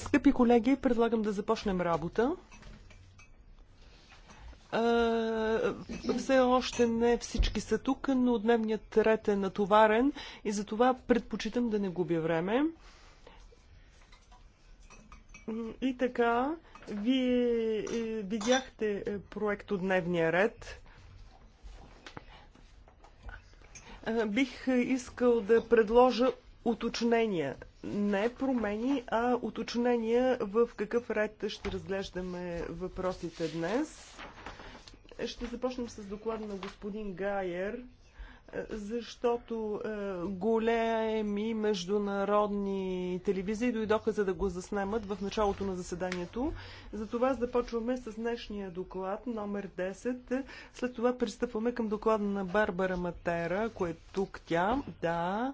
Скъпи колеги, предлагам да започнем работа. Все още не всички са тук, но дневният ред е натоварен и затова предпочитам да не губя време. И така, вие е, видяхте е, проект от дневния ред. Бих искал да предложа уточнения. Не промени, а уточнения в какъв ред ще разглеждаме въпросите днес. Ще започнем с доклада на господин Гайер, защото е, големи международни телевизии дойдоха за да го заснемат в началото на заседанието. Затова започваме с днешния доклад, номер 10. След това пристъпваме към доклада на Барбара Матера, кое е тук тя. Да,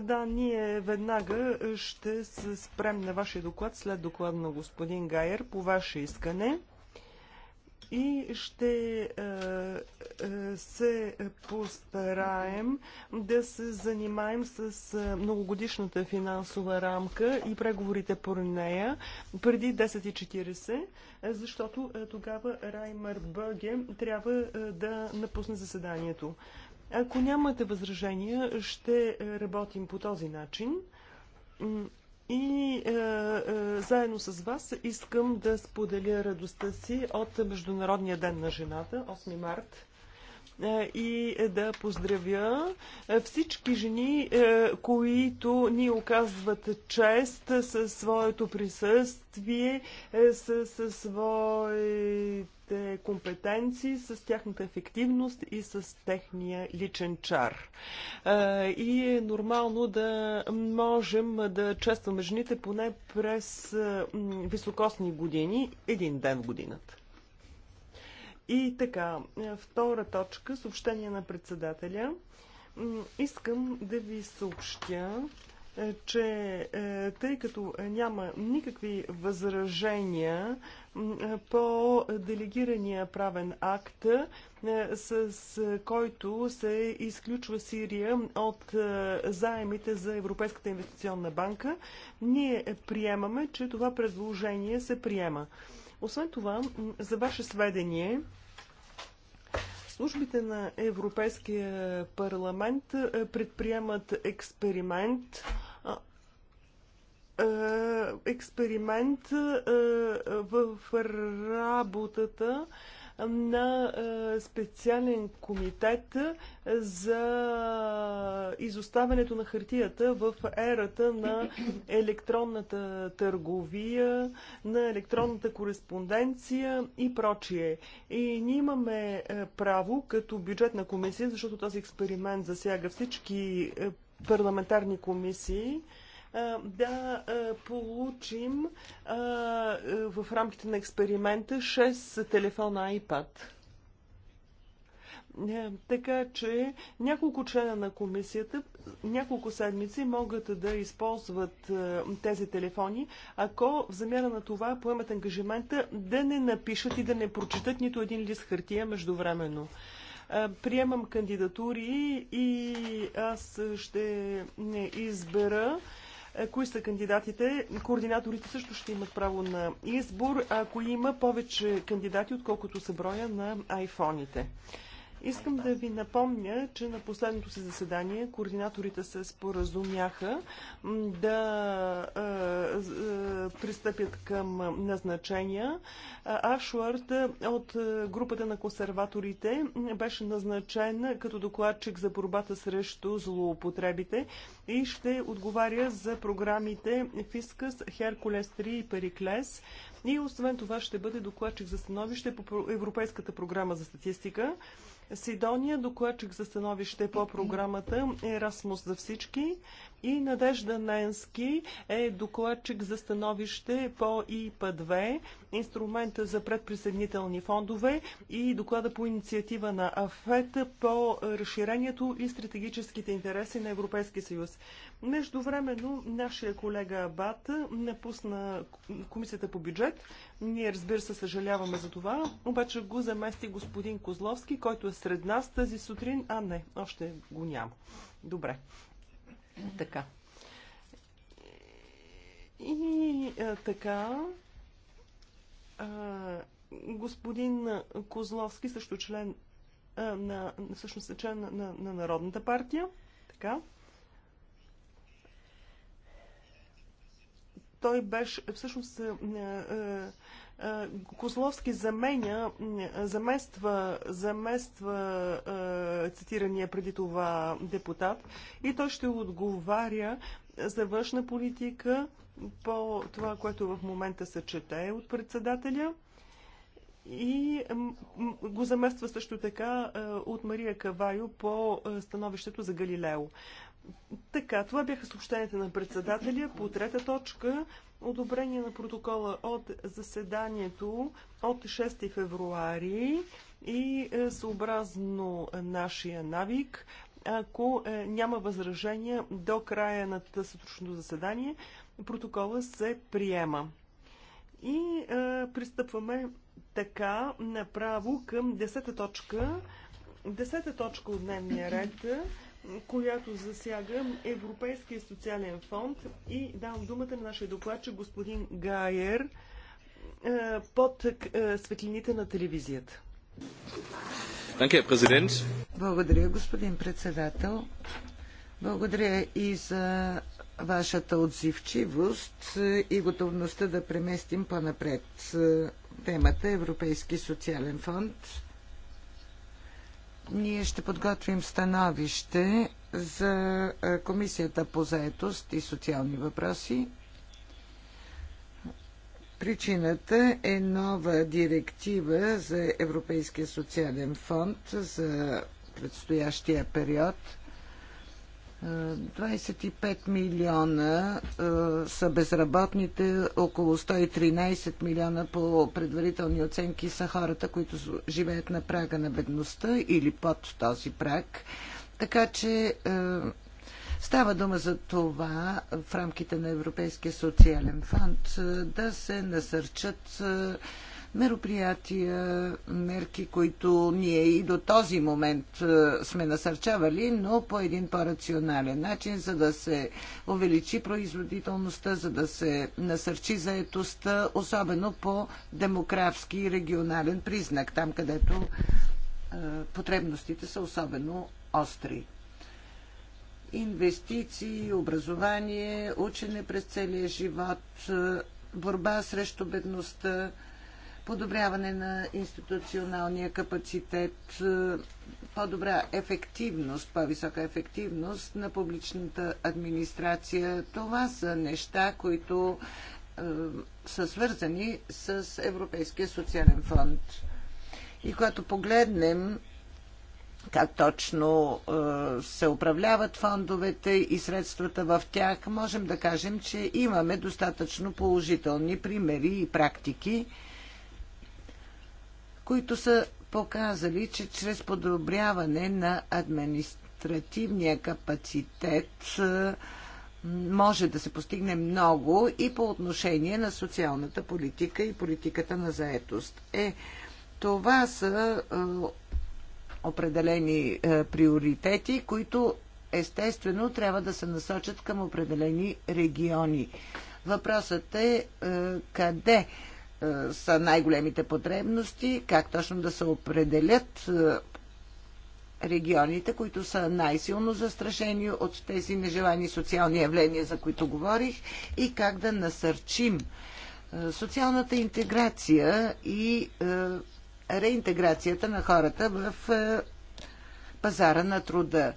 да, ние веднага ще се спрем на вашия доклад след доклад на господин Гайер по ваше искане и ще е, е, се постараем да се занимаем с е, многогодишната финансова рамка и преговорите по нея преди 10.40, защото тогава Раймер Бъге трябва да напусне заседанието. Ако нямате възражения, ще е, работим по този начин. И е, е, заедно с вас искам да споделя радостта си от Международния ден на жената, 8 март е, и да поздравя е, всички жени, които ни оказват чест със своето присъствие, със своите техните компетенции, с тяхната ефективност и с техния личен чар. И е нормално да можем да честваме жените поне през високосни години, един ден в годината. И така, втора точка, съобщение на председателя. Искам да ви съобщя, че тъй като няма никакви възражения по делегирания правен акт, е, с който се изключва Сирия от е, заемите за Европейската инвестиционна банка. Ние приемаме, че това предложение се приема. Освен това, за ваше сведение, службите на Европейския парламент е, предприемат експеримент – е, експеримент е, в работата на е, специален комитет за изоставянето на хартията в ерата на електронната търговия, на електронната кореспонденция и прочие. И ние имаме право като бюджетна комисия, защото този експеримент засяга всички парламентарни комисии, да получим в рамките на експеримента 6 телефона iPad. Е, така че няколко члена на комисията няколко седмици могат да използват е, тези телефони, ако в замяна на това поемат ангажимента да не напишат и да не прочитат нито един лист хартия междувременно е, приемам кандидатури и аз ще избера е, кои са кандидатите. Координаторите също ще имат право на избор, ако има повече кандидати, отколкото са броя на айфоните. Искам да ви напомня, че на последното си заседание координаторите се споразумяха да пристъпят към назначения. Ашвард от групата на консерваторите беше назначен като докладчик за борбата срещу злоупотребите и ще отговаря за програмите Фискас, Херкулес 3 и Периклес. И освен това ще бъде докладчик за становище по Европейската програма за статистика. Сидония, докладчик за становище по програмата Ерасмус за всички. И Надежда Ненски е докладчик за становище по ИПА-2, инструмента за предприсъединителни фондове и доклада по инициатива на АФЕТ по разширението и стратегическите интереси на Европейския съюз. Междувременно нашия колега Абат напусна комисията по бюджет. Ние, разбира се, съжаляваме за това, обаче го замести господин Козловски, който е сред нас тази сутрин, а не, още го няма. Добре. Така. И а, така. А, господин Козловски, също член а, на, всъщност е член на, на, на Народната партия. Така. Той беше всъщност а, а, е, Козловски заменя, замества, замества е, цитирания преди това депутат и той ще отговаря за външна политика по това, което в момента се чете от председателя. И го замества също така е, от Мария Кавайо по становището за Галилео. Така, това бяха съобщенията на председателя по трета точка. Одобрение на протокола от заседанието от 6 февруари и е, съобразно нашия навик, ако е, няма възражения до края на сутрешното заседание, протокола се приема. И е, пристъпваме така направо към 10 точка. 10 точка от дневния ред която засяга Европейския социален фонд и давам думата на нашия докладчик господин Гайер е, под е, светлините на телевизията. Благодаря, господин председател. Благодаря и за вашата отзивчивост и готовността да преместим по-напред е, темата Европейски социален фонд ние ще подготвим становище за е, Комисията по заетост и социални въпроси. Причината е нова директива за Европейския социален фонд за предстоящия период – 25 милиона е, са безработните, около 113 милиона по предварителни оценки са хората, които живеят на прага на бедността или под този праг. Така че е, Става дума за това в рамките на Европейския социален фонд е, да се насърчат мероприятия, мерки, които ние и до този момент е, сме насърчавали, но по един по-рационален начин, за да се увеличи производителността, за да се насърчи заетостта, особено по демографски и регионален признак, там където е, потребностите са особено остри инвестиции, образование, учене през целия живот, е, борба срещу бедността, подобряване на институционалния капацитет, е, по-добра ефективност, по-висока ефективност на публичната администрация. Това са неща, които е, са свързани с Европейския социален фонд. И когато погледнем как точно е, се управляват фондовете и средствата в тях, можем да кажем, че имаме достатъчно положителни примери и практики, които са показали, че чрез подобряване на административния капацитет може да се постигне много и по отношение на социалната политика и политиката на заетост. Е, това са е, определени е, приоритети, които естествено трябва да се насочат към определени региони. Въпросът е, е къде е, са най-големите потребности, как точно да се определят е, регионите, които са най-силно застрашени от тези нежелани социални явления, за които говорих, и как да насърчим е, социалната интеграция и реинтеграцията на хората в пазара на труда.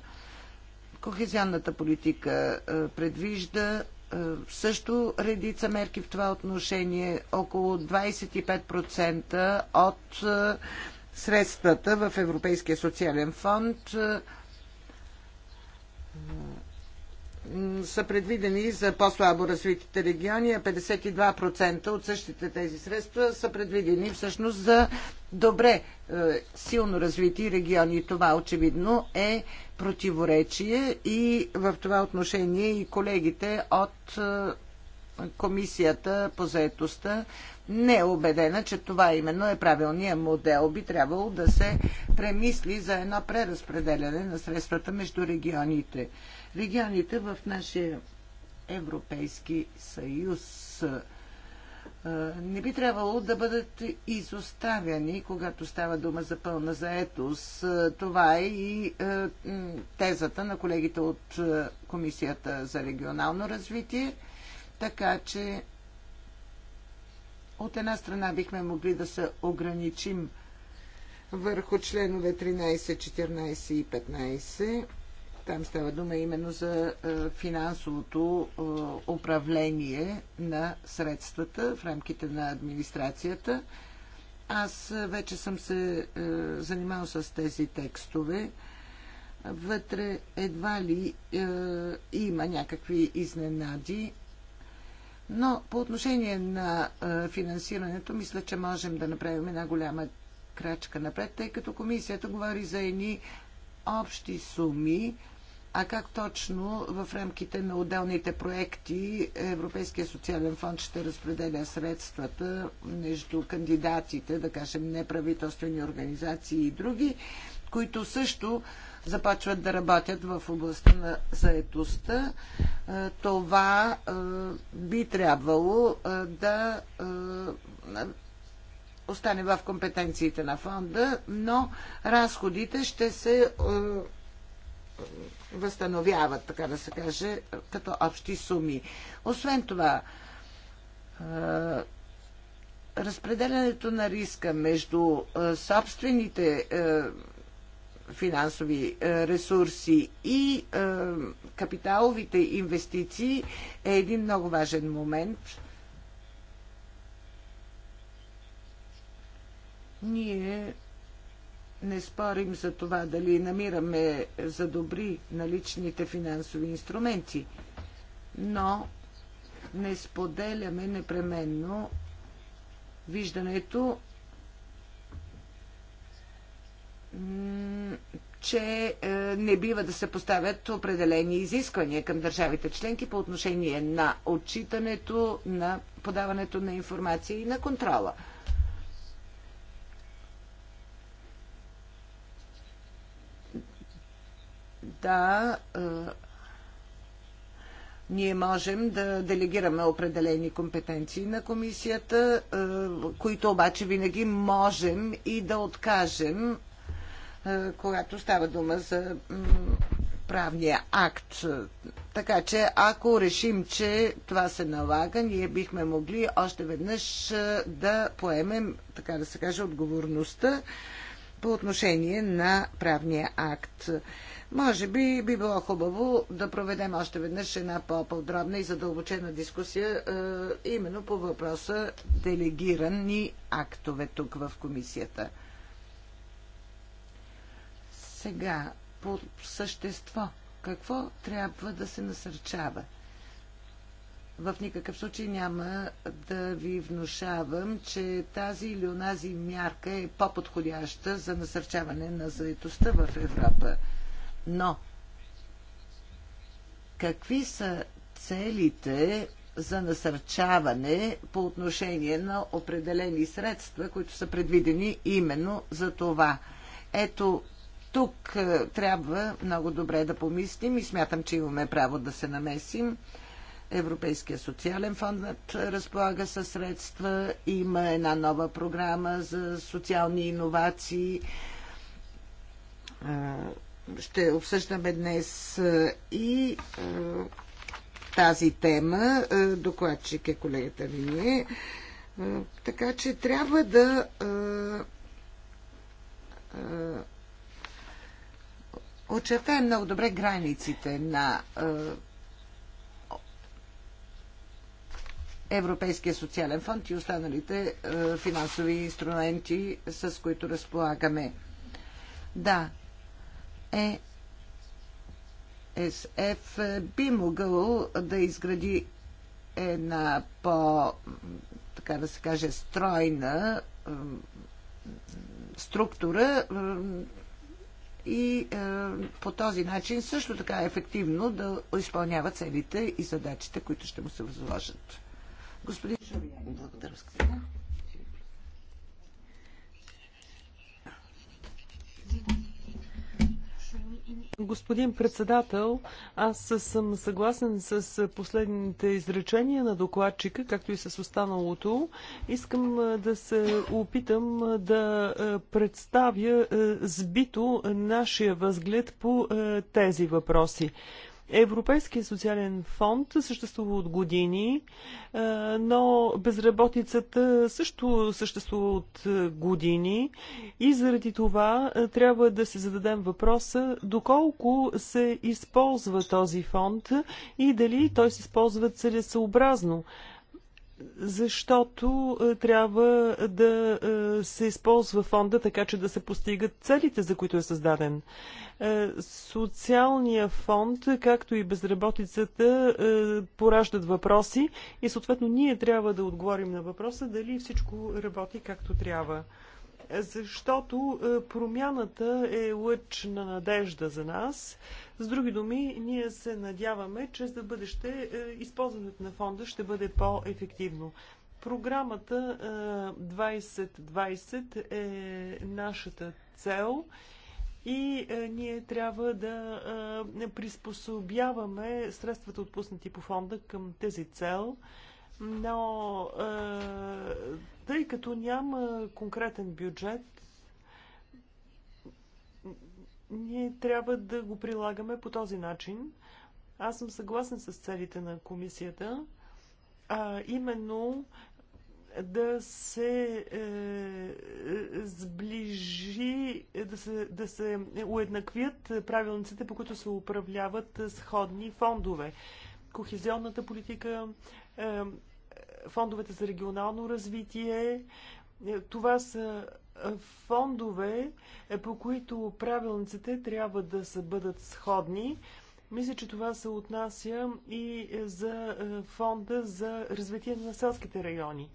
Кохезионната политика предвижда е, също редица мерки в това отношение. Около 25% от е, средствата в Европейския социален фонд е, са предвидени за по-слабо развитите региони, а 52% от същите тези средства са предвидени всъщност за добре е, силно развити региони. Това очевидно е противоречие и в това отношение и колегите от е, Комисията по заетостта не е убедена, че това именно е правилният модел. Би трябвало да се премисли за едно преразпределяне на средствата между регионите регионите в нашия Европейски съюз не би трябвало да бъдат изоставяни, когато става дума за пълна заетост. Това е и тезата на колегите от Комисията за регионално развитие. Така че от една страна бихме могли да се ограничим върху членове 13, 14 и 15 там става дума именно за е, финансовото е, управление на средствата в рамките на администрацията. Аз вече съм се е, занимал с тези текстове. Вътре едва ли има някакви изненади, но по отношение на финансирането, мисля, че можем да направим една голяма крачка напред, тъй като комисията говори за едни общи суми, а как точно в рамките на отделните проекти Европейския социален фонд ще разпределя средствата между кандидатите, да кажем неправителствени организации и други, които също започват да работят в областта на заетостта. Това би трябвало да остане в компетенциите на фонда, но разходите ще се възстановяват, така да се каже, като общи суми. Освен това, разпределянето на риска между собствените финансови ресурси и капиталовите инвестиции е един много важен момент. Ние не спорим за това дали намираме за добри наличните финансови инструменти, но не споделяме непременно виждането, че е, не бива да се поставят определени изисквания към държавите членки по отношение на отчитането, на подаването на информация и на контрола. Да, е, ние можем да делегираме определени компетенции на комисията, е, които обаче винаги можем и да откажем, е, когато става дума за правния акт. Така че, ако решим, че това се налага, ние бихме могли още веднъж да поемем, така да се каже, отговорността по отношение на правния акт. Може би би било хубаво да проведем още веднъж една по-подробна и задълбочена дискусия е, именно по въпроса делегирани актове тук в комисията. Сега, по същество, какво трябва да се насърчава? В никакъв случай няма да ви внушавам, че тази или онази мярка е по-подходяща за насърчаване на заедостта в Европа. Но какви са целите за насърчаване по отношение на определени средства, които са предвидени именно за това? Ето, тук е, трябва много добре да помислим и смятам, че имаме право да се намесим. Европейския социален фонд разполага със средства, има една нова програма за социални иновации е, ще обсъждаме днес е, и е, тази тема. Е, докладчик е колегата ми, Така че трябва да очертаем много добре границите на Европейския социален фонд и останалите финансови инструменти, с които разполагаме. Да, е СФ би могъл да изгради една по, така да се каже, стройна структура и е, по този начин също така ефективно да изпълнява целите и задачите, които ще му се възложат. Господин Шовиян, благодаря. Thank you. Господин председател, аз съм съгласен с последните изречения на докладчика, както и с останалото. Искам да се опитам да представя сбито нашия възглед по тези въпроси. Европейския социален фонд съществува от години, но безработицата също съществува от години и заради това трябва да се зададем въпроса доколко се използва този фонд и дали той се използва целесъобразно защото е, трябва да е, се използва фонда така, че да се постигат целите, за които е създаден. Е, социалния фонд, както и безработицата, пораждат въпроси и съответно ние трябва да отговорим на въпроса дали всичко работи както трябва защото е, промяната е лъч на надежда за нас. С други думи, ние се надяваме, че за бъдеще е, използването на фонда ще бъде по-ефективно. Програмата 2020 е, е нашата цел и ние трябва да приспособяваме средствата отпуснати по фонда към тези цел – но е, тъй като няма конкретен бюджет, ние трябва да го прилагаме по този начин. Аз съм съгласен с целите на комисията, а именно да се е, сближи, да се, да се уеднаквят правилниците, по които се управляват сходни фондове кохезионната политика, е, фондовете за регионално развитие. Е, това са е, фондове, по които правилниците трябва да са, бъдат сходни. Мисля, че това се отнася и за фонда за развитие на селските райони.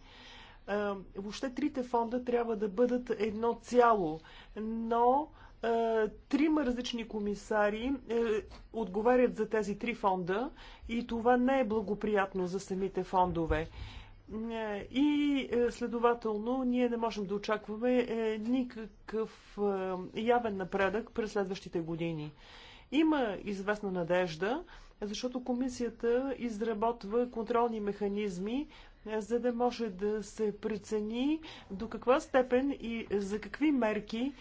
Въобще трите фонда трябва да бъдат едно цяло, но е, трима различни комисари е, отговарят за тези три фонда и това не е благоприятно за самите фондове. Е, и следователно ние не можем да очакваме никакъв явен напредък през следващите години. Има известна надежда, защото комисията изработва контролни механизми, за да може да се прецени до каква степен и за какви мерки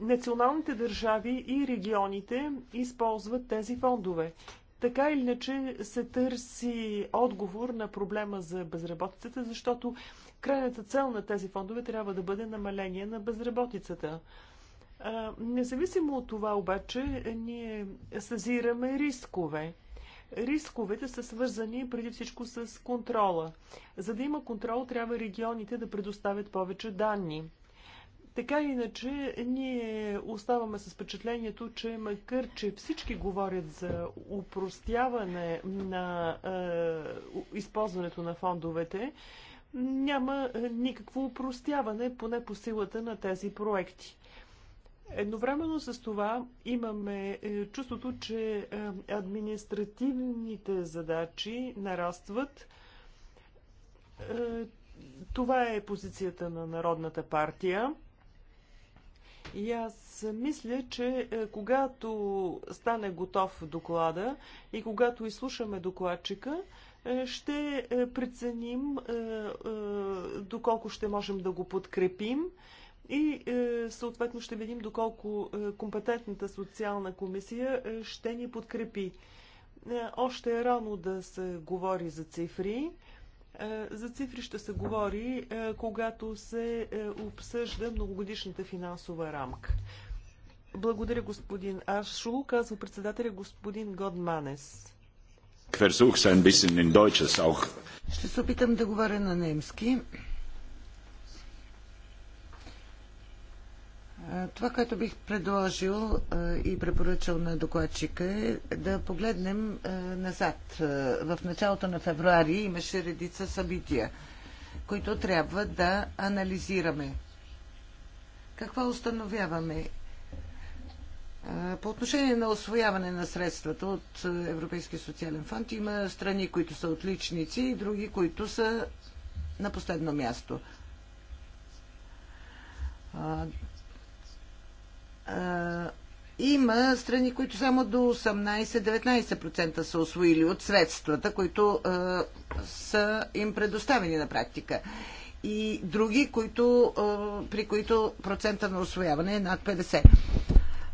Националните държави и регионите използват тези фондове. Така или иначе се търси отговор на проблема за безработицата, защото крайната цел на тези фондове трябва да бъде намаление на безработицата. Независимо от това обаче, ние съзираме рискове. Рисковете са свързани преди всичко с контрола. За да има контрол, трябва регионите да предоставят повече данни. Така иначе ние оставаме с впечатлението, че макар, че всички говорят за упростяване на е, използването на фондовете, няма е, никакво упростяване, поне по силата на тези проекти. Едновременно с това имаме е, чувството, че е, административните задачи нарастват. Това е позицията на Народната партия. И аз мисля, че е, когато стане готов доклада и когато изслушаме докладчика, е, ще е, преценим доколко ще можем да го подкрепим и съответно ще видим доколко компетентната социална комисия ще ни подкрепи. Още е рано да се говори за цифри. Е, за цифри ще се говори, е, когато се е, обсъжда многогодишната финансова рамка. Благодаря, господин Ашу, казва председателя господин Годманес. Ще се опитам да говоря на немски. Това, което бих предложил и препоръчал на докладчика е да погледнем назад. В началото на февруари имаше редица събития, които трябва да анализираме. Какво установяваме? По отношение на освояване на средствата от Европейския социален фонд има страни, които са отличници и други, които са на последно място има страни, които само до 18-19% са освоили от средствата, които а, са им предоставени на практика. И други, които, а, при които процента на освояване е над 50%.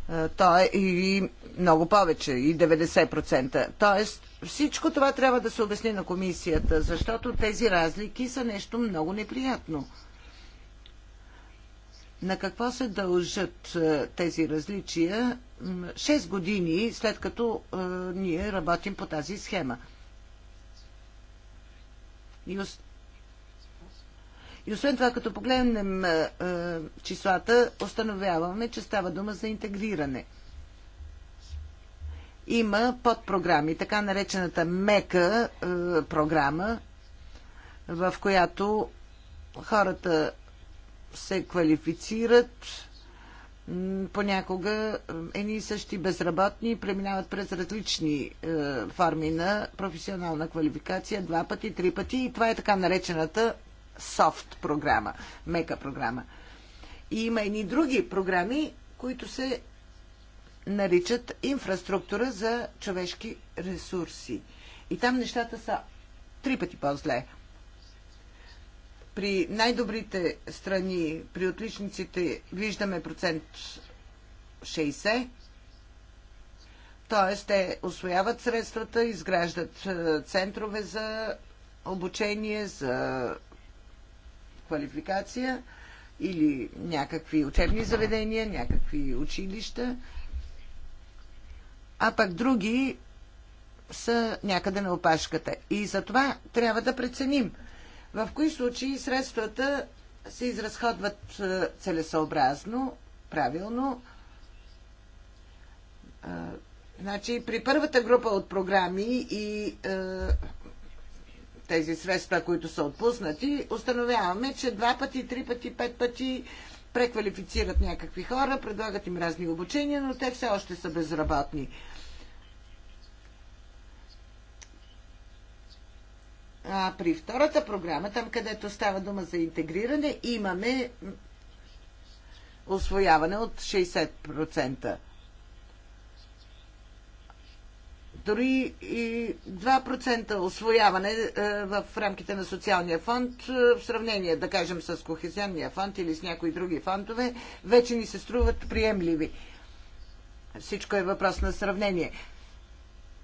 Той то е и много повече, и 90%. Тоест, всичко това трябва да се обясни на комисията, защото тези разлики са нещо много неприятно. На какво се дължат е, тези различия 6 години след като е, ние работим по тази схема? И освен това, като погледнем е, числата, установяваме, че става дума за интегриране. Има подпрограми, така наречената мека програма, в която хората се квалифицират понякога едни и същи безработни преминават през различни е, форми на професионална квалификация два пъти, три пъти и това е така наречената софт програма, мека програма. И има едни други програми, които се наричат инфраструктура за човешки ресурси. И там нещата са три пъти по-зле. При най-добрите страни, при отличниците, виждаме процент 60, т.е. те освояват средствата, изграждат е, центрове за обучение, за квалификация или някакви учебни заведения, някакви училища, а пък други са някъде на опашката. И затова трябва да преценим в кои случаи средствата се изразходват е, целесообразно, правилно. Е, значи при първата група от програми и е, тези средства, които са отпуснати, установяваме, че два пъти, три пъти, пет пъти преквалифицират някакви хора, предлагат им разни обучения, но те все още са безработни. А при втората програма, там където става дума за интегриране, имаме освояване от 60%. Дори и 2% освояване е, в рамките на социалния фонд, е, в сравнение, да кажем, с кохезионния фонд или с някои други фондове, вече ни се струват приемливи. Всичко е въпрос на сравнение.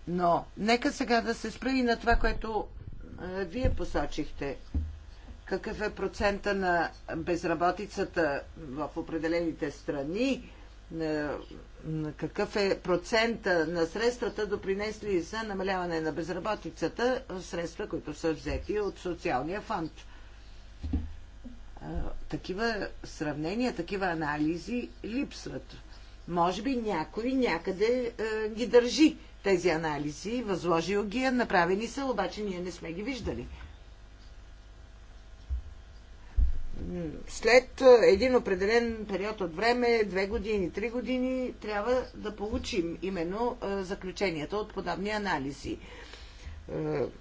Но нека сега да се спра и на това, което вие посочихте. Какъв е процента на безработицата в определените страни? Какъв е процента на средствата допринесли за намаляване на безработицата? Средства, които са взети от социалния фонд. Такива сравнения, такива анализи липсват. Може би някой някъде ги държи тези анализи възложил ги е, направени са, обаче ние не сме ги виждали. След един определен период от време, две години, три години, трябва да получим именно заключенията от подобни анализи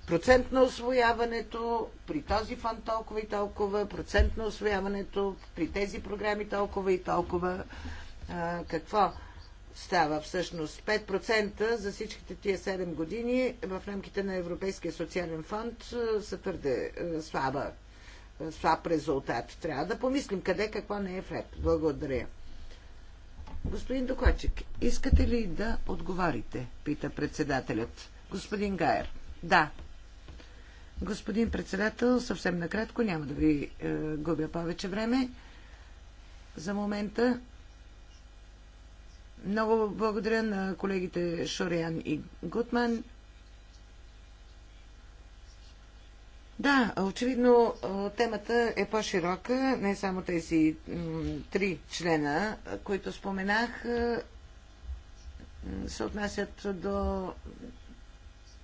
процент на освояването при този фонд толкова и толкова, процент на освояването при тези програми толкова и толкова. Какво става всъщност 5% за всичките тия 7 години в рамките на Европейския социален фонд са твърде слаба, слаб резултат. Трябва да помислим къде какво не е вред. Благодаря. Господин докладчик, искате ли да отговорите? Пита председателят. Господин Гайер. Да. Господин председател, съвсем накратко, няма да ви е, губя повече време. За момента много благодаря на колегите Шориан и Гутман. Да, очевидно темата е по-широка, не само тези три члена, които споменах, се отнасят до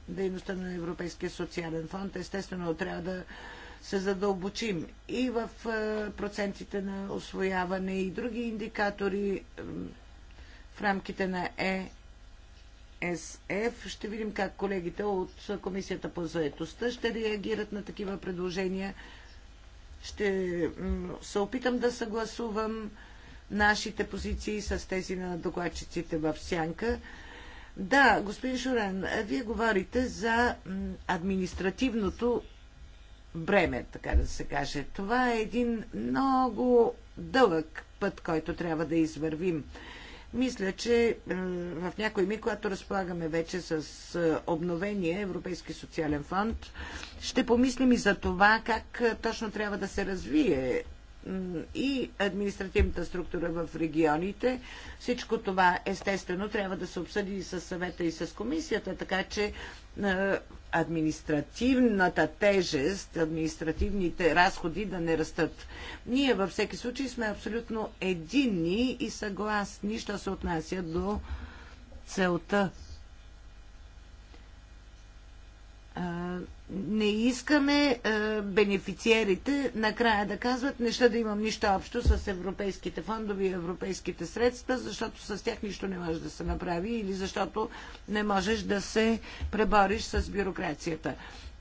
дейността на Европейския социален фонд. Естествено, трябва да се задълбочим и в процентите на освояване и други индикатори в рамките на ЕСФ. Ще видим как колегите от Комисията по заедостта ще реагират на такива предложения. Ще се опитам да съгласувам нашите позиции с тези на докладчиците в Сянка. Да, господин Шурен, вие говорите за административното бреме, така да се каже. Това е един много дълъг път, който трябва да извървим. Мисля, че е, в някои ми, когато разполагаме вече с е, обновения Европейски социален фонд, ще помислим и за това как е, точно трябва да се развие и административната структура в регионите. Всичко това естествено трябва да се обсъди и с съвета и с комисията, така че е, административната тежест, административните разходи да не растат. Ние във всеки случай сме абсолютно единни и съгласни, що се отнася до целта не искаме бенефициерите накрая да казват неща да имам нищо общо с европейските фондове и европейските средства, защото с тях нищо не може да се направи или защото не можеш да се пребориш с бюрокрацията.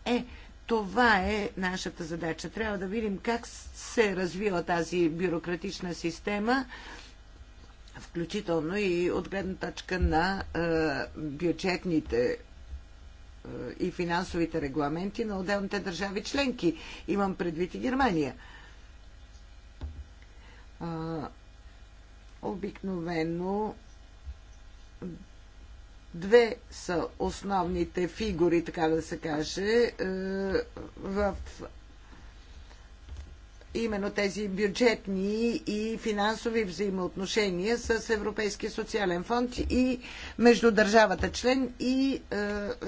Е, това е нашата задача. Трябва да видим как се развива тази бюрократична система, включително и от гледна точка на бюджетните и финансовите регламенти на отделните държави членки. Имам предвид и Германия. Обикновено две са основните фигури, така да се каже, е, в именно тези бюджетни и финансови взаимоотношения с Европейския социален фонд и между държавата член и е,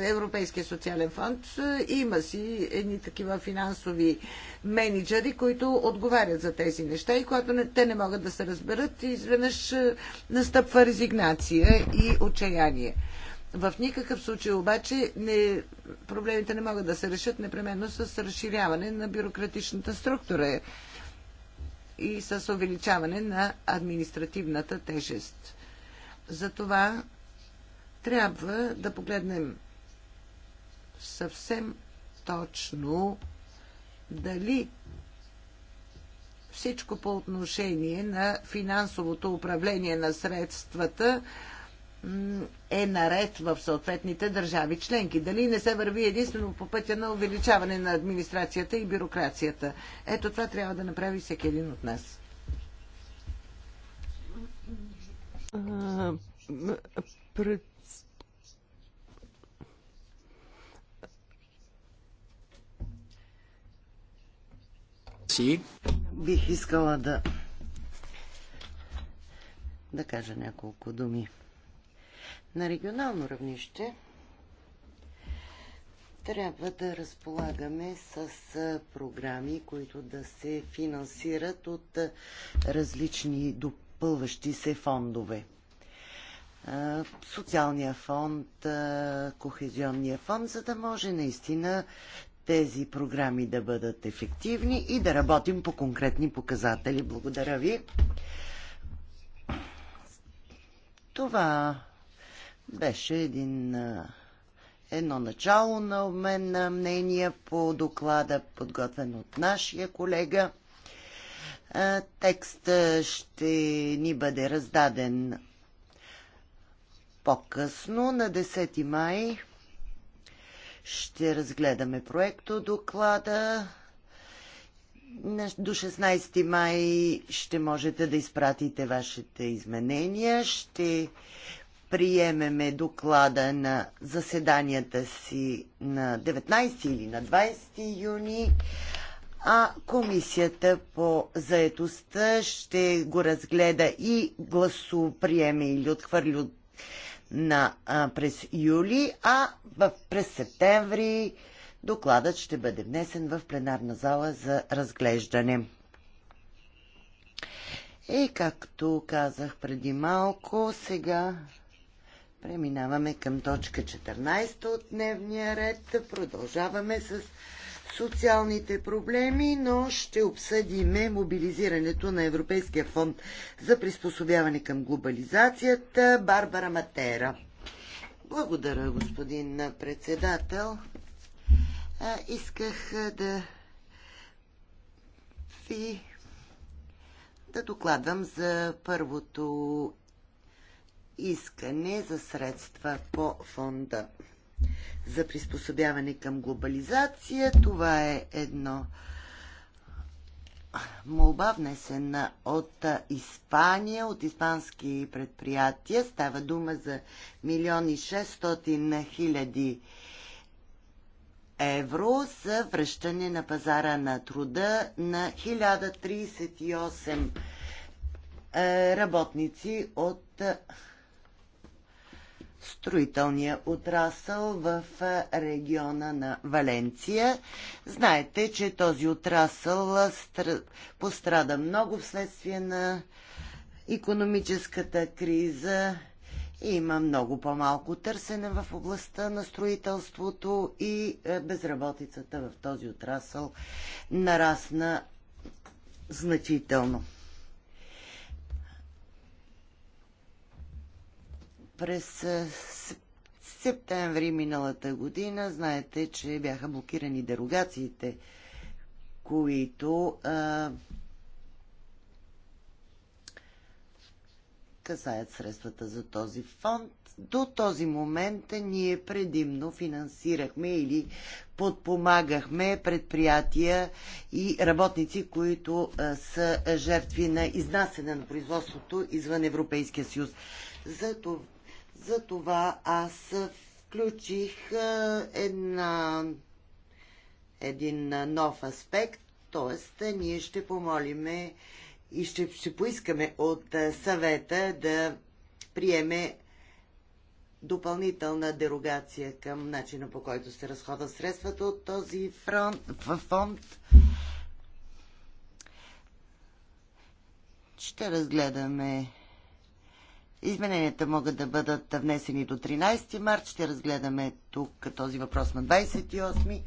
Европейския социален фонд. Има си едни такива финансови менеджери, които отговарят за тези неща и когато не, те не могат да се разберат, изведнъж е, настъпва резигнация и отчаяние. В никакъв случай обаче не, проблемите не могат да се решат непременно с разширяване на бюрократичната структура и с увеличаване на административната тежест. Затова трябва да погледнем съвсем точно дали всичко по отношение на финансовото управление на средствата е наред в съответните държави членки. Дали не се върви единствено по пътя на увеличаване на администрацията и бюрокрацията. Ето това трябва да направи всеки един от нас. Бих искала да да кажа няколко думи на регионално равнище трябва да разполагаме с програми, които да се финансират от различни допълващи се фондове. Социалния фонд, Кохезионния фонд, за да може наистина тези програми да бъдат ефективни и да работим по конкретни показатели. Благодаря ви. Това беше един, едно начало на обмен на мнения по доклада, подготвен от нашия колега. Текстът ще ни бъде раздаден по-късно, на 10 май, ще разгледаме проекто доклада. До 16 май ще можете да изпратите вашите изменения. Ще приемеме доклада на заседанията си на 19 или на 20 юни, а комисията по заетостта ще го разгледа и гласу приеме или отхвърли на, а, през юли, а в, през септември докладът ще бъде внесен в пленарна зала за разглеждане. И както казах преди малко, сега Преминаваме към точка 14 от дневния ред. Продължаваме с социалните проблеми, но ще обсъдиме мобилизирането на Европейския фонд за приспособяване към глобализацията. Барбара Матера. Благодаря, господин председател. исках да ви да докладвам за първото искане за средства по фонда за приспособяване към глобализация. Това е едно молба внесена от Испания, от испански предприятия. Става дума за милиони 600 хиляди евро за връщане на пазара на труда на 1038 е, работници от строителния отрасъл в региона на Валенция. Знаете, че този отрасъл пострада много вследствие на економическата криза. Има много по-малко търсене в областта на строителството и безработицата в този отрасъл нарасна значително. През септември миналата година знаете, че бяха блокирани дерогациите, които а, касаят средствата за този фонд. До този момент ние предимно финансирахме или подпомагахме предприятия и работници, които а, са жертви на изнасяне на производството извън Европейския съюз. За това затова аз включих една, един нов аспект, т.е. ние ще помолиме и ще, ще поискаме от съвета да приеме допълнителна дерогация към начина по който се разходят средствата от този фронт, фонд. Ще разгледаме Измененията могат да бъдат внесени до 13 март. Ще разгледаме тук този въпрос на 28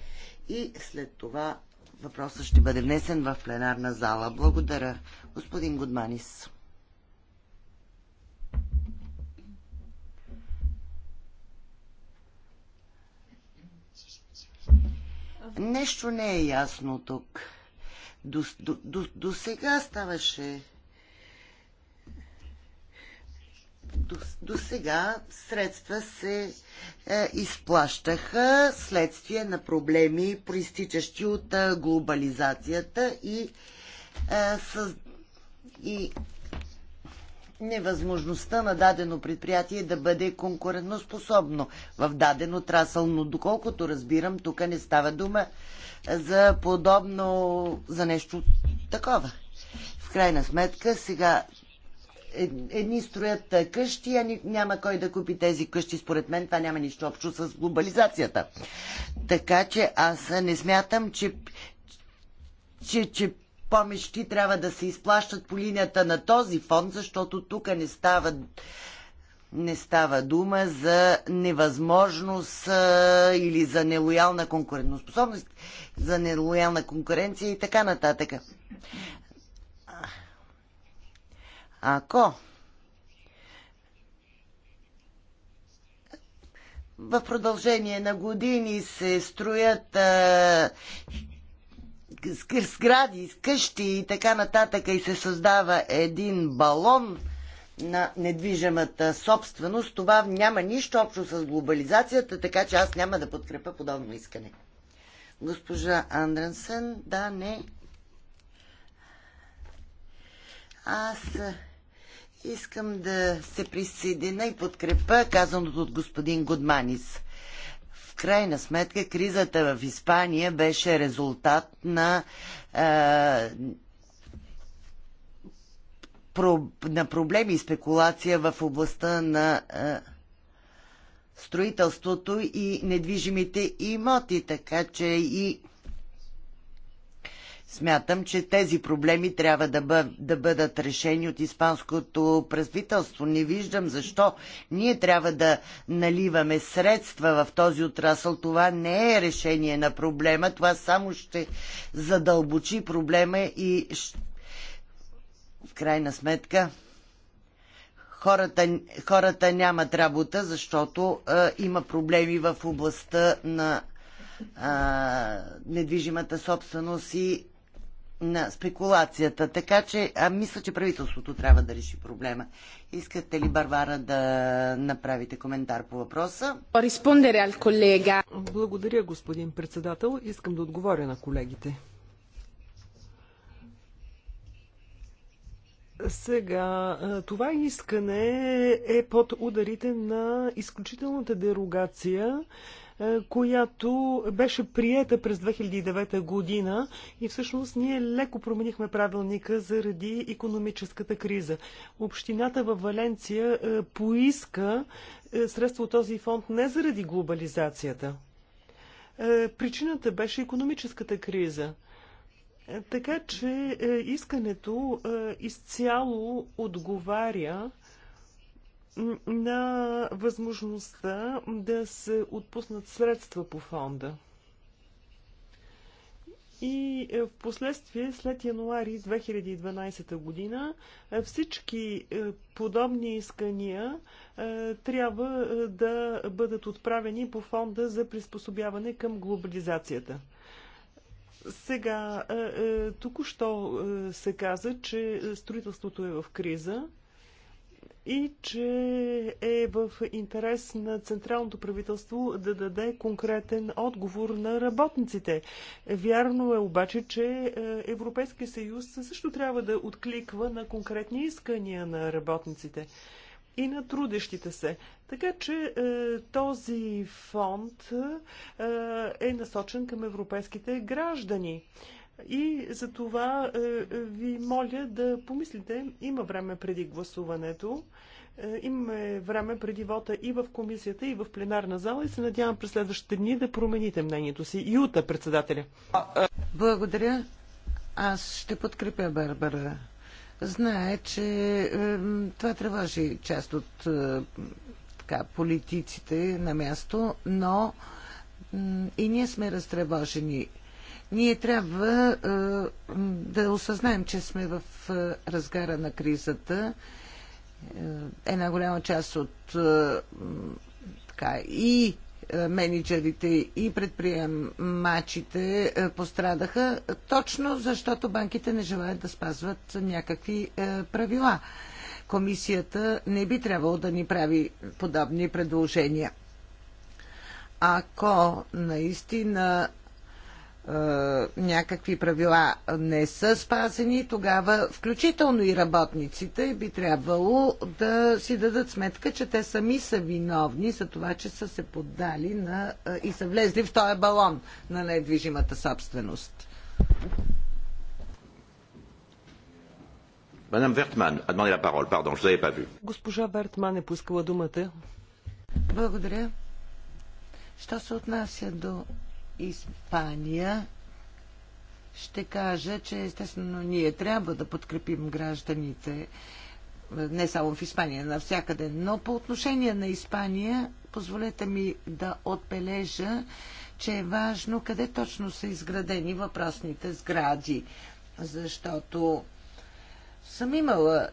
и след това въпросът ще бъде внесен в пленарна зала. Благодаря, господин Гудманис. Нещо не е ясно тук. До, до, до, до сега ставаше до, до сега средства се е, изплащаха следствие на проблеми, проистичащи от е, глобализацията и, е, с, и невъзможността на дадено предприятие да бъде конкурентоспособно в даден отрасъл. Но доколкото разбирам, тук не става дума за подобно, за нещо такова. В крайна сметка, сега едни строят къщи, а няма кой да купи тези къщи. Според мен това няма нищо общо с глобализацията. Така че аз не смятам, че, че, че помещи трябва да се изплащат по линията на този фонд, защото тук не става не става дума за невъзможност а, или за нелоялна конкурентоспособност, за нелоялна конкуренция и така нататък. Ако в продължение на години се строят а, сгради, къщи и така нататък и се създава един балон на недвижимата собственост, това няма нищо общо с глобализацията, така че аз няма да подкрепя подобно искане. Госпожа Андрансен, да, не. Аз Искам да се присъединя и подкрепа казаното от господин Гудманис. В крайна сметка кризата в Испания беше резултат на е, про, на проблеми и спекулация в областта на е, строителството и недвижимите имоти, така че и Смятам, че тези проблеми трябва да, бъ, да бъдат решени от испанското правителство. Не виждам защо ние трябва да наливаме средства в този отрасъл. Това не е решение на проблема. Това само ще задълбочи проблема и в крайна сметка хората, хората нямат работа, защото а, има проблеми в областта на а, недвижимата собственост и на спекулацията. Така че, а мисля, че правителството трябва да реши проблема. Искате ли, Барвара, да направите коментар по въпроса? Благодаря, господин председател. Искам да отговоря на колегите. Сега, това искане е под ударите на изключителната дерогация е, която беше приета през 2009 година и всъщност ние леко променихме правилника заради економическата криза. Общината във Валенция е, поиска е, средства от този фонд не заради глобализацията. Причината беше економическата криза. Така че искането изцяло отговаря на възможността да се отпуснат средства по фонда. И е, в последствие, след януари 2012 година, е, всички е, подобни искания трябва да бъдат отправени по фонда за приспособяване към глобализацията. Сега, тук що се каза, че строителството е в криза и че е в интерес на Централното правителство да даде конкретен отговор на работниците. Вярно е обаче, че е, Европейския съюз също трябва да откликва на конкретни искания на работниците и на трудещите се. Така че е, този фонд е, е насочен към европейските граждани. И за това е, ви моля да помислите, има време преди гласуването, е, имаме време преди вота и в комисията, и в пленарна зала и се надявам през следващите дни да промените мнението си. Юта, председателя. Благодаря. Аз ще подкрепя Барбара. Знае, че е, това тревожи част от е, така, политиците на място, но и ние сме разтревожени. Ние трябва е, да осъзнаем, че сме в разгара на кризата. Е, една голяма част от е, така, и е, менеджерите и предприемачите пострадаха, точно защото банките не желаят да спазват някакви правила. Комисията не би трябвало да ни прави подобни предложения. Ако наистина някакви правила не са спазени, тогава включително и работниците би трябвало да си дадат сметка, че те сами са виновни за това, че са се поддали на, и са влезли в този балон на недвижимата собственост. Мадам Вертман a demandé la parole. Pardon, je pas vu. Госпожа Вертман е поискала думата. Благодаря. Що се отнася до Испания ще кажа, че естествено ние трябва да подкрепим гражданите не само в Испания, навсякъде. Но по отношение на Испания, позволете ми да отбележа, че е важно къде точно са изградени въпросните сгради. Защото съм имала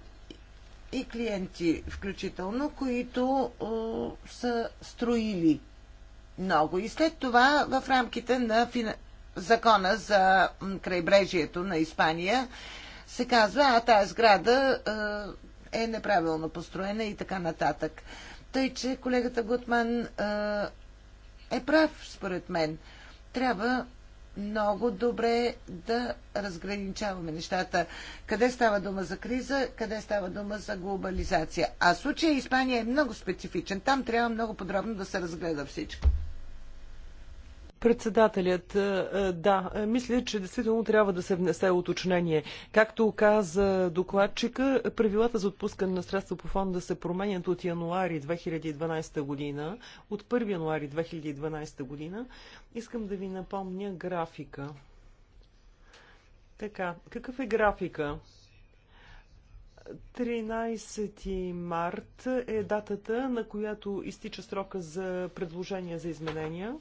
и клиенти, включително, които о, са строили много. И след това в рамките на фин... закона за крайбрежието на Испания се казва, а тази сграда е, е неправилно построена и така нататък. Тъй, че колегата Гутман е, е прав, според мен. Трябва много добре да разграничаваме нещата. Къде става дума за криза, къде става дума за глобализация. А случая Испания е много специфичен. Там трябва много подробно да се разгледа всичко. Председателят, е, е, да, е, мисля, че действително трябва да се внесе уточнение. Както каза докладчика, правилата за отпускане на средства по фонда се променят от януари 2012 година, от 1 януари 2012 година. Искам да ви напомня графика. Така, какъв е графика? 13 март е датата, на която изтича срока за предложения за изменения.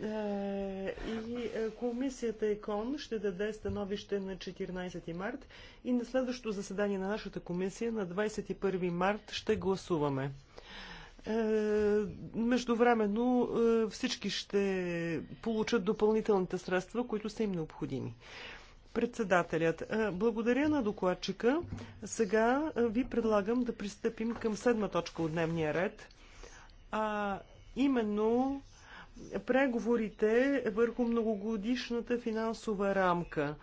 Е, и е, комисията ЕКОН ще даде становище на 14 март и на следващото заседание на нашата комисия на 21 март ще гласуваме. Е, междувременно всички ще получат допълнителните средства, които са им необходими. Председателят, благодаря на докладчика. Сега ви предлагам да пристъпим към седма точка от дневния ред, а именно преговорите върху многогодишната финансова рамка.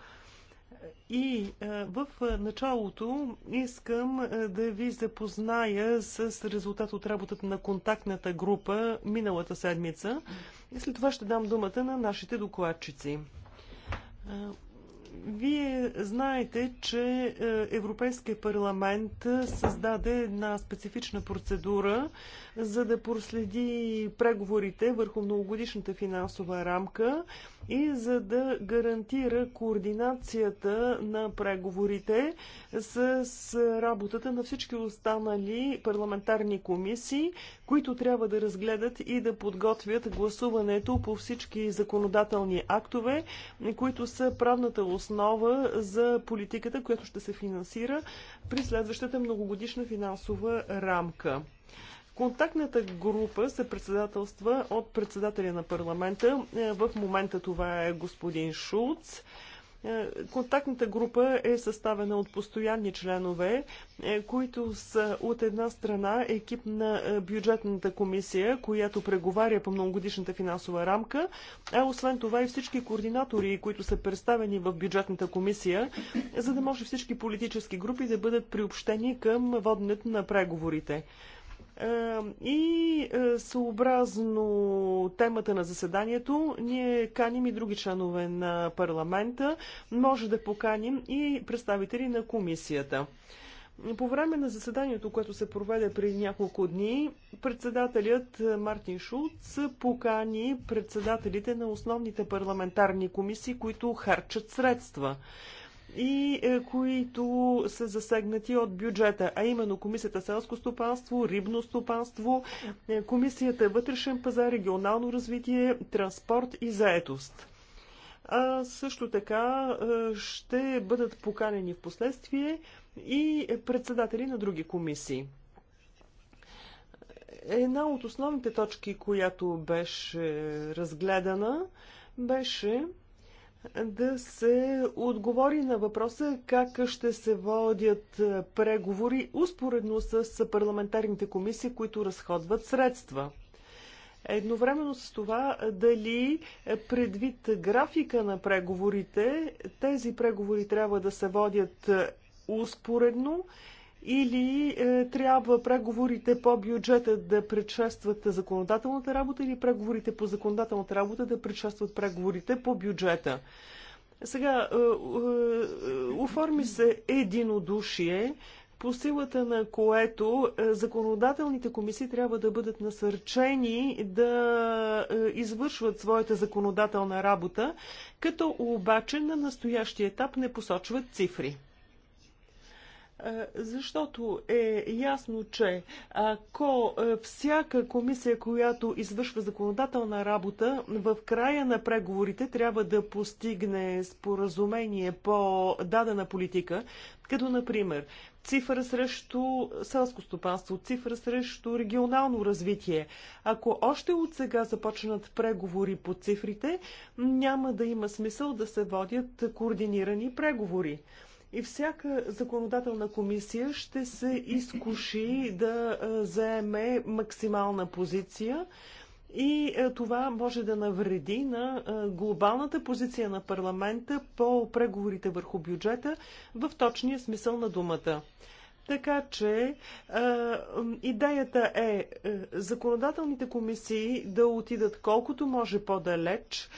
И е, в началото искам е, да ви запозная с резултат от работата на контактната група миналата седмица. И след това ще дам думата на нашите докладчици. Е, вие знаете, че е, Европейския парламент създаде една специфична процедура, за да проследи преговорите върху многогодишната финансова рамка и за да гарантира координацията на преговорите с работата на всички останали парламентарни комисии, които трябва да разгледат и да подготвят гласуването по всички законодателни актове, които са правната основа основа за политиката, която ще се финансира при следващата многогодишна финансова рамка. Контактната група се председателства от председателя на парламента. Е, в момента това е господин Шулц. Е, контактната група е съставена от постоянни членове, е, които са от една страна екип на е, бюджетната комисия, която преговаря по многогодишната финансова рамка, а освен това и всички координатори, които са представени в бюджетната комисия, за да може всички политически групи да бъдат приобщени към воденето на преговорите. Е, и е, съобразно темата на заседанието, ние каним и други членове на парламента, може да поканим и представители на комисията. По време на заседанието, което се проведе преди няколко дни, председателят Мартин Шулц покани председателите на основните парламентарни комисии, които харчат средства и е, които са засегнати от бюджета, а именно Комисията селско стопанство, рибно стопанство, е, Комисията вътрешен пазар, регионално развитие, транспорт и заетост. А също така е, ще бъдат поканени в последствие и председатели на други комисии. Една от основните точки, която беше разгледана, беше да се отговори на въпроса как ще се водят е, преговори успоредно с парламентарните комисии, които разходват средства. Едновременно с това, дали е, предвид графика на преговорите, тези преговори трябва да се водят е, успоредно или е, трябва преговорите по бюджета да предшестват законодателната работа, или преговорите по законодателната работа да предшестват преговорите по бюджета. Сега, е, е, е оформи се единодушие, по силата на което е, законодателните комисии трябва да бъдат насърчени да е, извършват своята законодателна работа, като обаче на настоящия етап не посочват цифри. Е, защото е ясно, че ако е, всяка комисия, която извършва законодателна работа, в края на преговорите трябва да постигне споразумение по дадена политика, като например цифра срещу селско стопанство, цифра срещу регионално развитие. Ако още от сега започнат преговори по цифрите, няма да има смисъл да се водят координирани преговори. И всяка законодателна комисия ще се изкуши да заеме максимална позиция. И това може да навреди на глобалната позиция на парламента по преговорите върху бюджета в точния смисъл на думата. Така че идеята е, е законодателните комисии да отидат колкото може по-далеч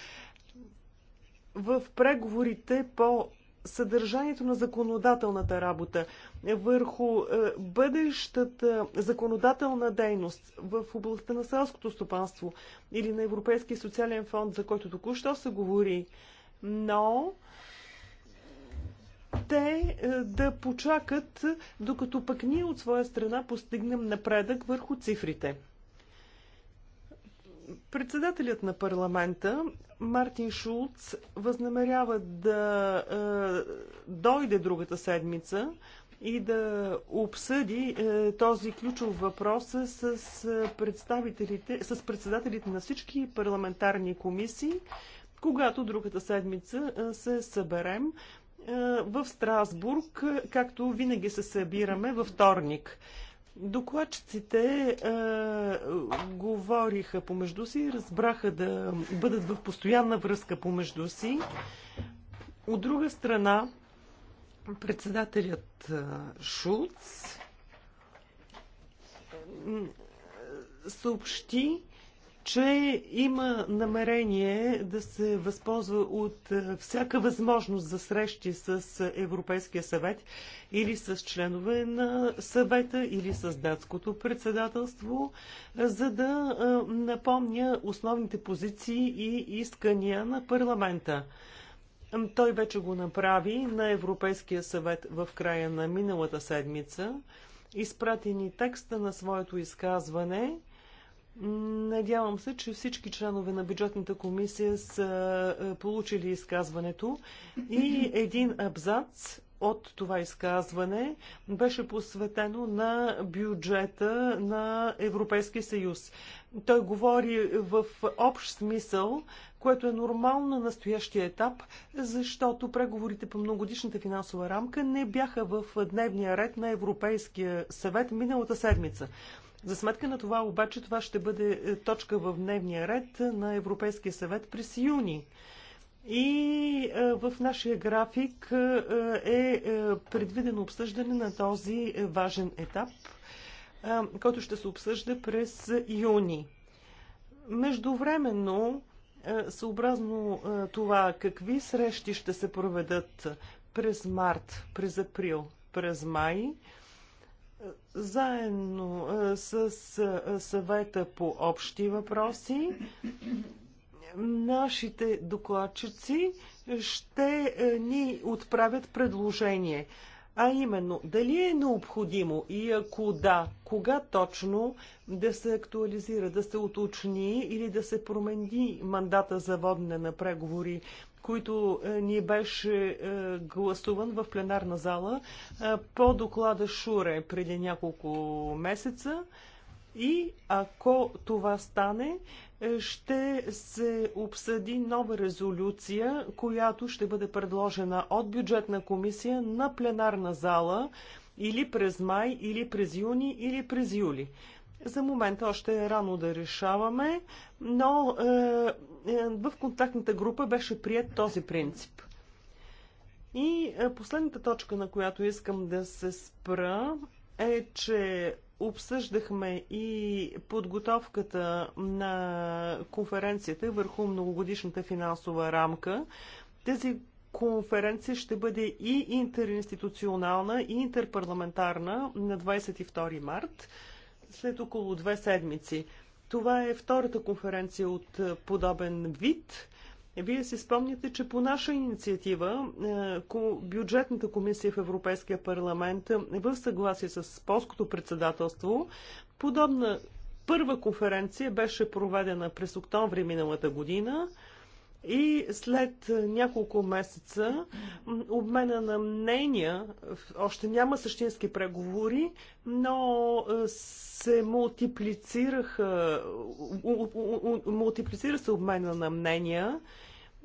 в преговорите по съдържанието на законодателната работа, върху е, бъдещата законодателна дейност в областта на селското стопанство или на Европейския социален фонд, за който току-що се говори, но те е, да почакат, докато пък ние от своя страна постигнем напредък върху цифрите. Председателят на парламента Мартин Шулц възнамерява да е, дойде другата седмица и да обсъди е, този ключов въпрос с, е, представителите, с председателите на всички парламентарни комисии, когато другата седмица е, се съберем е, в Страсбург, както винаги се събираме във вторник. Докладчиците а, е, говориха помежду си, разбраха да бъдат в постоянна връзка помежду си. От друга страна, председателят а, е, Шулц съобщи, че има намерение да се възползва от е, всяка възможност за срещи с Европейския съвет или с членове на съвета или с датското председателство, е, за да е, напомня основните позиции и искания на парламента. Той вече го направи на Европейския съвет в края на миналата седмица. Изпратени текста на своето изказване – Надявам се, че всички членове на бюджетната комисия са е, получили изказването и един абзац от това изказване беше посветено на бюджета на Европейския съюз. Той говори в общ смисъл, което е нормално на настоящия етап, защото преговорите по многодишната финансова рамка не бяха в дневния ред на Европейския съвет миналата седмица. За сметка на това обаче това ще бъде е, точка в дневния ред на Европейския съвет през юни. И е, в нашия график е, е предвидено обсъждане на този важен етап, който ще се обсъжда през юни. Междувременно, съобразно това какви срещи ще се проведат през март, през април, през май, заедно с съвета по общи въпроси нашите докладчици ще ни отправят предложение. А именно, дали е необходимо и ако да, кога точно да се актуализира, да се уточни или да се промени мандата за водене на преговори които е, ни беше е, гласуван в пленарна зала е, по доклада Шуре преди няколко месеца. И ако това стане, ще се обсъди нова резолюция, която ще бъде предложена от бюджетна комисия на пленарна зала или през май, или през юни, или през юли. За момента още е рано да решаваме, но е, е, в контактната група беше прият този принцип. И е, последната точка, на която искам да се спра, е, че обсъждахме и подготовката на конференцията върху многогодишната финансова рамка. Тази конференция ще бъде и интеринституционална, и интерпарламентарна на 22 март, след около две седмици. Това е втората конференция от е, подобен вид. Вие си спомняте, че по наша инициатива е, бюджетната комисия в Европейския парламент е, в съгласие с полското председателство подобна първа конференция беше проведена през октомври миналата година. И след няколко месеца обмена на мнения, още няма същински преговори, но е, се мултиплицираха, мултиплицира се обмена на мнения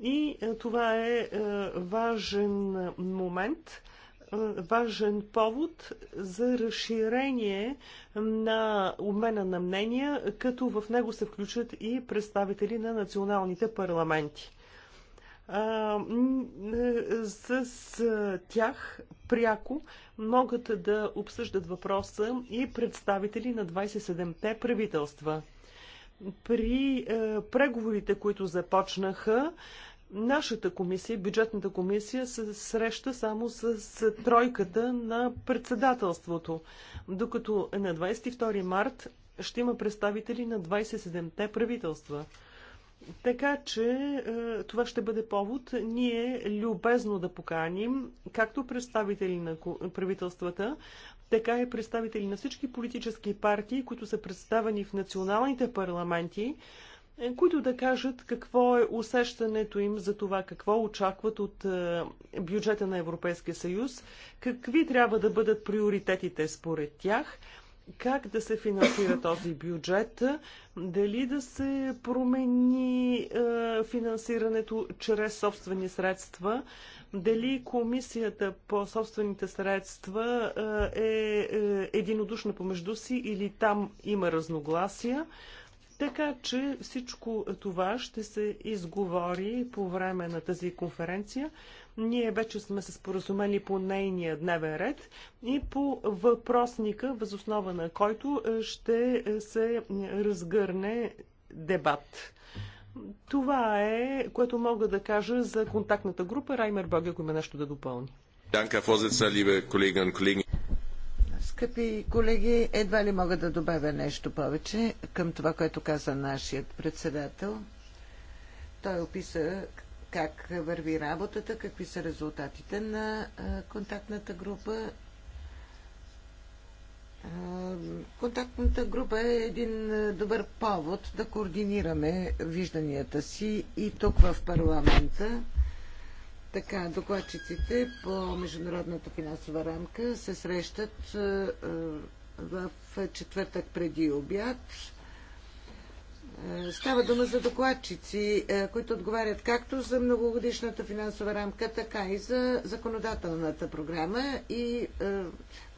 и е, това е, е важен момент – е, важен повод за разширение на обмена на мнения, като в него се включат и представители на националните парламенти. С тях пряко могат да обсъждат въпроса и представители на 27-те правителства. При е, преговорите, които започнаха, Нашата комисия, бюджетната комисия, се среща само с тройката на председателството, докато на 22 март ще има представители на 27-те правителства. Така че е, това ще бъде повод ние любезно да поканим както представители на правителствата, така и представители на всички политически партии, които са представени в националните парламенти, които да кажат какво е усещането им за това, какво очакват от е, бюджета на Европейския съюз, какви трябва да бъдат приоритетите според тях, как да се финансира този бюджет, дали да се промени е, финансирането чрез собствени средства, дали комисията по собствените средства е, е единодушна помежду си или там има разногласия. Така че всичко това ще се изговори по време на тази конференция. Ние вече сме се споразумели по нейния дневен ред и по въпросника, възоснова на който е, ще се разгърне дебат. Това е, което мога да кажа за контактната група. Раймер Бъг, ако има нещо да допълни. Скъпи колеги, едва ли мога да добавя нещо повече към това, което каза нашият председател. Той описа как върви работата, какви са резултатите на контактната група. Контактната група е един добър повод да координираме вижданията си и тук в парламента. Така, докладчиците по международната финансова рамка се срещат е, е, в четвъртък преди обяд. Е, става дума за докладчици, които отговарят както за многогодишната финансова рамка, така и за законодателната програма. И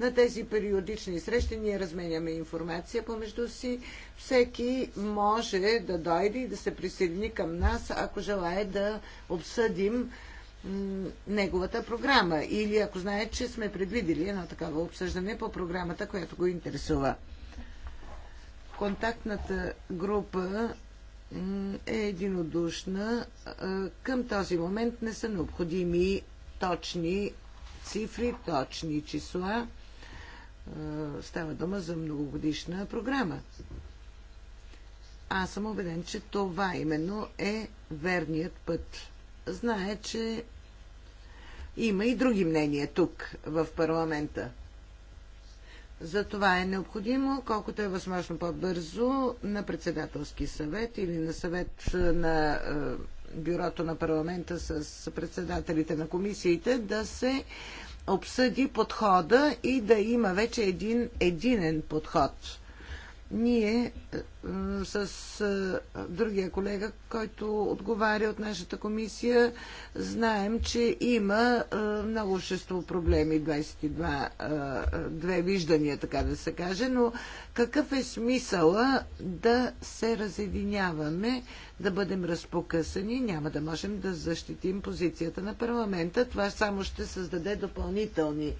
на тези периодични срещи ние разменяме информация помежду си. Всеки може да дойде и да се присъедини към нас, ако желая да обсъдим неговата програма или ако знае, че сме предвидили едно такова обсъждане по програмата, която го интересува. Контактната група е единодушна. Към този момент не са необходими точни цифри, точни числа. Става дума за многогодишна програма. Аз съм убеден, че това именно е верният път знае, че има и други мнения тук, в парламента. За това е необходимо, колкото е възможно по-бързо, на председателски съвет или на съвет на е, бюрото на парламента с председателите на комисиите да се обсъди подхода и да има вече един единен подход ние е, с е, другия колега, който отговаря от нашата комисия, знаем, че има е, много общество проблеми, 22 две виждания, така да се каже, но какъв е смисъла да се разединяваме, да бъдем разпокъсани, няма да можем да защитим позицията на парламента. Това само ще създаде допълнителни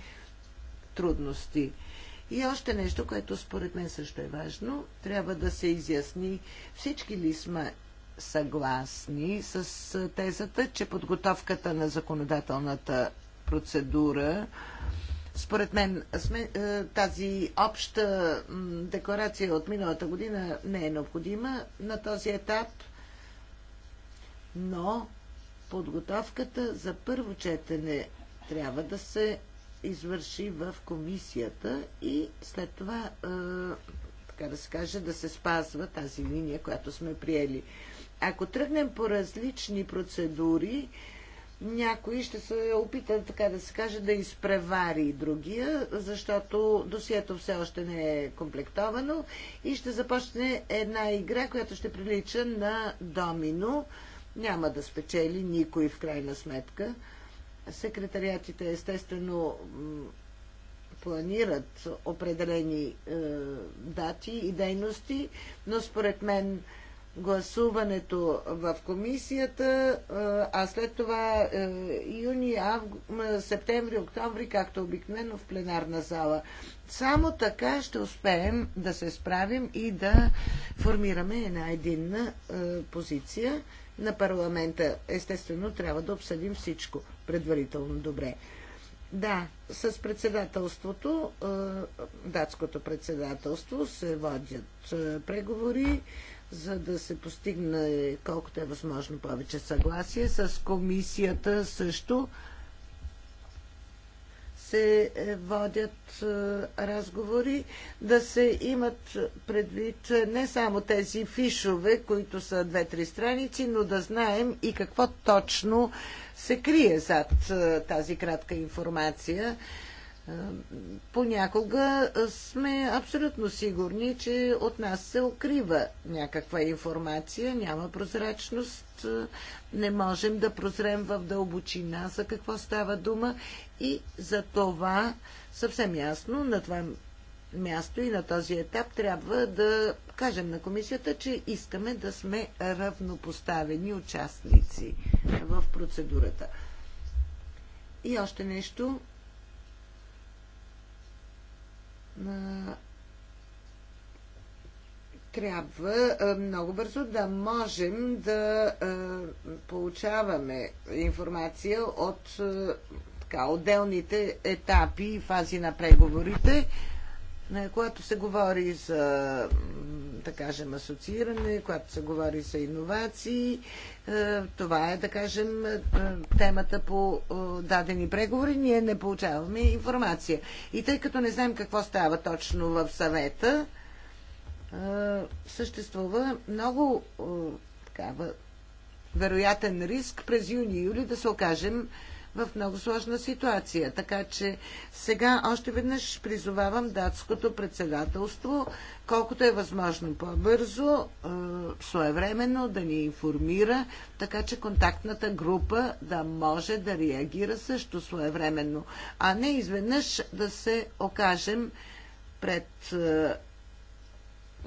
трудности. И още нещо, което според мен също е важно, трябва да се изясни всички ли сме съгласни с тезата, че подготовката на законодателната процедура според мен тази обща декларация от миналата година не е необходима на този етап, но подготовката за първо четене трябва да се извърши в комисията и след това, е, така да се каже, да се спазва тази линия, която сме приели. Ако тръгнем по различни процедури, някои ще се опита, така да се каже, да изпревари другия, защото досието все още не е комплектовано и ще започне една игра, която ще прилича на домино. Няма да спечели никой в крайна сметка. Секретариатите естествено планират определени е, дати и дейности, но според мен гласуването в комисията, е, а след това е, юни, авгу, септември, октомври, както обикновено в пленарна зала. Само така ще успеем да се справим и да формираме една единна е, позиция на парламента. Естествено, трябва да обсъдим всичко предварително добре. Да, с председателството, датското председателство, се водят преговори, за да се постигне колкото е възможно повече съгласие. С комисията също се е, водят е, разговори, да се имат предвид е, не само тези фишове, които са две-три страници, но да знаем и какво точно се крие зад тази кратка информация понякога сме абсолютно сигурни, че от нас се укрива някаква информация, няма прозрачност, не можем да прозрем в дълбочина за какво става дума и за това съвсем ясно на това място и на този етап трябва да кажем на комисията, че искаме да сме равнопоставени участници в процедурата. И още нещо трябва много бързо да можем да получаваме информация от така, отделните етапи и фази на преговорите когато се говори за, да кажем, асоцииране, когато се говори за иновации, е, това е, да кажем, е, темата по е, дадени преговори, ние не получаваме информация. И тъй като не знаем какво става точно в съвета, съществува много такава вероятен риск през юни-юли да се окажем в много сложна ситуация. Така че сега още веднъж призовавам датското председателство, колкото е възможно по-бързо, е, своевременно да ни информира, така че контактната група да може да реагира също своевременно, а не изведнъж да се окажем пред е,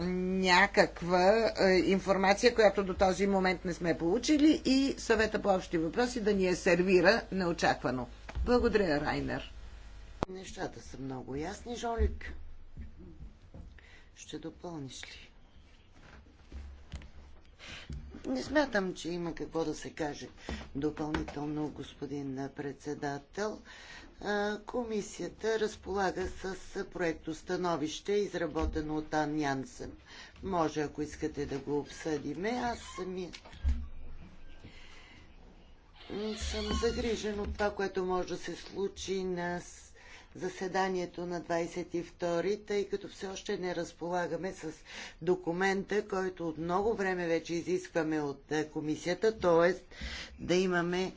някаква е, информация, която до този момент не сме получили и съвета по общи въпроси да ни е сервира неочаквано. Благодаря, Райнер. Нещата са много ясни, Жолик. Ще допълниш ли? Не смятам, че има какво да се каже допълнително, господин председател. Комисията разполага с проекто становище, изработено от Ан Янсен. Може, ако искате да го обсъдиме, аз сами съм загрижен от това, което може да се случи на заседанието на 22, тъй като все още не разполагаме с документа, който от много време вече изискваме от е, комисията, т.е. да имаме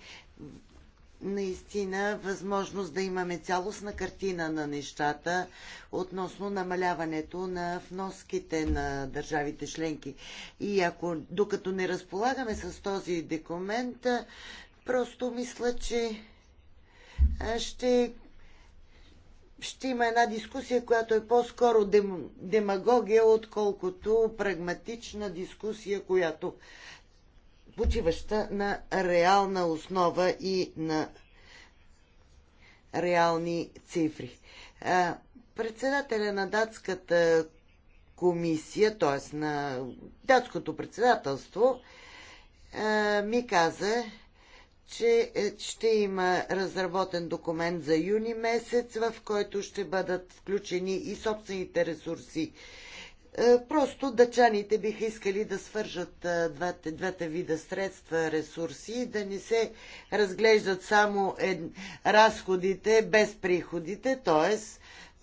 наистина възможност да имаме цялостна картина на нещата относно намаляването на вноските на държавите членки. И ако докато не разполагаме с този документ, просто мисля, че ще ще има една дискусия, която е по-скоро дем, демагогия, отколкото прагматична дискусия, която почиваща на реална основа и на реални цифри. Председателя на датската комисия, т.е. на датското председателство, ми каза, че е, ще има разработен документ за юни месец, в който ще бъдат включени и собствените ресурси е, просто дъчаните биха искали да свържат е, двата, двете вида средства, ресурси, да не се разглеждат само ед... разходите без приходите, т.е.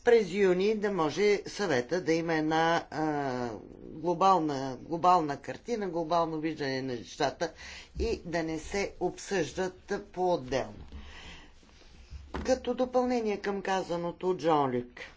през юни да може съвета да има една а, е, глобална, глобална картина, глобално виждане на нещата и да не се обсъждат по-отделно. Като допълнение към казаното от Джон Люк –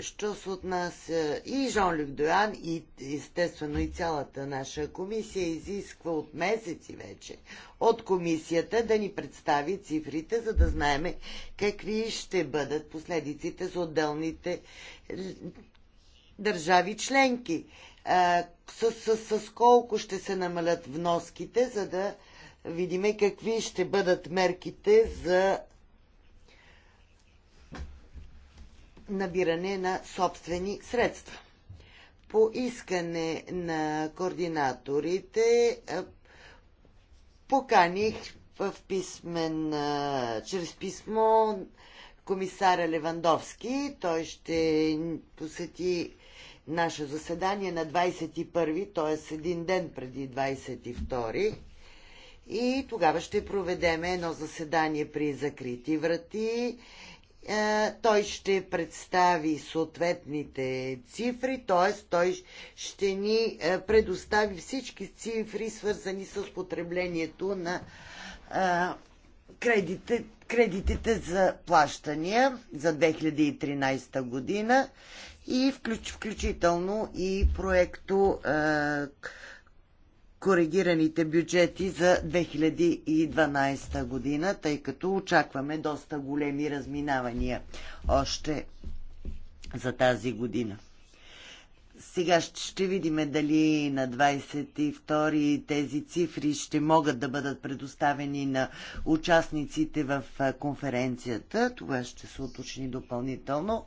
що се отнася и Жан люк Дуан, и естествено и цялата наша комисия изисква от месеци вече от комисията да ни представи цифрите, за да знаеме какви ще бъдат последиците за отделните държави членки. С, с, с колко ще се намалят вноските, за да видиме какви ще бъдат мерките за набиране на собствени средства. По искане на координаторите е, поканих в писмен, е, чрез писмо комисаря Левандовски. Той ще посети наше заседание на 21, т.е. един ден преди 22. И тогава ще проведем едно заседание при закрити врати е, той ще представи съответните цифри, т.е. той ще ни е, предостави всички цифри, свързани с потреблението на е, кредите, кредитите за плащания за 2013 година и включително и проекто коригираните бюджети за 2012 година, тъй като очакваме доста големи разминавания още за тази година. Сега ще видим дали на 22 тези цифри ще могат да бъдат предоставени на участниците в конференцията. Това ще се уточни допълнително.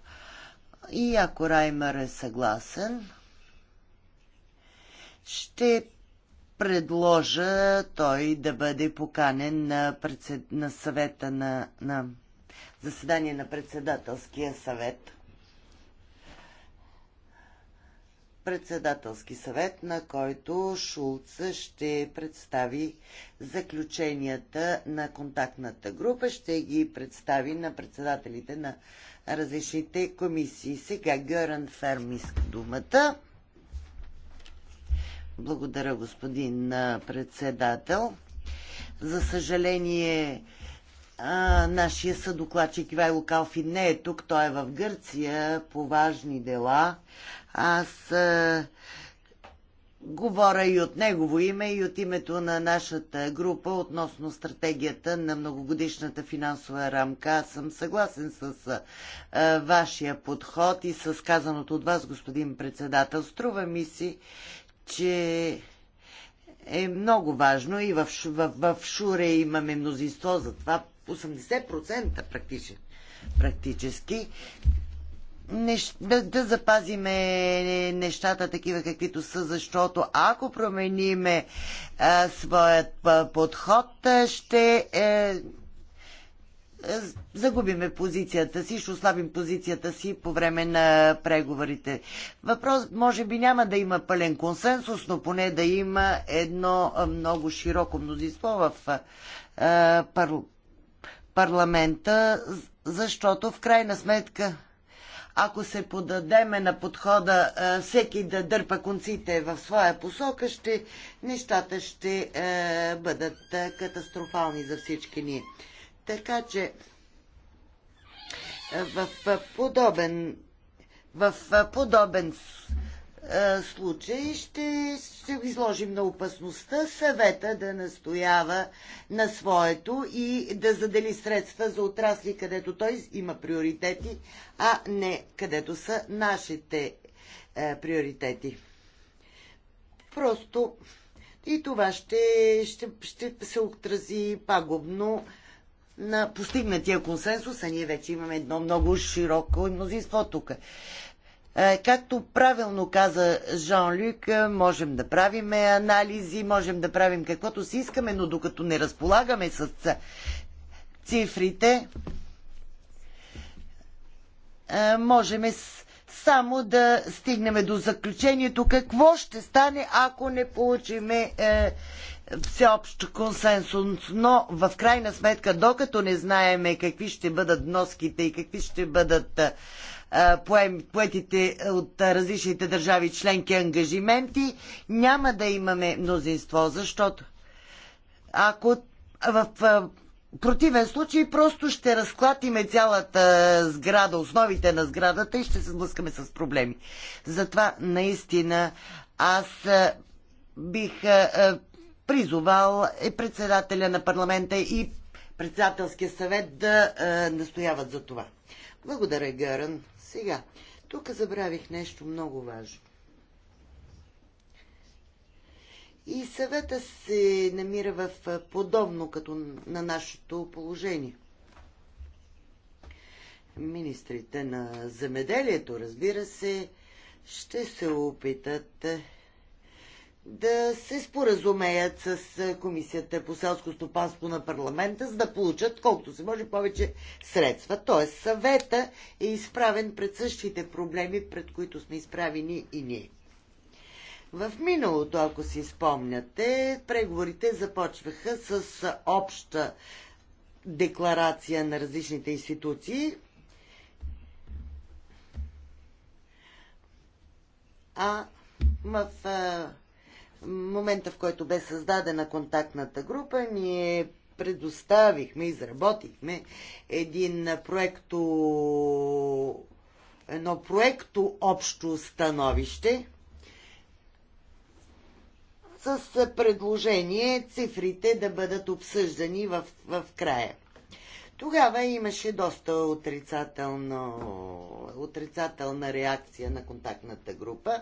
И ако Раймър е съгласен, ще предложа той да бъде поканен на, председ... на съвета на... на заседание на председателския съвет. Председателски съвет, на който Шулц ще представи заключенията на контактната група, ще ги представи на председателите на различните комисии. Сега Гърън Ферм иска думата. Благодаря, господин председател. За съжаление, нашия съдокладчик Ивайло Калфи не е тук. Той е в Гърция по важни дела. Аз а, говоря и от негово име, и от името на нашата група относно стратегията на многогодишната финансова рамка. Аз съм съгласен с а, вашия подход и с казаното от вас, господин председател. Струва ми си, че е много важно и в, в, в Шуре имаме мнозинство за това, 80% практически, практически нещ, да, да запазиме нещата такива каквито са, защото ако промениме а, своят а, подход, ще е, загубиме позицията си, ще ослабим позицията си по време на преговорите. Въпрос, може би няма да има пълен консенсус, но поне да има едно много широко мнозинство в пар... парламента, защото в крайна сметка ако се подадеме на подхода всеки да дърпа конците в своя посока, ще, нещата ще бъдат катастрофални за всички ние. Така че е, в подобен, в подобен е, случай ще се изложим на опасността съвета да настоява на своето и да задели средства за отрасли, където той има приоритети, а не където са нашите е, приоритети. Просто и това ще, ще, ще се отрази пагубно на постигнатия консенсус, а ние вече имаме едно много широко мнозинство тук. Е, както правилно каза Жан-Люк, е, можем да правим анализи, можем да правим каквото си искаме, но докато не разполагаме с цифрите, е, можем само да стигнем до заключението какво ще стане, ако не получиме консенсус, но в крайна сметка, докато не знаеме какви ще бъдат вноските и какви ще бъдат поетите от различните държави членки ангажименти, няма да имаме мнозинство, защото ако в противен случай просто ще разклатиме цялата сграда, основите на сградата и ще се сблъскаме с проблеми. Затова наистина аз бих призовал е председателя на парламента и председателския съвет да е, настояват за това. Благодаря, Гърън. Сега, тук забравих нещо много важно. И съвета се намира в е, подобно като на нашето положение. Министрите на земеделието, разбира се, ще се опитат да се споразумеят с Комисията по селско стопанство на парламента, за да получат колкото се може повече средства. Тоест съвета е изправен пред същите проблеми, пред които сме изправени и ние. В миналото, ако си спомняте, преговорите започваха с обща декларация на различните институции, а в момента, в който бе създадена контактната група, ние предоставихме, изработихме един проекто едно проекто общо становище с предложение цифрите да бъдат обсъждани в, в края. Тогава имаше доста отрицателна реакция на контактната група.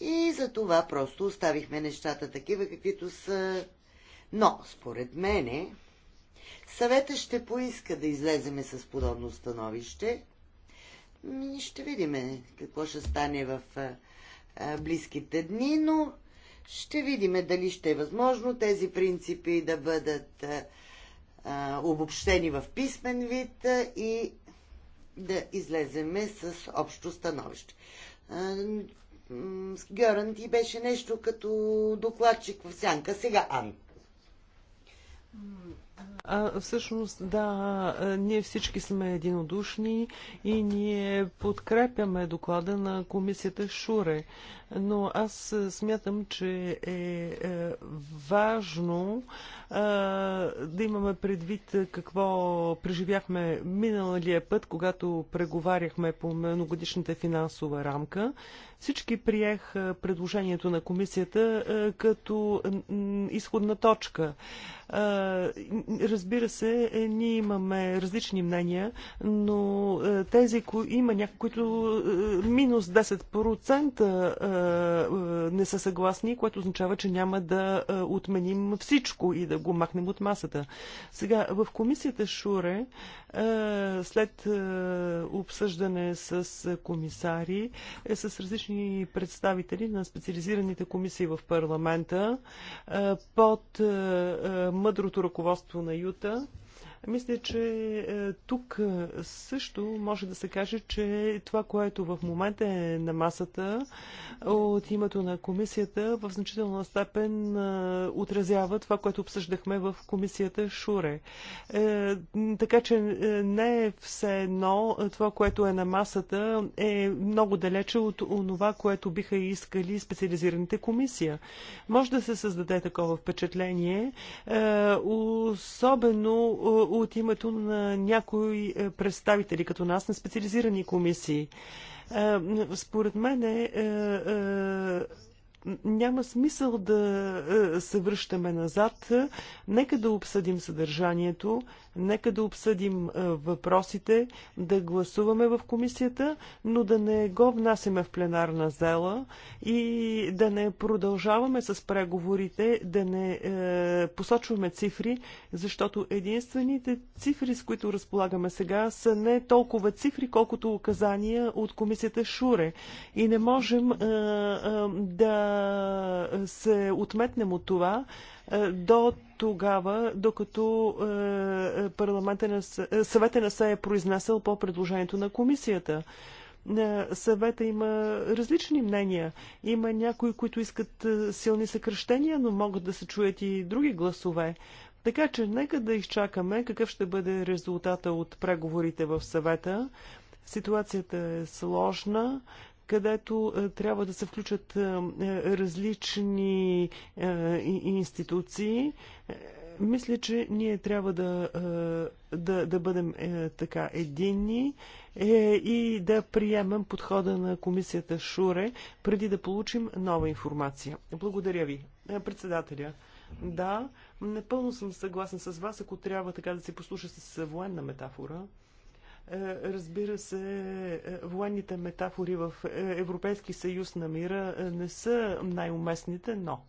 И за това просто оставихме нещата такива, каквито са. Но, според мене, съвета ще поиска да излеземе с подобно становище. И ще видиме какво ще стане в близките дни, но ще видим дали ще е възможно тези принципи да бъдат обобщени в писмен вид и да излеземе с общо становище. Гьорън ти беше нещо като докладчик в сянка. Сега Ан. А, всъщност, да, ние всички сме единодушни и ние подкрепяме доклада на комисията Шуре. Но аз смятам, че е, е важно а, да имаме предвид какво преживяхме миналия път, когато преговаряхме по многогодишната финансова рамка. Всички приех предложението на комисията като изходна точка. Разбира се, е, ние имаме различни мнения, но тези, които има някои, които минус 10% не са съгласни, което означава, че няма да отменим всичко и да го махнем от масата. Сега, в комисията Шуре, след обсъждане с комисари, е, с различни различни представители на специализираните комисии в парламента под мъдрото ръководство на Юта. Мисля, че е, тук е, също може да се каже, че това, което в момента е на масата от името на комисията, в значителна степен е, отразява това, което обсъждахме в комисията Шуре. Така че не е все едно това, което е на масата, е много далече от това, което биха искали специализираните комисия. Може да се създаде такова впечатление, особено от името на някои е, представители, като нас, на специализирани комисии. Е, според мен е, е, няма смисъл да се връщаме назад. Нека да обсъдим съдържанието, Нека да обсъдим е, въпросите, да гласуваме в комисията, но да не го внасяме в пленарна зала и да не продължаваме с преговорите, да не е, посочваме цифри, защото единствените цифри, с които разполагаме сега, са не толкова цифри, колкото указания от комисията Шуре. И не можем е, да се отметнем от това, е, до тогава, докато е, парламента на е, съвета не се е произнесъл по предложението на комисията. Съвета има различни мнения. Има някои, които искат силни съкръщения, но могат да се чуят и други гласове. Така че нека да изчакаме какъв ще бъде резултата от преговорите в съвета. Ситуацията е сложна където е, трябва да се включат е, е, различни институции. Мисля, че ние трябва да, да, да бъдем така единни и да приемем подхода на комисията Шуре, преди да получим нова информация. Благодаря ви, председателя. Да, напълно съм съгласен с вас, ако трябва така да се послуша с военна метафора. Е, разбира се, е, военните метафори в е, Европейски съюз на мира не са най-уместните, но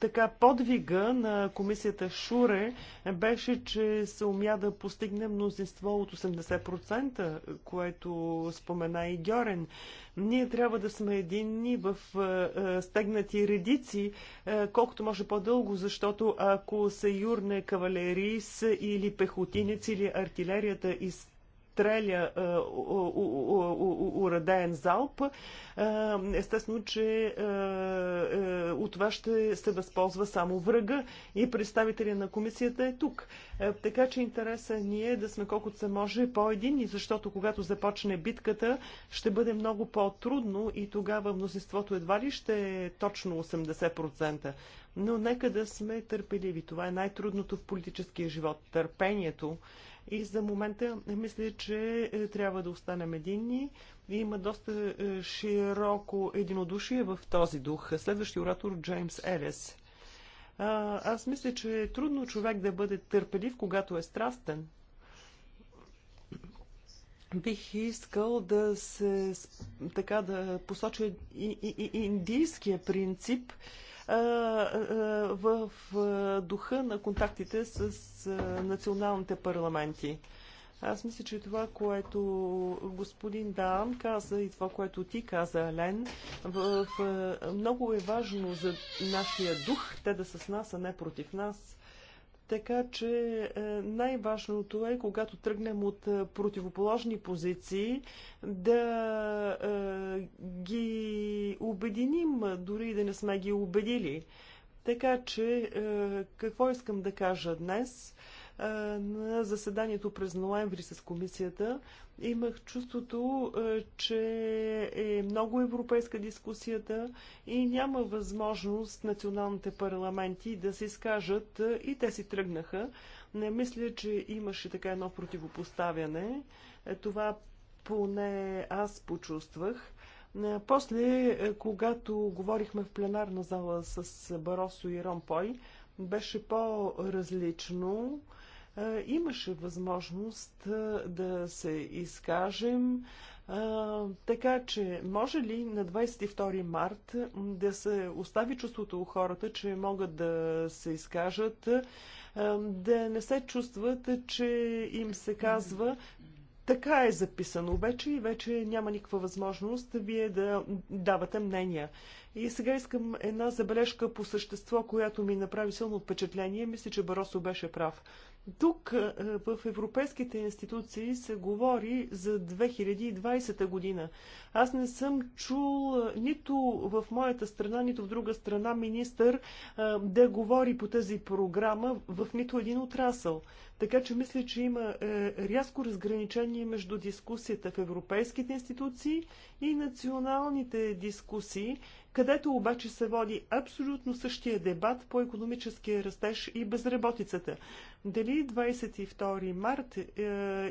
така подвига на комисията Шуре беше, че се умя да постигне мнозинство от 80%, което спомена и Гьорен. Ние трябва да сме единни в е, стегнати редици, е, колкото може по-дълго, защото ако се юрне кавалерис или пехотинец или артилерията из треля е, уреден залп, е, естествено, че е, от това ще се възползва само врага и представителя на комисията е тук. Така че интереса ни е да сме колкото се може по-единни, защото когато започне битката, ще бъде много по-трудно и тогава мнозинството едва ли ще е точно 80%. Но нека да сме търпеливи. Това е най-трудното в политическия живот. Търпението. И за момента мисля, че е, трябва да останем единни. Има доста е, широко единодушие в този дух. Следващия оратор Джеймс Елес. Аз мисля, че е трудно човек да бъде търпелив, когато е страстен. Бих искал да се така да посоча и, и, и индийския принцип, в духа на контактите с националните парламенти. Аз мисля, че това, което господин Дан каза и това, което ти каза, Ален, в, в, много е важно за нашия дух, те да са с нас, а не против нас. Така че е, най-важното е, когато тръгнем от е, противоположни позиции, да е, ги обединим, дори да не сме ги убедили. Така че, какво искам да кажа днес? На заседанието през ноември с комисията имах чувството, че е много европейска дискусията и няма възможност националните парламенти да се изкажат и те си тръгнаха. Не мисля, че имаше така едно противопоставяне. Е, това поне аз почувствах. Е, после, е, когато говорихме в пленарна зала с Баросо и Ромпой, беше по-различно имаше възможност да се изкажем. Така че, може ли на 22 март да се остави чувството у хората, че могат да се изкажат, да не се чувстват, че им се казва така е записано вече и вече няма никаква възможност вие да давате мнения. И сега искам една забележка по същество, която ми направи силно впечатление. Мисля, че Баросо беше прав. Тук в европейските институции се говори за 2020 година. Аз не съм чул нито в моята страна, нито в друга страна министър да говори по тази програма в нито един отрасъл. Така че мисля, че има е, рязко разграничение между дискусията в европейските институции и националните дискусии, където обаче се води абсолютно същия дебат по економическия растеж и безработицата дали 22 март е,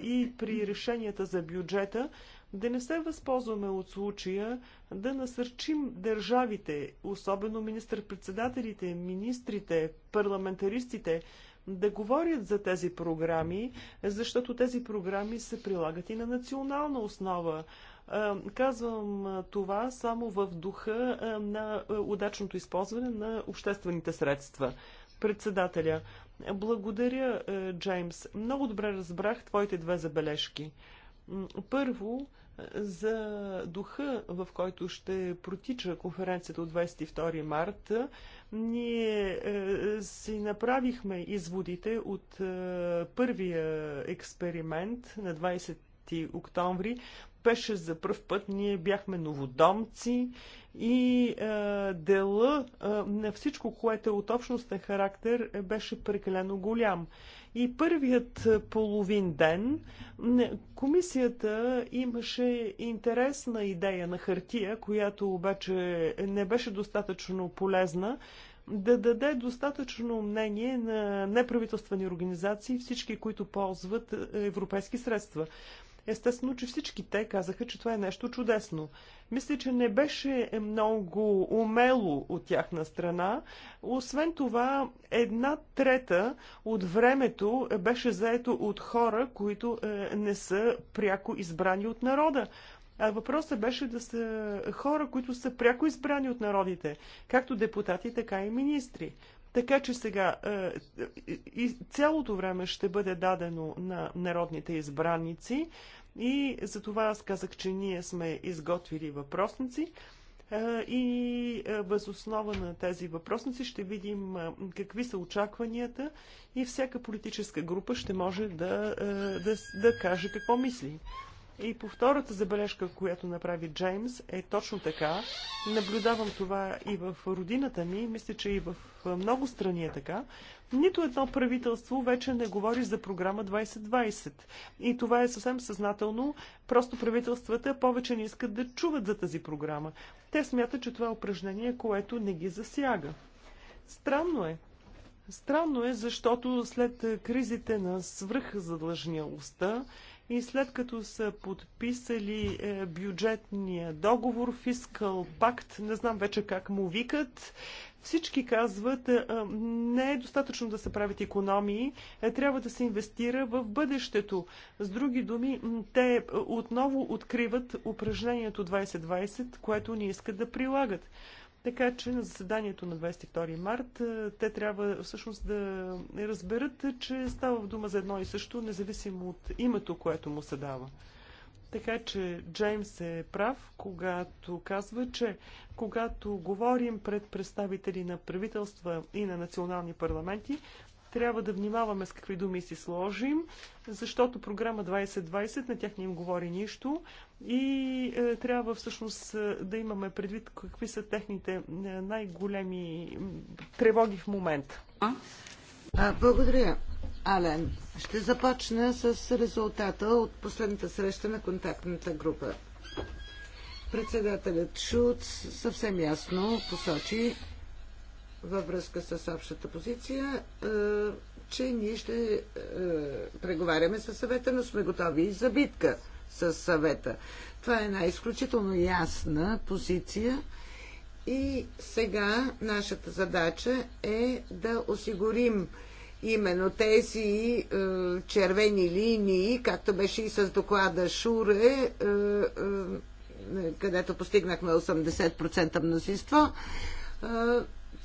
и при решенията за бюджета да не се възползваме от случая да насърчим държавите, особено министър-председателите, министрите, парламентаристите, да говорят за тези програми, защото тези програми се прилагат и на национална основа. Е, казвам е, това само в духа е, на удачното използване на обществените средства. Председателя, благодаря, е, Джеймс. Много добре разбрах твоите две забележки. Първо, е, за духа, в който ще протича конференцията от 22 марта, е, ние си направихме изводите от първия експеримент на 20 октомври беше за пръв път, ние бяхме новодомци и е, дела е, на всичко, което е от общностен характер, е, беше прекалено голям. И първият е, половин ден комисията имаше интересна идея на хартия, която обаче не беше достатъчно полезна да даде достатъчно мнение на неправителствени организации, всички, които ползват е, европейски средства. Естествено, че всички те казаха, че това е нещо чудесно. Мисля, че не беше много умело от тяхна страна. Освен това, една трета от времето беше заето от хора, които е, не са пряко избрани от народа. А въпросът беше да са хора, които са пряко избрани от народите, както депутати, така и министри. Така че сега е, и цялото време ще бъде дадено на народните избраници и за това аз казах, че ние сме изготвили въпросници е, и е, възоснова на тези въпросници ще видим какви са очакванията и всяка политическа група ще може да, да, да каже какво мисли. И по втората забележка, която направи Джеймс, е точно така. Наблюдавам това и в родината ми, мисля, че и в много страни е така. Нито едно правителство вече не говори за програма 2020. И това е съвсем съзнателно. Просто правителствата повече не искат да чуват за тази програма. Те смятат, че това е упражнение, което не ги засяга. Странно е. Странно е, защото след кризите на свръхзадлъжнялостта, и след като са подписали е, бюджетния договор, фискал пакт, не знам вече как му викат, всички казват, е, не е достатъчно да се правят економии, е, трябва да се инвестира в бъдещето. С други думи, те отново откриват упражнението 2020, което ни искат да прилагат. Така че на заседанието на 22 март е, те трябва всъщност да разберат, че става в дума за едно и също, независимо от името, което му се дава. Така че Джеймс е прав, когато казва, че когато говорим пред представители на правителства и на национални парламенти, трябва да внимаваме с какви думи си сложим, защото програма 2020 на тях не им говори нищо и е, трябва всъщност е, да имаме предвид какви са техните е, най-големи тревоги в момента. Благодаря, Ален. Ще започна с резултата от последната среща на контактната група. Председателят Шуц съвсем ясно посочи във връзка с общата позиция, е, че ние ще е, преговаряме с съвета, но сме готови и за битка с съвета. Това е една изключително ясна позиция и сега нашата задача е да осигурим именно тези е, червени линии, както беше и с доклада Шуре, е, е, където постигнахме 80% мнозинство. Е,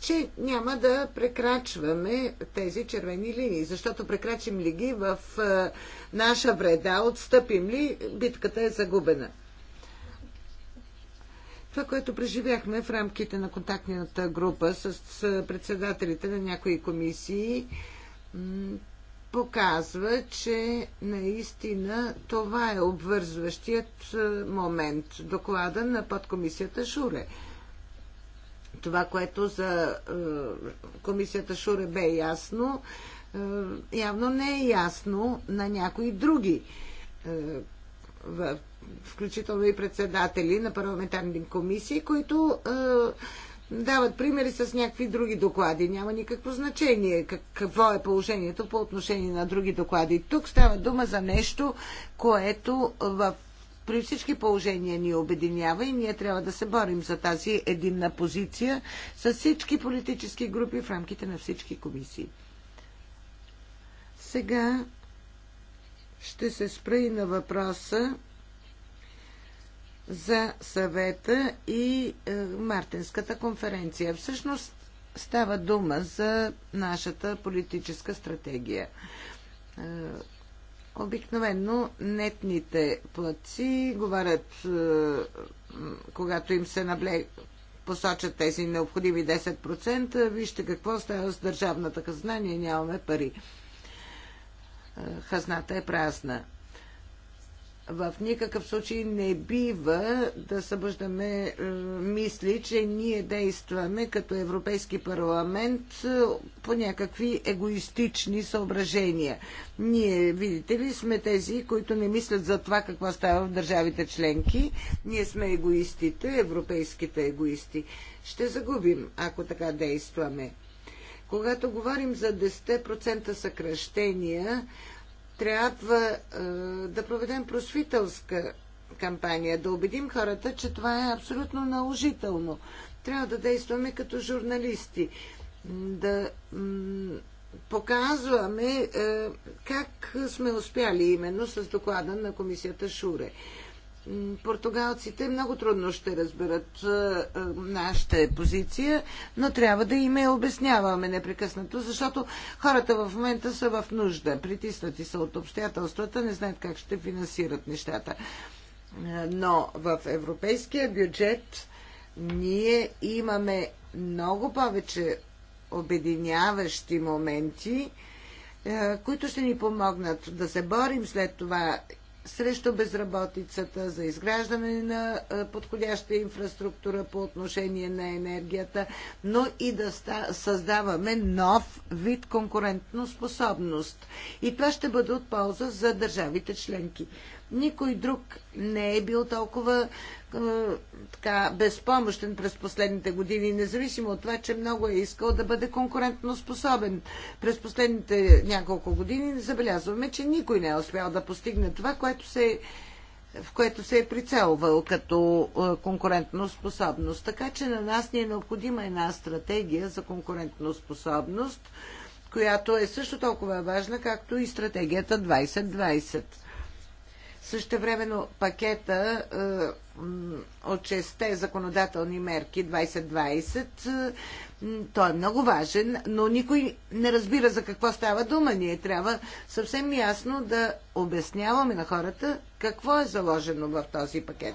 че няма да прекрачваме тези червени линии, защото прекрачим ли ги в е, наша вреда, отстъпим ли, битката е загубена. Това, което преживяхме в рамките на контактната група с председателите на някои комисии, показва, че наистина това е обвързващият е, момент доклада на подкомисията Шуре – това, което за е, комисията Шуре бе ясно, е, явно не е ясно на някои други, е, включително и председатели на парламентарни комисии, които дават примери с някакви други доклади. Няма никакво значение какво е положението по отношение на други доклади. Тук става дума за нещо, което в при всички положения ни обединява и ние трябва да се борим за тази единна позиция с всички политически групи в рамките на всички комисии. Сега ще се спра и на въпроса за съвета и е, Мартинската конференция. Всъщност става дума за нашата политическа стратегия. Е, Обикновено нетните платци говорят, е, когато им се набле, посочат тези необходими 10%, вижте какво става с държавната хазна, ние нямаме пари. Е, хазната е празна в никакъв случай не бива да събуждаме е, мисли, че ние действаме като Европейски парламент е, по някакви егоистични съображения. Ние, видите ли, сме тези, които не мислят за това какво става в държавите членки. Ние сме егоистите, европейските егоисти. Ще загубим, ако така действаме. Когато говорим за 10% съкръщения, трябва е, да проведем просвителска кампания, да убедим хората, че това е абсолютно наложително. Трябва да действаме като журналисти, да показваме е, как сме успяли именно с доклада на комисията Шуре португалците много трудно ще разберат е, е, нашата позиция, но трябва да им я обясняваме непрекъснато, защото хората в момента са в нужда, притиснати са от обстоятелствата, не знаят как ще финансират нещата. Е, но в европейския бюджет ние имаме много повече обединяващи моменти, които ще ни помогнат да се борим след това срещу безработицата, за изграждане на подходяща инфраструктура по отношение на енергията, но и да създаваме нов вид конкурентно способност. И това ще бъде от полза за държавите членки. Никой друг не е бил толкова е, така, безпомощен през последните години, независимо от това, че много е искал да бъде конкурентно способен. През последните няколко години забелязваме, че никой не е успял да постигне това, което се, в което се е прицелвал като е, конкурентно способност. Така че на нас ни е необходима една стратегия за конкурентно способност, която е също толкова важна, както и стратегията 2020. Същевременно пакета е, от 6 законодателни мерки 2020, е, той е много важен, но никой не разбира за какво става дума. Ние трябва съвсем ясно да обясняваме на хората какво е заложено в този пакет.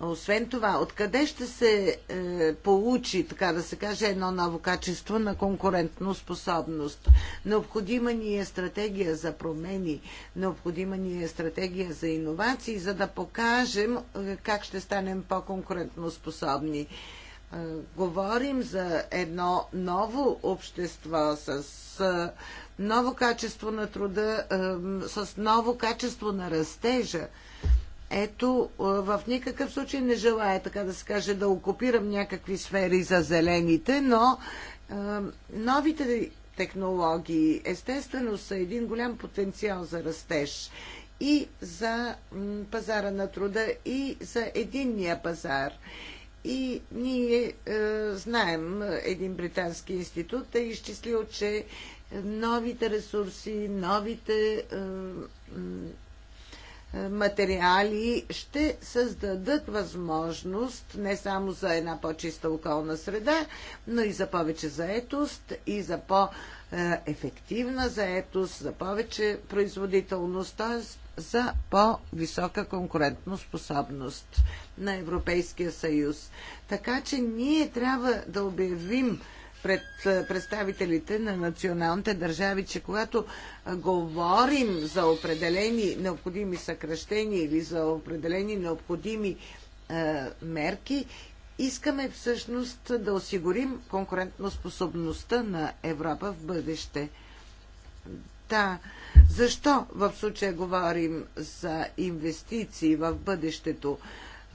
Освен това, откъде ще се е, получи, така да се каже, едно ново качество на конкурентно способност? Необходима ни е стратегия за промени, необходима ни е стратегия за иновации, за да покажем е, как ще станем по-конкурентно способни. Е, говорим за едно ново общество с е, ново качество на труда, е, с ново качество на растежа ето, в никакъв случай не желая, така да се каже, да окупирам някакви сфери за зелените, но новите технологии естествено са един голям потенциал за растеж и за пазара на труда, и за единния пазар. И ние е, знаем, един британски институт е изчислил, че новите ресурси, новите е, материали ще създадат възможност не само за една по-чиста околна среда, но и за повече заетост и за по-ефективна заетост, за повече производителност, т.е. за по-висока конкурентно способност на Европейския съюз. Така че ние трябва да обявим пред представителите на националните държави, че когато говорим за определени необходими съкръщения или за определени необходими мерки, искаме всъщност да осигурим конкурентоспособността на Европа в бъдеще. Да. Защо в случая говорим за инвестиции в бъдещето?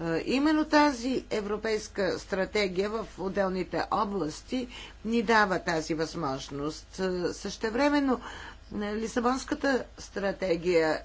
Е, именно тази европейска стратегия в отделните области ни дава тази възможност. Е, същевременно е, Лисабонската стратегия,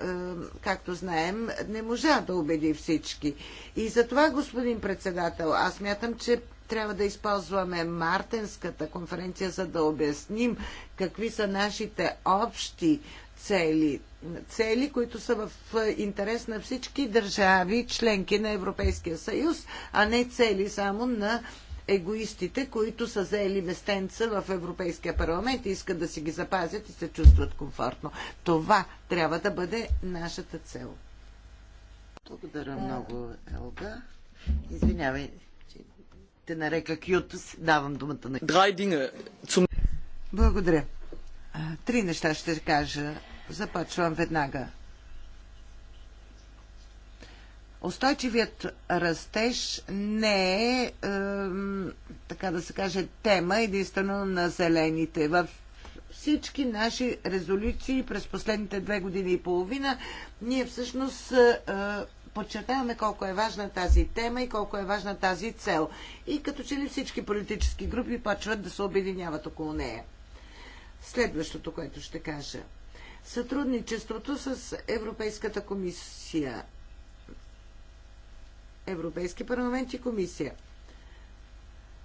както знаем, не можа да убеди всички. И затова, господин председател, аз мятам, че трябва да използваме Мартенската конференция, за да обясним какви са нашите общи цели. Цели, които са в интерес на всички държави, членки на Европейския съюз, а не цели само на егоистите, които са заели местенца в Европейския парламент и искат да си ги запазят и се чувстват комфортно. Това трябва да бъде нашата цел. Благодаря много, Елга. Извинявай, че те нарека Кютус. Давам думата на... Благодаря. Три неща ще кажа. Започвам веднага. Устойчивият растеж не е, е, така да се каже, тема единствено на зелените. В всички наши резолюции през последните две години и половина ние всъщност е, подчертаваме колко е важна тази тема и колко е важна тази цел. И като че ли всички политически групи почват да се обединяват около нея следващото, което ще кажа. Сътрудничеството с Европейската комисия. Европейски парламент и комисия.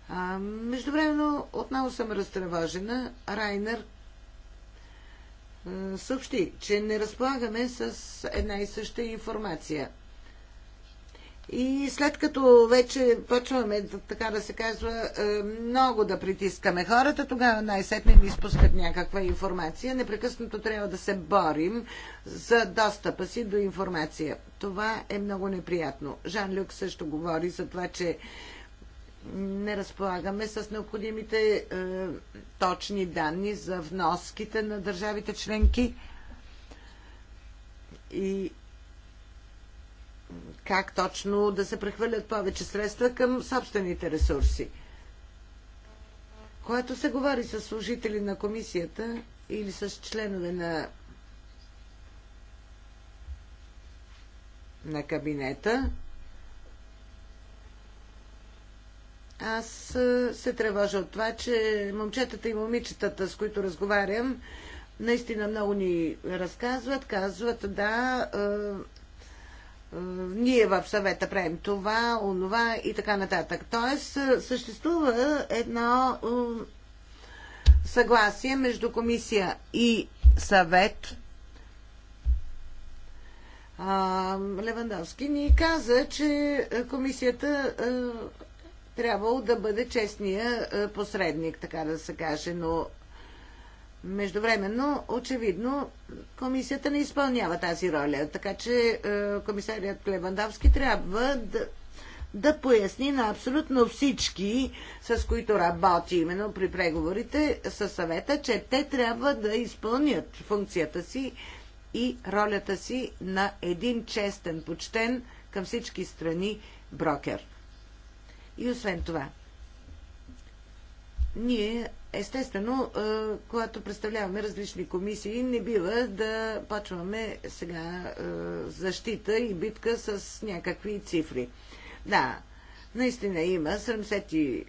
А, междувременно отново съм разтревожена. Райнер съобщи, че не разполагаме с една и съща информация – и след като вече почваме, така да се казва, е, много да притискаме хората, тогава най-сетне ни изпускат някаква информация. Непрекъснато трябва да се борим за достъпа си до информация. Това е много неприятно. Жан Люк също говори за това, че не разполагаме с необходимите е, точни данни за вноските на държавите членки. И как точно да се прехвърлят повече средства към собствените ресурси. Което се говори с служители на комисията или с членове на, на кабинета, аз се тревожа от това, че момчетата и момичетата, с които разговарям, наистина много ни разказват, казват, да, е, ние в съвета правим това, онова и така нататък. Тоест, е, съществува едно е, съгласие между комисия и съвет. Левандовски ни каза, че комисията трябвало да бъде честния посредник, така да се каже, но Междувременно, очевидно, комисията не изпълнява тази роля, така че е, комисарият Клевандовски трябва да, да поясни на абсолютно всички, с които работи именно при преговорите с съвета, че те трябва да изпълнят функцията си и ролята си на един честен, почтен към всички страни брокер. И освен това, ние Естествено, когато представляваме различни комисии, не бива да почваме сега защита и битка с някакви цифри. Да, наистина има 72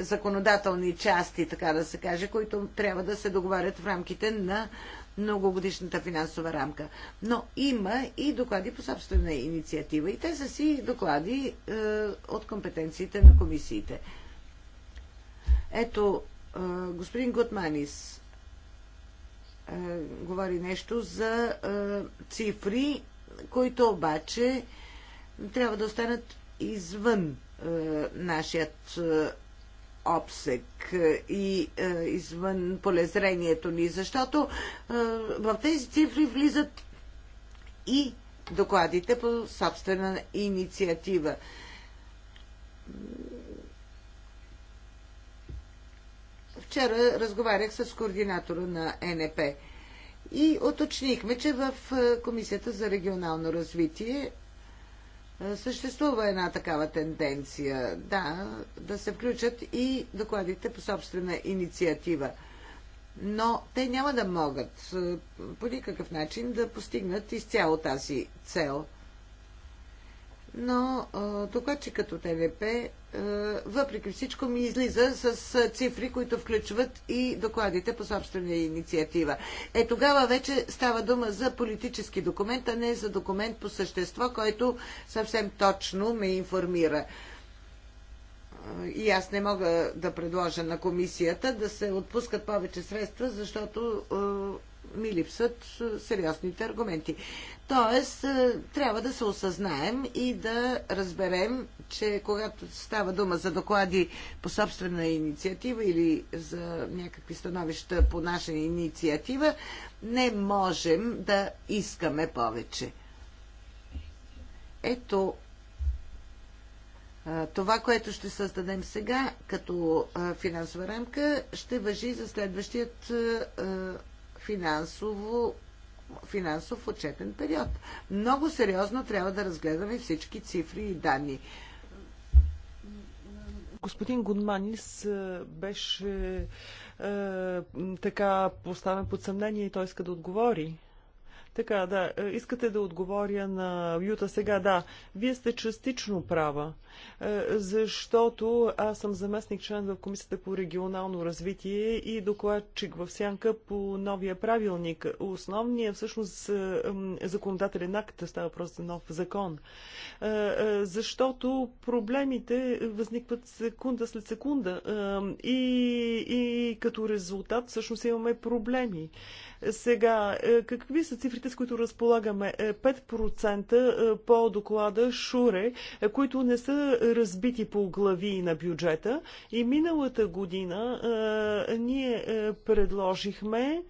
законодателни части, така да се каже, които трябва да се договарят в рамките на многогодишната финансова рамка. Но има и доклади по собствена инициатива и те са си доклади е, от компетенциите на комисиите. Ето, е, господин Готманис е, говори нещо за е, цифри, които обаче трябва да останат извън е, нашият е, обсек е, и е, извън полезрението ни, защото е, в тези цифри влизат и докладите по собствена инициатива. Вчера разговарях с координатора на НП и уточнихме, че в е, Комисията за регионално развитие е, съществува една такава тенденция, да, да се включат и докладите по собствена инициатива. Но те няма да могат е, по никакъв начин да постигнат изцяло тази цел – но докладчикът като ТВП въпреки всичко, ми излиза с цифри, които включват и докладите по собствена инициатива. Е, тогава вече става дума за политически документ, а не за документ по същество, който съвсем точно ме информира. И аз не мога да предложа на комисията да се отпускат повече средства, защото ми липсват сериозните аргументи. Тоест, трябва да се осъзнаем и да разберем, че когато става дума за доклади по собствена инициатива или за някакви становища по наша инициатива, не можем да искаме повече. Ето, това, което ще създадем сега като финансова рамка, ще въжи за следващият финансово финансов отчетен период. Много сериозно трябва да разгледаме всички цифри и данни. Господин Гудманис беше е, така поставен под съмнение и той иска да отговори. Така, да, е, искате да отговоря на Юта сега. Да, вие сте частично права, е, защото аз съм заместник член в Комисията по регионално развитие и докладчик в Сянка по новия правилник. Основният всъщност е, законодателен акт става просто за нов закон. Защото проблемите възникват секунда след секунда и, и като резултат всъщност имаме проблеми. Сега, е, какви са цифрите, с които разполагаме? 5% е, е, по доклада Шуре, които не са разбити по глави на бюджета. И миналата година ние предложихме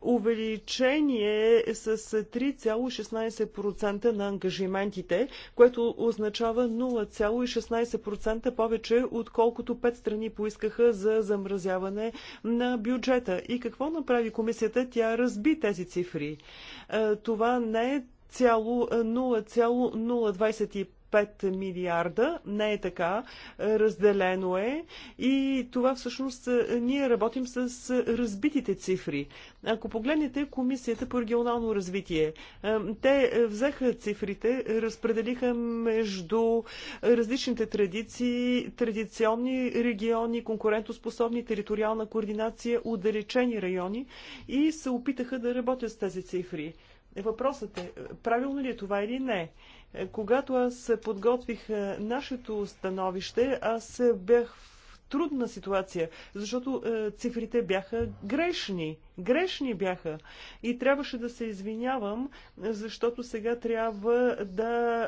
увеличение с 3,16% на ангажиментите, което означава 0,16% повече, отколкото пет страни поискаха за замразяване на бюджета. И какво направи комисията? Тя разби тези цифри. Е, това не е цяло 0,025 е, 5 милиарда. Не е така. Разделено е. И това всъщност е, ние работим с е, разбитите цифри. Ако погледнете Комисията по регионално развитие, е, те взеха цифрите, разпределиха между различните традиции, традиционни региони, конкурентоспособни, териториална координация, отдалечени райони и се опитаха да работят с тези цифри. Въпросът е, правилно ли е това или не? Е, когато аз подготвих е, нашето становище, аз бях в трудна ситуация, защото е, цифрите бяха грешни. Грешни бяха. И трябваше да се извинявам, защото сега трябва да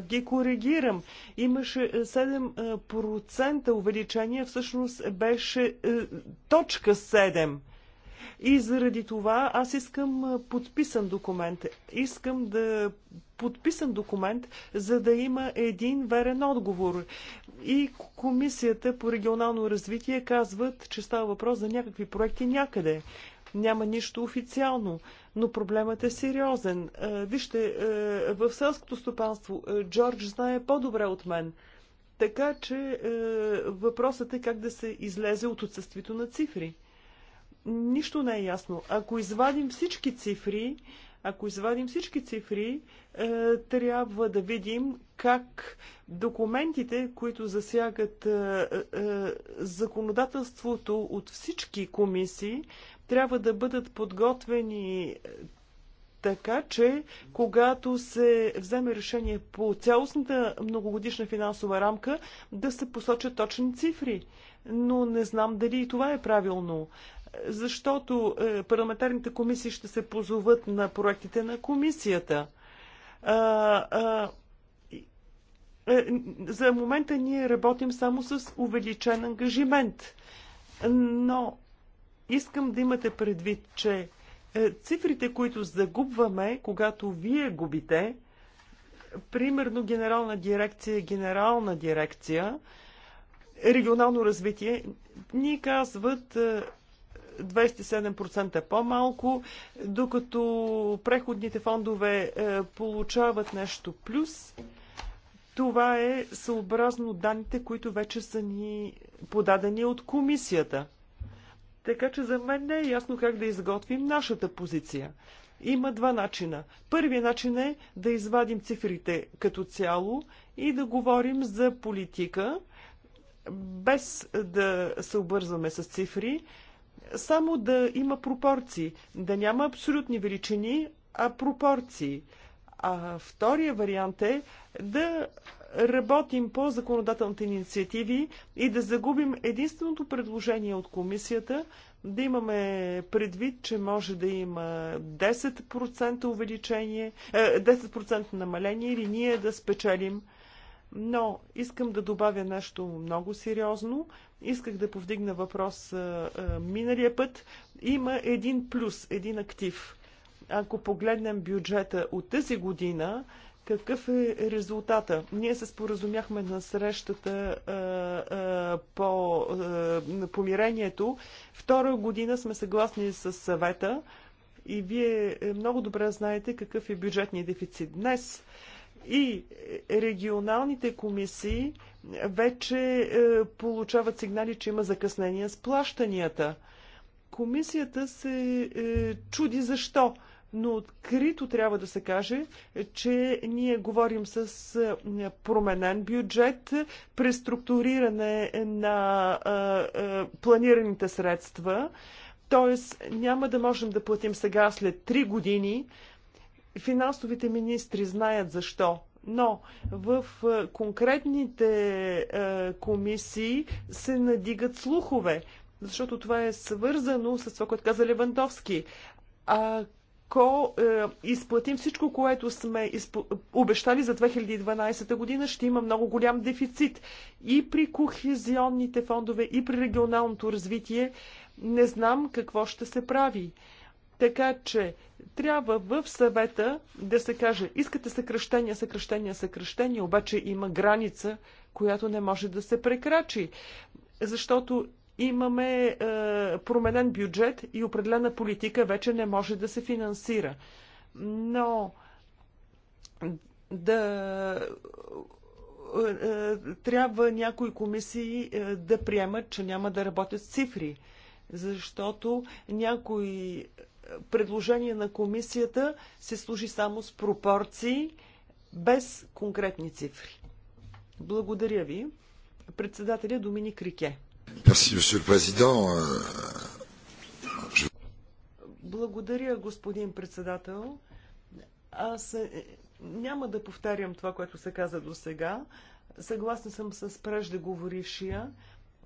е, е, ги коригирам. Имаше 7% увеличение, всъщност беше е, точка 7. И заради това аз искам подписан документ. Искам да подписан документ, за да има един верен отговор. И Комисията по регионално развитие казват, че става въпрос за някакви проекти някъде. Няма нищо официално, но проблемът е сериозен. Вижте, в селското стопанство Джордж знае по-добре от мен. Така че въпросът е как да се излезе от отсъствието на цифри нищо не е ясно. Ако извадим всички цифри, ако извадим всички цифри, е, трябва да видим как документите, които засягат е, е, законодателството от всички комисии, трябва да бъдат подготвени така, че когато се вземе решение по цялостната многогодишна финансова рамка, да се посочат точни цифри. Но не знам дали и това е правилно защото е, парламентарните комисии ще се позоват на проектите на комисията. Е, за момента ние работим само с увеличен ангажимент, но искам да имате предвид, че е, цифрите, които загубваме, когато вие губите, примерно генерална дирекция, генерална дирекция, регионално развитие, ни казват 27% по-малко, докато преходните фондове е, получават нещо плюс. Това е съобразно данните, които вече са ни подадени от комисията. Така че за мен не е ясно как да изготвим нашата позиция. Има два начина. Първият начин е да извадим цифрите като цяло и да говорим за политика, без да се обързваме с цифри, само да има пропорции, да няма абсолютни величини, а пропорции. А втория вариант е да работим по законодателните инициативи и да загубим единственото предложение от комисията, да имаме предвид, че може да има 10% увеличение, 10% е, намаление или ние да спечелим но искам да добавя нещо много сериозно. Исках да повдигна въпрос а, а, миналия път. Има един плюс, един актив. Ако погледнем бюджета от тази година, какъв е резултата? Ние се споразумяхме на срещата а, а, по а, помирението. Втора година сме съгласни с съвета и вие много добре знаете какъв е бюджетният дефицит днес. И е, регионалните комисии вече е, получават сигнали, че има закъснение с плащанията. Комисията се е, чуди защо но открито трябва да се каже, че ние говорим с променен бюджет, преструктуриране на планираните средства, т.е. няма да можем да платим сега след 3 години, Финансовите министри знаят защо но в е, конкретните е, комисии се надигат слухове, защото това е свързано с това, което каза Левантовски. Ако е, изплатим всичко, което сме обещали за 2012 година, ще има много голям дефицит и при кохезионните фондове, и при регионалното развитие. Не знам какво ще се прави. Така че трябва в съвета да се каже, искате съкръщения, съкръщения, съкръщения, обаче има граница, която не може да се прекрачи. Защото имаме е, променен бюджет и определена политика вече не може да се финансира. Но да е, е, трябва някои комисии е, да приемат, че няма да работят с цифри, защото някои предложение на комисията се служи само с пропорции, без конкретни цифри. Благодаря ви. Председателя Доминик Рике. Благодаря, господин председател. Аз е, няма да повтарям това, което се каза до сега. Съгласна съм с преждеговорившия.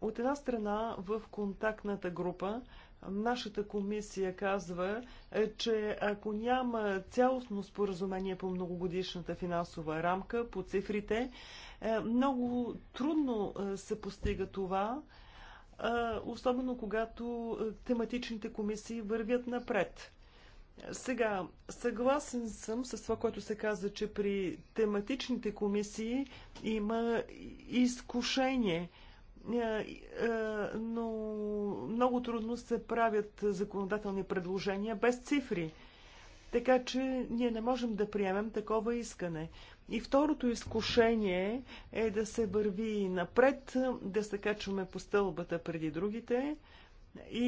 От една страна, в контактната група Нашата комисия казва, е, че ако няма цялостно споразумение по многогодишната финансова рамка, по цифрите, е, много трудно е, се постига това, особено когато тематичните комисии вървят напред. Сега, съгласен съм с това, което се каза, че при тематичните комисии има изкушение – е, е, но много трудно се правят законодателни предложения без цифри. Така че ние не можем да приемем такова искане. И второто изкушение е да се върви напред, да се качваме по стълбата преди другите. И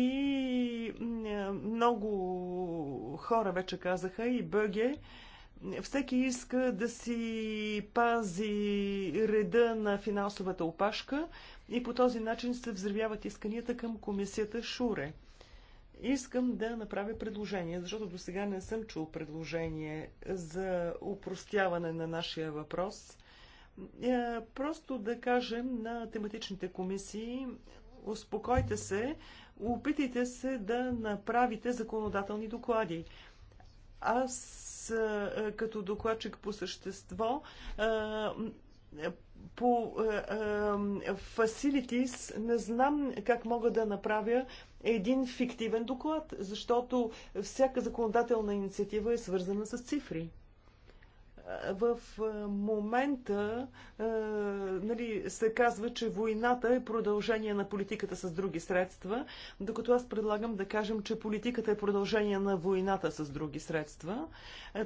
е, много хора вече казаха и Бъге, всеки иска да си пази реда на финансовата опашка, и по този начин се взривяват исканията към комисията Шуре. Искам да направя предложение, защото до сега не съм чул предложение за упростяване на нашия въпрос. Е, просто да кажем на тематичните комисии, успокойте се, опитайте се да направите законодателни доклади. Аз е, като докладчик по същество е, по е, е, facilities не знам как мога да направя един фиктивен доклад, защото всяка законодателна инициатива е свързана с цифри е, в момента нали, се казва, че войната е продължение на политиката с други средства, докато аз предлагам да кажем, че политиката е продължение на войната с други средства.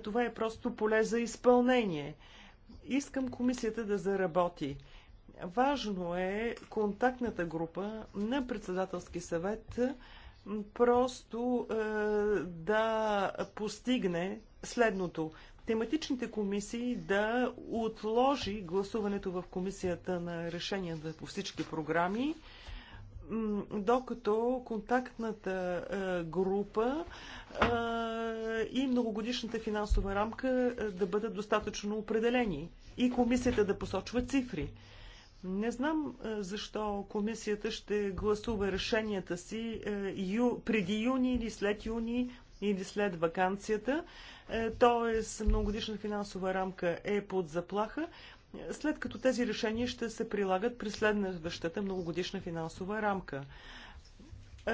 това е просто поле за изпълнение. Искам комисията да заработи. Важно е контактната група на председателски съвет просто е, да постигне следното. Тематичните комисии да отложи гласуването в комисията на решенията по всички програми, докато контактната е, група е, и многогодишната финансова рамка е, да бъдат достатъчно определени и комисията да посочва цифри. Не знам защо комисията ще гласува решенията си преди юни или след юни или след вакансията. Тоест, многогодишна финансова рамка е под заплаха след като тези решения ще се прилагат при следващата многогодишна финансова рамка. Е,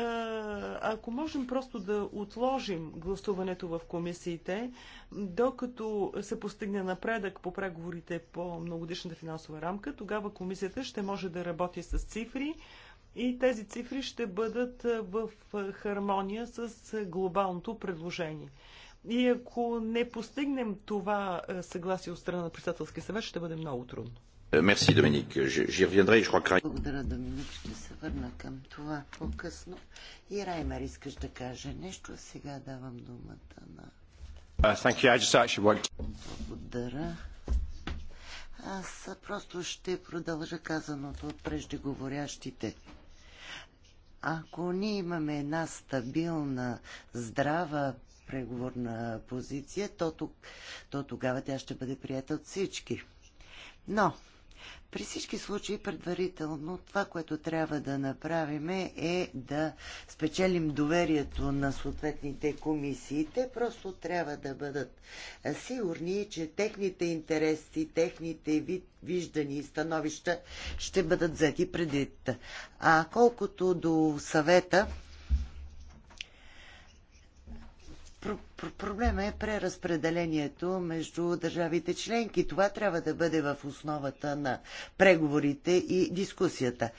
ако можем просто да отложим гласуването в комисиите, докато се постигне напредък по преговорите по многодишната финансова рамка, тогава комисията ще може да работи с цифри и тези цифри ще бъдат в хармония с глобалното предложение. И ако не постигнем това е, съгласие от страна на председателски съвет, ще бъде много трудно. Мерси, Доминик. Благодаря, Доминик. Ще се върна към това по-късно. И Раймер, искаш да каже нещо. Сега давам думата на... Uh, Благодаря. Аз просто ще продължа казаното от преждеговорящите. Ако ние имаме една стабилна, здрава преговорна позиция, то, то тогава тя ще бъде прията от всички. Но, при всички случаи предварително това, което трябва да направим е да спечелим доверието на съответните комисии. Те просто трябва да бъдат сигурни, че техните интереси, техните виждани и становища ще бъдат взети предвид. А колкото до съвета, Проблема е преразпределението между държавите членки. Това трябва да бъде в основата на преговорите и дискусията.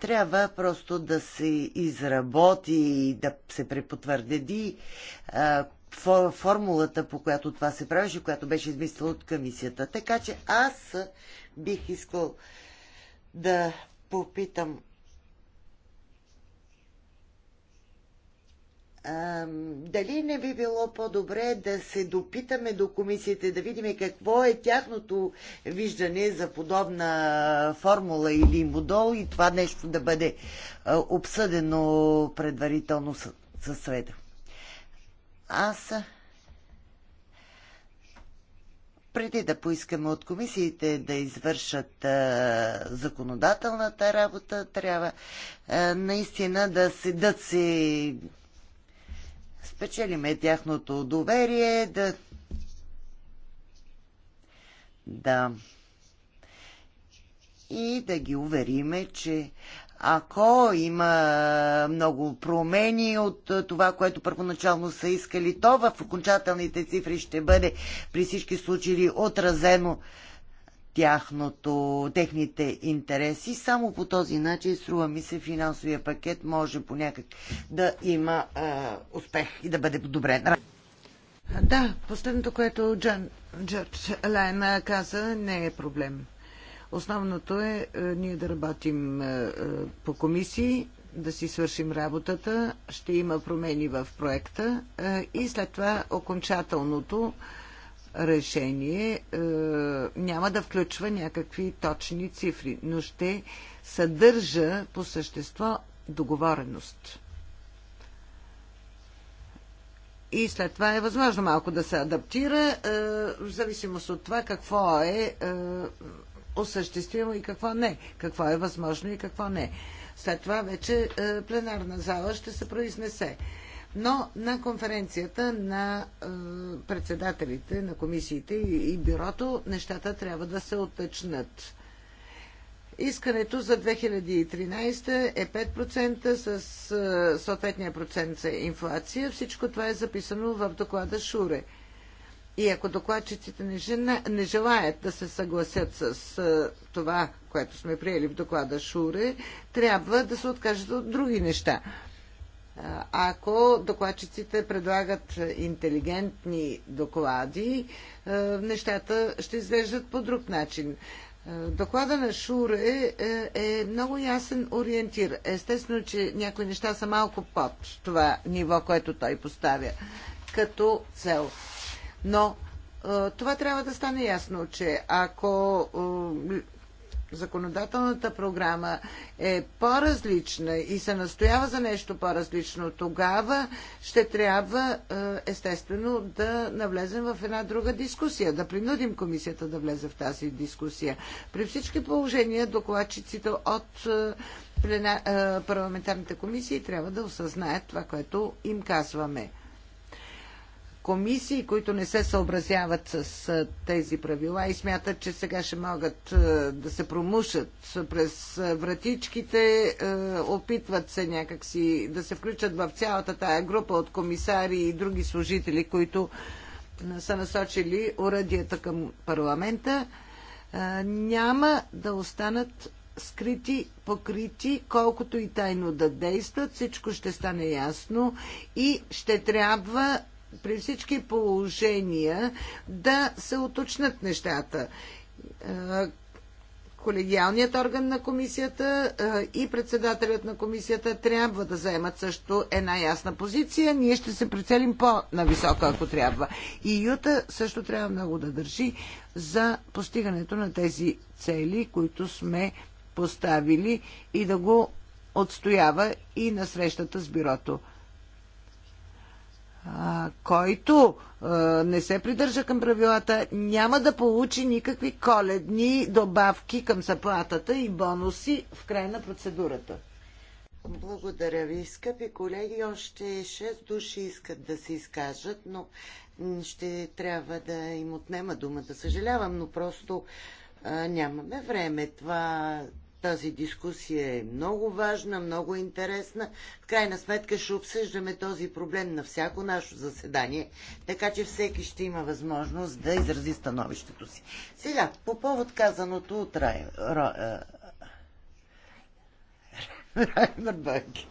Трябва просто да се изработи и да се препотвърди формулата, по която това се правеше, която беше измислила от комисията. Така че аз бих искал да попитам дали не би било по-добре да се допитаме до комисиите, да видим какво е тяхното виждане за подобна формула или модол и това нещо да бъде обсъдено предварително със света. Аз преди да поискаме от комисиите да извършат а, законодателната работа, трябва а, наистина да се, да се спечелиме тяхното доверие, да да и да ги увериме, че ако има много промени от това, което първоначално са искали, то в окончателните цифри ще бъде при всички случаи отразено тяхното, техните интереси. Само по този начин, струва ми се, финансовия пакет може по някак да има а, успех и да бъде подобрен. Да, последното, което Джан, Джордж Лайна каза, не е проблем. Основното е, е ние да работим е, е, по комисии, да си свършим работата, ще има промени в проекта е, и след това окончателното решение е, няма да включва някакви точни цифри, но ще съдържа по същество договореност. И след това е възможно малко да се адаптира, е, в зависимост от това какво е, е осъществимо и какво не, какво е възможно и какво не. След това вече е, пленарна зала ще се произнесе. Но на конференцията на е, председателите на комисиите и бюрото нещата трябва да се отъчнат. Искането за 2013 е 5% с е, съответния процент за инфлация. Всичко това е записано в доклада Шуре. И ако докладчиците не, жена, не желаят да се съгласят с, с е, това, което сме приели в доклада Шуре, трябва да се откажат от други неща ако докладчиците предлагат интелигентни доклади, нещата ще изглеждат по друг начин. Доклада на Шуре е, е много ясен ориентир. Естествено, че някои неща са малко под това ниво, което той поставя като цел. Но това трябва да стане ясно, че ако законодателната програма е по-различна и се настоява за нещо по-различно, тогава ще трябва е, естествено да навлезем в една друга дискусия, да принудим комисията да влезе в тази дискусия. При всички положения докладчиците от е, е, парламентарните комисии трябва да осъзнаят това, което им казваме комисии, които не се съобразяват с тези правила и смятат, че сега ще могат да се промушат през вратичките, опитват се някакси да се включат в цялата тая група от комисари и други служители, които са насочили урадията към парламента, няма да останат скрити, покрити, колкото и тайно да действат, всичко ще стане ясно и ще трябва при всички положения да се уточнят нещата. Е, колегиалният орган на комисията е, и председателят на комисията трябва да заемат също една ясна позиция. Ние ще се прицелим по-нависоко, ако трябва. И Юта също трябва много да държи за постигането на тези цели, които сме поставили и да го отстоява и на срещата с бюрото който не се придържа към правилата, няма да получи никакви коледни добавки към заплатата и бонуси в край на процедурата. Благодаря ви, скъпи колеги. Още 6 души искат да се изкажат, но ще трябва да им отнема думата. Съжалявам, но просто а, нямаме време. Това тази дискусия е много важна, много интересна. В крайна сметка ще обсъждаме този проблем на всяко наше заседание, така че всеки ще има възможност да изрази становището си. Сега, по повод казаното от Рай... Е, Ра... Бънки.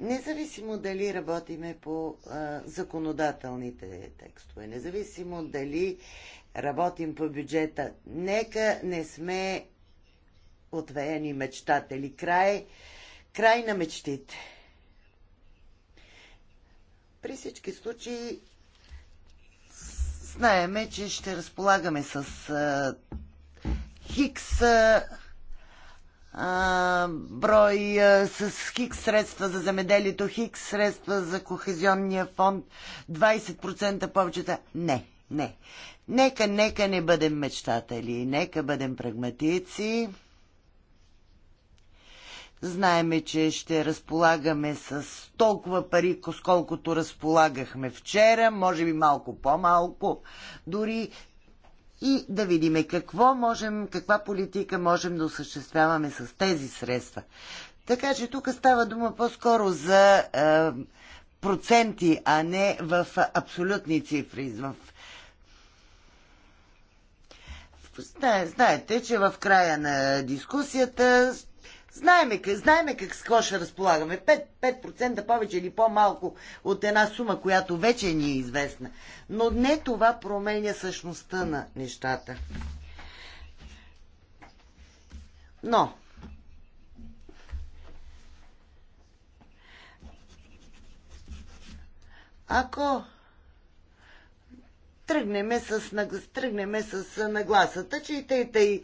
Независимо дали работиме по а, законодателните текстове, независимо дали работим по бюджета, нека не сме отвеени мечтатели. Край, край на мечтите. При всички случаи знаеме, че ще разполагаме с а, хикс а, брой, а, с хикс средства за земеделието, хикс средства за кохезионния фонд, 20% повече. Не, не. Нека, нека не бъдем мечтатели, нека бъдем прагматици. Знаеме, че ще разполагаме с толкова пари, колкото разполагахме вчера, може би малко по-малко, дори и да видим какво можем, каква политика можем да осъществяваме с тези средства. Така че тук става дума по-скоро за е, проценти, а не в абсолютни цифри. В... Знаете, че в края на дискусията Знаеме, знаеме как с какво ще разполагаме. 5%, 5% повече или по-малко от една сума, която вече ни е известна. Но не това променя същността на нещата. Но, ако тръгнеме с, тръгнеме с нагласата, че и тъй, тъй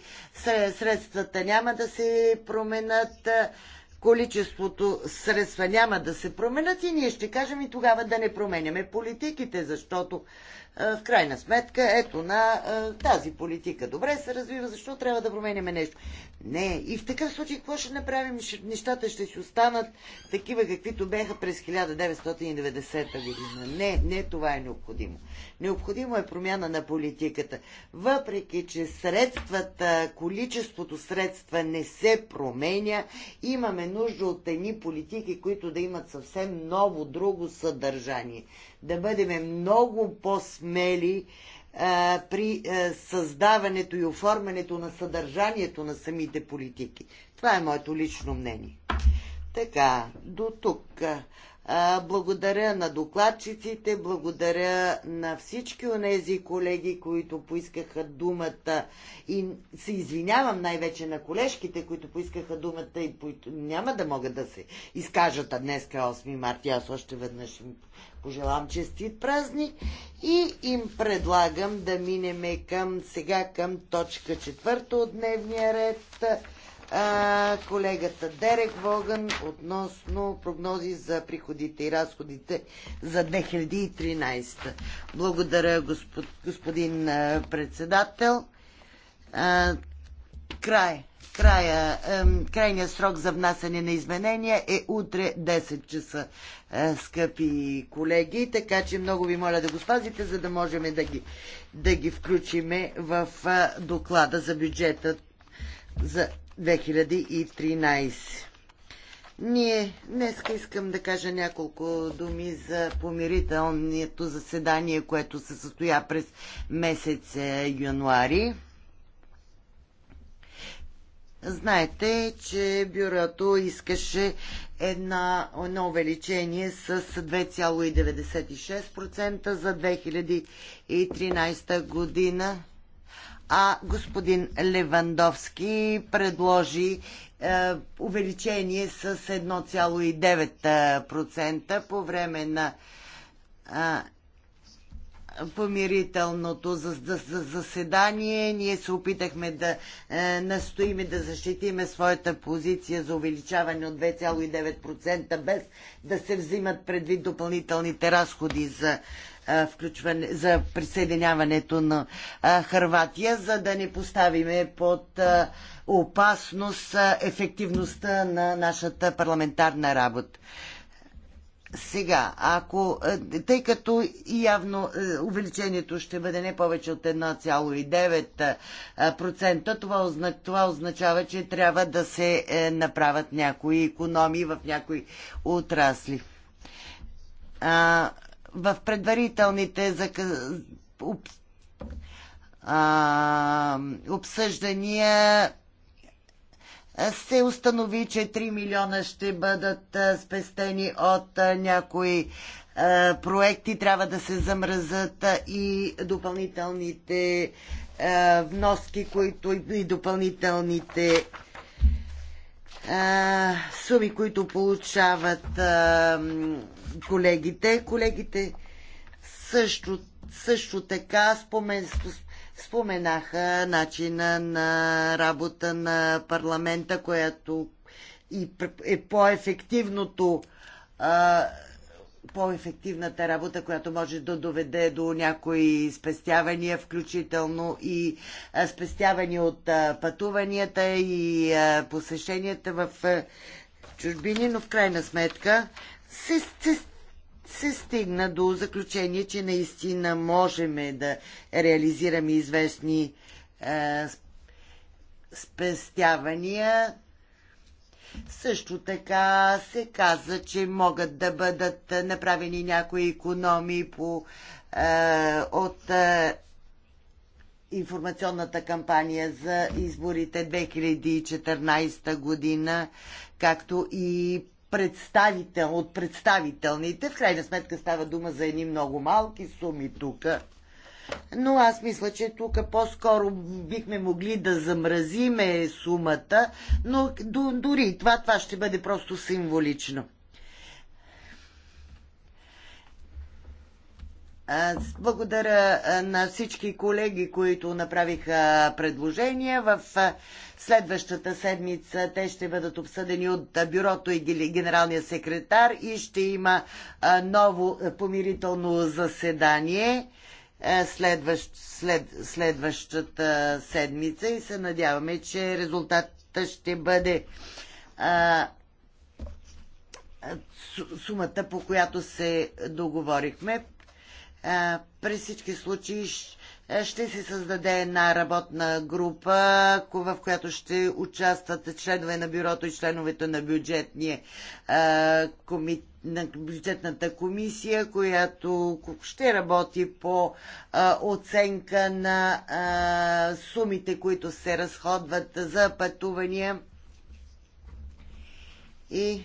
средствата няма да се променят, количеството средства няма да се променят и ние ще кажем и тогава да не променяме политиките, защото в крайна сметка, ето на тази политика добре се развива, защо трябва да променяме нещо? Не, и в такъв случай какво ще направим? Нещата ще си останат такива, каквито беха през 1990 година. Не, не това е необходимо. Необходимо е промяна на политиката. Въпреки, че средствата, количеството средства не се променя, имаме нужда от едни политики, които да имат съвсем ново, друго съдържание да бъдем много по-смели при създаването и оформянето на съдържанието на самите политики. Това е моето лично мнение. Така, до тук благодаря на докладчиците, благодаря на всички тези колеги, които поискаха думата и се извинявам най-вече на колежките, които поискаха думата и които няма да могат да се изкажат, а днес 8 е марта, аз още веднъж им пожелавам честит празник и им предлагам да минеме към сега към точка четвърта от дневния ред колегата Дерек Воган относно прогнози за приходите и разходите за 2013. Благодаря, господ, господин председател. край. Края, крайният срок за внасяне на изменения е утре 10 часа, е, скъпи колеги, така че много ви моля да го спазите, за да можем да ги, да ги включиме в е, доклада за бюджета за 2013. Ние днес искам да кажа няколко думи за помирителното заседание, което се състоя през месец е, януари. Знаете, че бюрото искаше една, едно увеличение с 2,96% за 2013 година а господин Левандовски предложи е, увеличение с 1,9% по време на е, помирителното заседание. Ние се опитахме да е, настоиме да защитиме своята позиция за увеличаване от 2,9% без да се взимат предвид допълнителните разходи за е, включване, за присъединяването на Харватия, за да не поставиме под опасност ефективността на нашата парламентарна работа. Сега, ако, тъй като явно увеличението ще бъде не повече от 1,9%, това, това означава, че трябва да се е, направят някои економии в някои отрасли. А, в предварителните зак... об... а... обсъждания се установи, че 3 милиона ще бъдат спестени от някои проекти. Трябва да се замразат и допълнителните вноски, които и допълнителните суми, които получават а, колегите. Колегите също, също така спомен, споменаха начина на работа на парламента, която и е по-ефективното по-ефективната работа, която може да доведе до някои спестявания, включително и спестявания от пътуванията и посещенията в чужбини, но в крайна сметка се, се, се стигна до заключение, че наистина можем да реализираме известни спестявания също така се каза, че могат да бъдат направени някои економии по, е, от е, информационната кампания за изборите 2014 година, както и представител, от представителните. В крайна сметка става дума за едни много малки суми тук но аз мисля, че тук по-скоро бихме могли да замразиме сумата, но дори това, това ще бъде просто символично. Аз Благодаря на всички колеги, които направиха предложения. В следващата седмица те ще бъдат обсъдени от бюрото и генералния секретар и ще има ново помирително заседание. Е, следващ, след, следващата седмица и се надяваме, че резултатът ще бъде а, е, сумата, по която се договорихме. А, е, при всички случаи ще се създаде една работна група, в която ще участват членове на бюрото и членовете на бюджетния комитет на бюджетната комисия, която ще работи по а, оценка на а, сумите, които се разходват за пътувания. И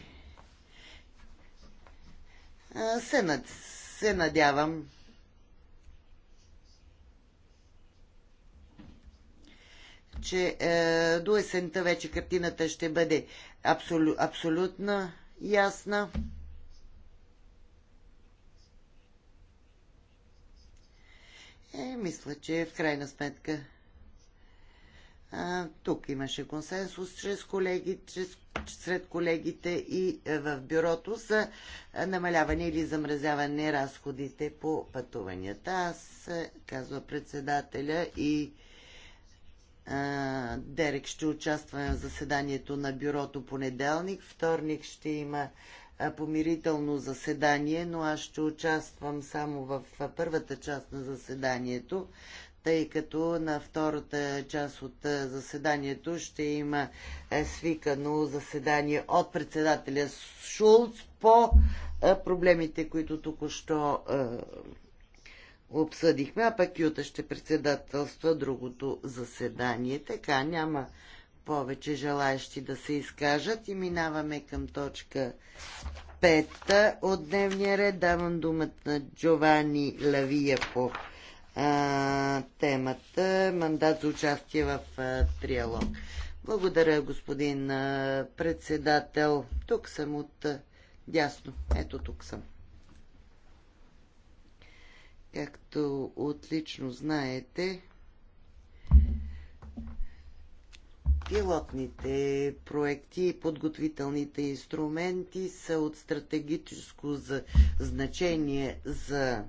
а, се, над, се надявам. че е, до есента вече картината ще бъде абсолю, абсолютно ясна. Е, мисля, че в крайна сметка а, тук имаше консенсус чрез колеги, чрез, сред колегите и е, в бюрото за е, намаляване или замразяване разходите по пътуванията. Аз, е, казва председателя и а, Дерек ще участваме в заседанието на бюрото понеделник. Вторник ще има помирително заседание, но аз ще участвам само в първата част на заседанието, тъй като на втората част от заседанието ще има е, свикано заседание от председателя Шулц по проблемите, които току-що обсъдихме, а пък Юта ще председателства другото заседание. Така няма повече желаящи да се изкажат и минаваме към точка 5 от дневния ред. Давам думата на Джовани Лавия по а, темата мандат за участие в а, триалог. Благодаря, господин а, председател. Тук съм от а, дясно. Ето тук съм. Както отлично знаете, Пилотните проекти и подготвителните инструменти са от стратегическо значение за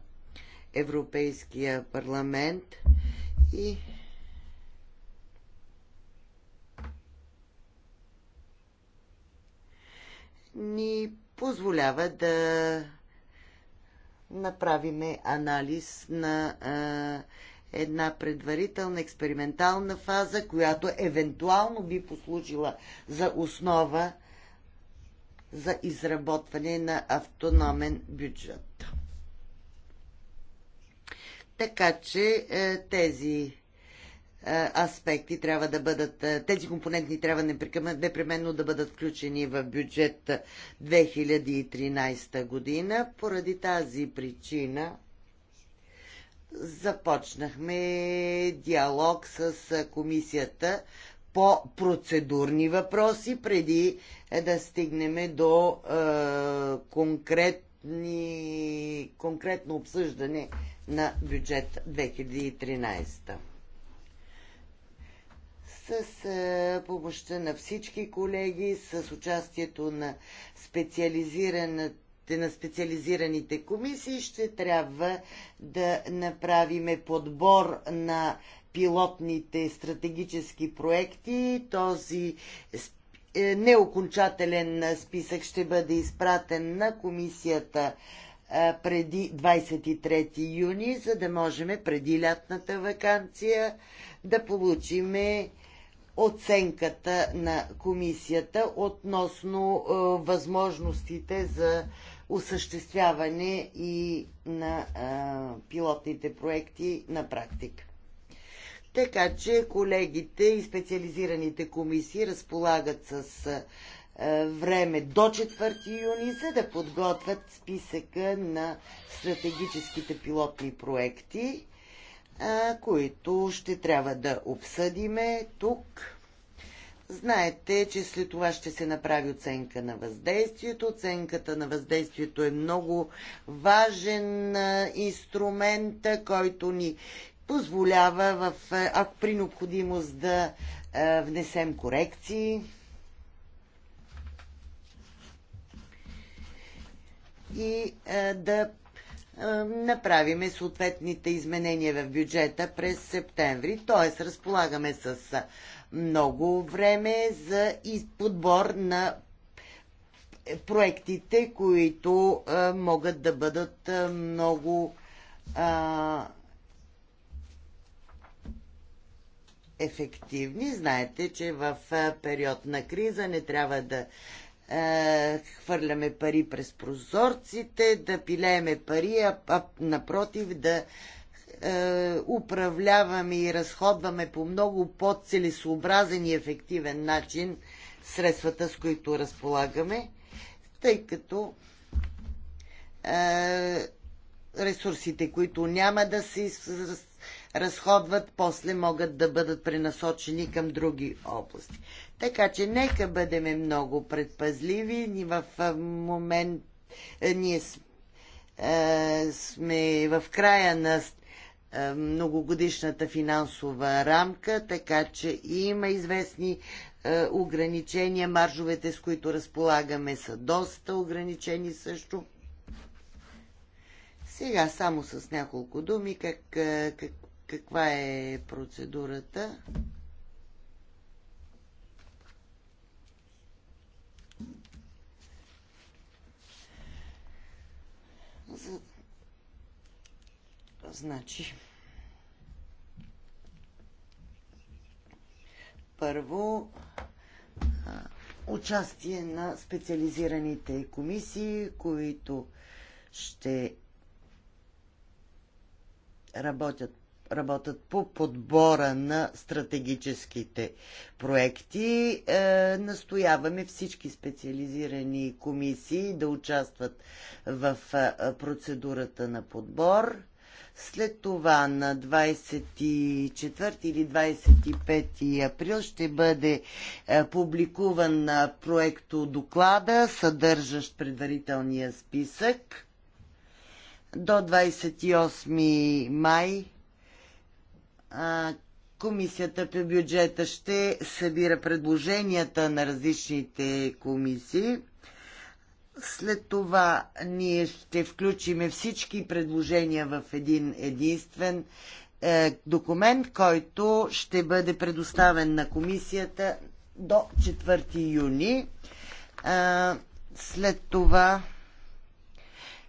Европейския парламент и ни позволява да направиме анализ на а, една предварителна експериментална фаза, която евентуално би послужила за основа за изработване на автономен бюджет. Така че е, тези е, аспекти трябва да бъдат, е, тези компоненти трябва непременно да бъдат включени в бюджет 2013 година. Поради тази причина започнахме диалог с комисията по процедурни въпроси, преди е, да стигнем до е, конкретни, конкретно обсъждане на бюджет 2013. С помощта на всички колеги, с участието на специализираната на специализираните комисии ще трябва да направиме подбор на пилотните стратегически проекти. Този е, неокончателен списък ще бъде изпратен на комисията е, преди 23 юни, за да можем преди лятната вакансия да получиме оценката на комисията относно е, възможностите за осъществяване и на а, пилотните проекти на практика. Така че колегите и специализираните комисии разполагат с а, време до 4 юни, за да подготвят списъка на стратегическите пилотни проекти, а, които ще трябва да обсъдиме тук Знаете, че след това ще се направи оценка на въздействието. Оценката на въздействието е много важен инструмент, който ни позволява, в, ако при необходимост, да внесем корекции. И да направиме съответните изменения в бюджета през септември. Т.е. разполагаме с много време за подбор на проектите, които а, могат да бъдат а, много а, ефективни. Знаете, че в а, период на криза не трябва да а, хвърляме пари през прозорците, да пилееме пари, а, а напротив да е, управляваме и разходваме по много по-целесообразен и ефективен начин средствата, с които разполагаме, тъй като е, ресурсите, които няма да се разходват, после могат да бъдат пренасочени към други области. Така че нека бъдем много предпазливи. Ни в е, момент ние сме в края на е, многогодишната финансова рамка, така че има известни е, ограничения. Маржовете, с които разполагаме, са доста ограничени също. Сега само с няколко думи как, е, как, каква е процедурата. За Значи, първо участие на специализираните комисии, които ще работят, работят по подбора на стратегическите проекти. Е, настояваме всички специализирани комисии да участват в е, процедурата на подбор след това на 24 или 25 април ще бъде е, публикуван е, проекто доклада, съдържащ предварителния списък. До 28 май е, Комисията по бюджета ще събира предложенията на различните комисии. След това ние ще включиме всички предложения в един единствен е, документ, който ще бъде предоставен на комисията до 4 юни. Е, след това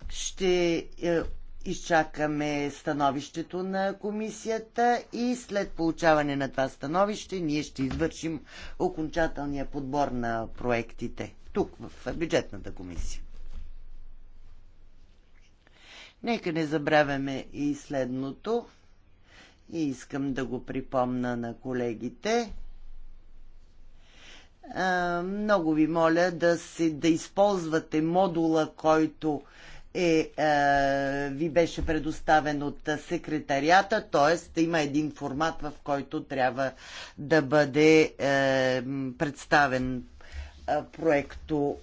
ще е, изчакаме становището на комисията и след получаване на това становище ние ще извършим окончателния подбор на проектите тук, в бюджетната комисия. Нека не забравяме и следното. И искам да го припомна на колегите. А, много ви моля да, си, да използвате модула, който е, а, ви беше предоставен от секретарията, т.е. има един формат, в който трябва да бъде а, е, представен проекто,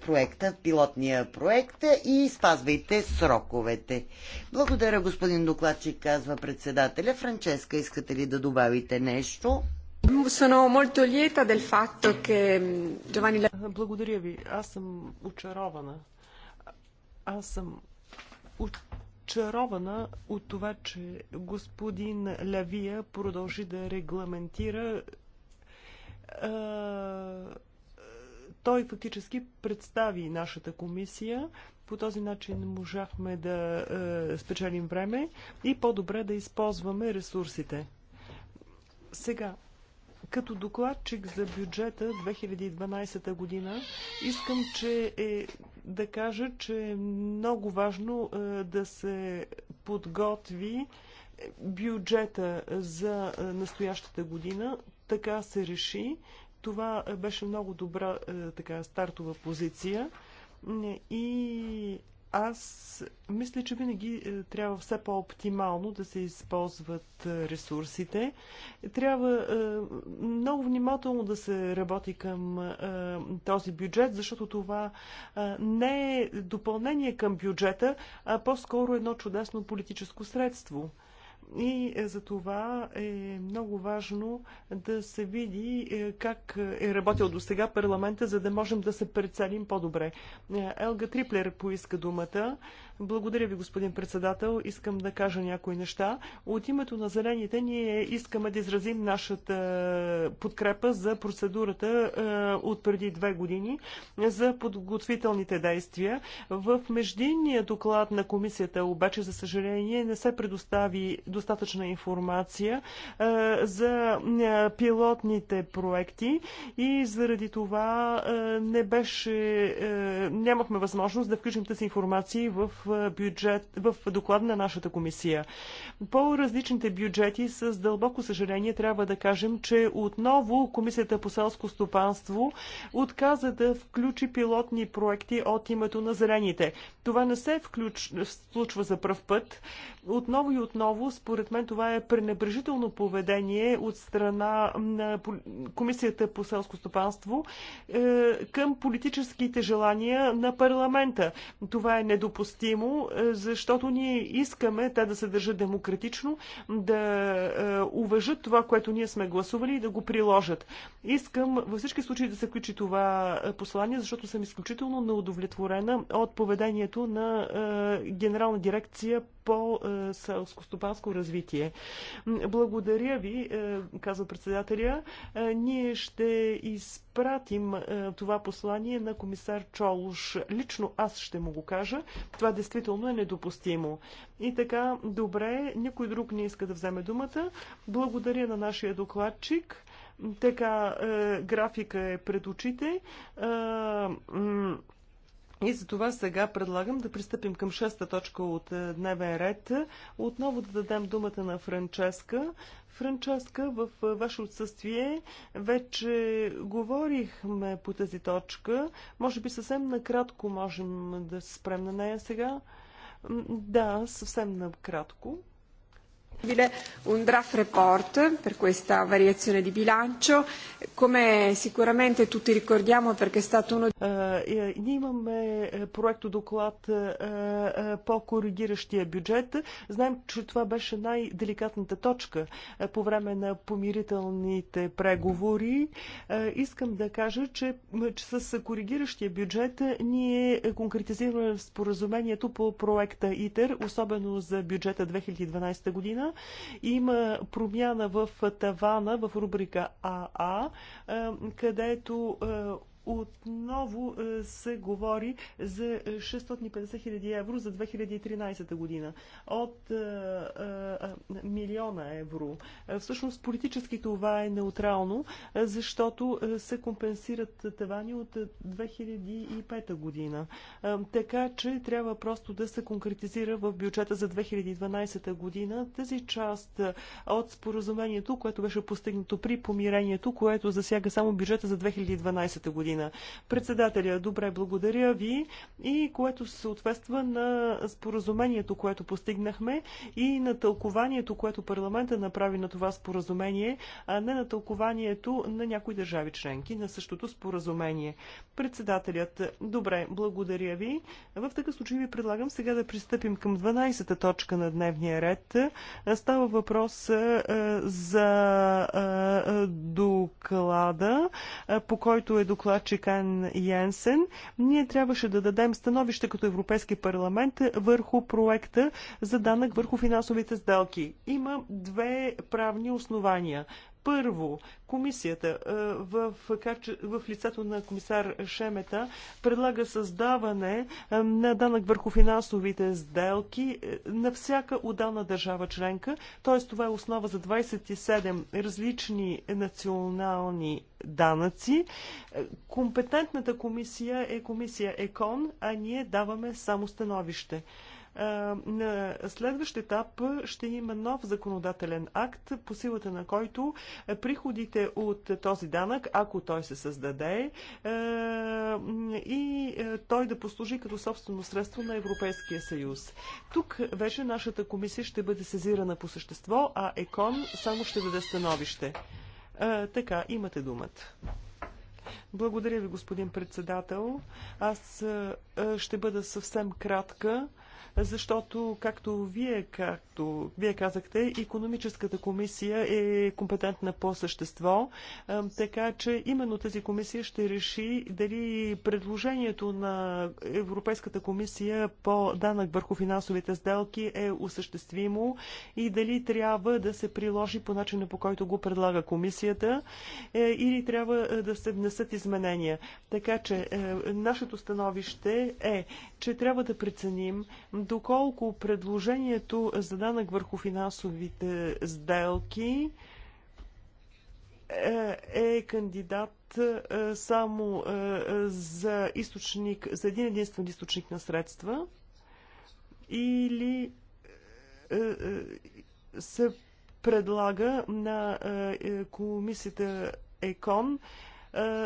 проекта, пилотния проект и спазвайте сроковете. Благодаря, господин докладчик, казва председателя. Франческа, искате ли да добавите нещо? Благодаря ви. Аз съм очарована. Аз съм очарована от това, че господин Лавия продължи да регламентира той фактически представи нашата комисия. По този начин можахме да е, спечелим време и по-добре да използваме ресурсите. Сега, като докладчик за бюджета 2012 година, искам че е, да кажа, че е много важно е, да се подготви бюджета за е, настоящата година. Така се реши. Това беше много добра е, така стартова позиция и аз мисля, че винаги е, трябва все по-оптимално да се използват е, ресурсите. Трябва много внимателно да се работи към този бюджет, защото това не е допълнение към бюджета, а по-скоро едно чудесно политическо средство – и е, за това е много важно да се види е, как е работил до сега парламента, за да можем да се прецелим по-добре. Е, Елга Триплер поиска думата. Благодаря ви, господин председател. Искам да кажа някои неща. От името на зелените ние искаме да изразим нашата е, подкрепа за процедурата е, от преди две години за подготвителните действия. В междинния доклад на комисията обаче, за съжаление, не се предостави достатъчна информация е, за пилотните проекти и заради това не беше, нямахме възможност да включим тази информация в бюджет, в доклад на нашата комисия. По различните бюджети с дълбоко съжаление трябва да кажем, че отново Комисията по селско стопанство отказа да включи пилотни проекти от името на зелените. Това не се включ... случва за пръв път. Отново и отново, според мен, това е пренебрежително поведение от страна на Комисията по селско стопанство е, към политическите желания на парламента. Това е недопустимо необходимо, е, защото ние искаме те да се държат демократично, да е, уважат това, което ние сме гласували и да го приложат. Искам във всички случаи да се включи това е, послание, защото съм изключително неудовлетворена от поведението на Генерална дирекция по стопанско развитие. Благодаря ви, е, казва председателя. Е, ние ще изпратим е, това послание на комисар Чолуш. Лично аз ще му го кажа. Това действително е недопустимо. И така, добре, никой друг не иска да вземе думата. Благодаря на нашия докладчик. Така, графика е пред очите. И за това сега предлагам да пристъпим към шеста точка от е, дневен ред. Отново да дадем думата на Франческа. Франческа, в е, ваше отсъствие вече говорихме по тази точка. Може би съвсем накратко можем да се спрем на нея сега. Да, съвсем накратко un draft report per questa variazione di bilancio. Come sicuramente tutti ricordiamo perché è stato uno... Е, е, ние имаме е, проекто доклад по коригиращия бюджет. Знаем, че това беше най-деликатната точка по време на помирителните преговори. Искам да кажа, че, че с коригиращия бюджет ние конкретизираме споразумението по проекта ИТЕР, особено за бюджета 2012 година има промяна в тавана в рубрика АА, е, където е, отново е, се говори за 650 000 евро за 2013 година. От е, е, милиона евро. Всъщност политически това е неутрално, защото се компенсират тавани от 2005 година. Така че трябва просто да се конкретизира в бюджета за 2012 година тази част от споразумението, което беше постигнато при помирението, което засяга само бюджета за 2012 година година. Председателя, добре, благодаря ви и което съответства на споразумението, което постигнахме и на тълкованието, което парламента направи на това споразумение, а не на тълкованието на някои държави членки на същото споразумение. Председателят, добре, благодаря ви. В такъв случай ви предлагам сега да пристъпим към 12-та точка на дневния ред. Става въпрос за доклада, по който е доклад Чекан Ан Янсен, ние трябваше да дадем становище като Европейски парламент върху проекта за данък върху финансовите сделки. Има две правни основания. Първо, комисията в, в лицето на комисар Шемета предлага създаване на данък върху финансовите сделки на всяка отдална държава членка, т.е. това е основа за 27 различни национални данъци. Компетентната комисия е комисия ЕКОН, а ние даваме само становище. На следващ етап ще има нов законодателен акт, по силата на който приходите от този данък, ако той се създаде, и той да послужи като собствено средство на Европейския съюз. Тук вече нашата комисия ще бъде сезирана по същество, а ЕКОН само ще даде становище. така, имате думата. Благодаря ви, господин председател. Аз ще бъда съвсем кратка защото, както вие, както вие казахте, економическата комисия е компетентна по същество, е, така че именно тази комисия ще реши дали предложението на Европейската комисия по данък върху финансовите сделки е осъществимо и дали трябва да се приложи по начина по който го предлага комисията е, или трябва е, да се внесат изменения. Така че нашето становище е, че трябва да преценим доколко предложението за данък върху финансовите сделки е, е кандидат е, само е, за, източник, за един единствен източник на средства или се предлага на комисията ЕКОН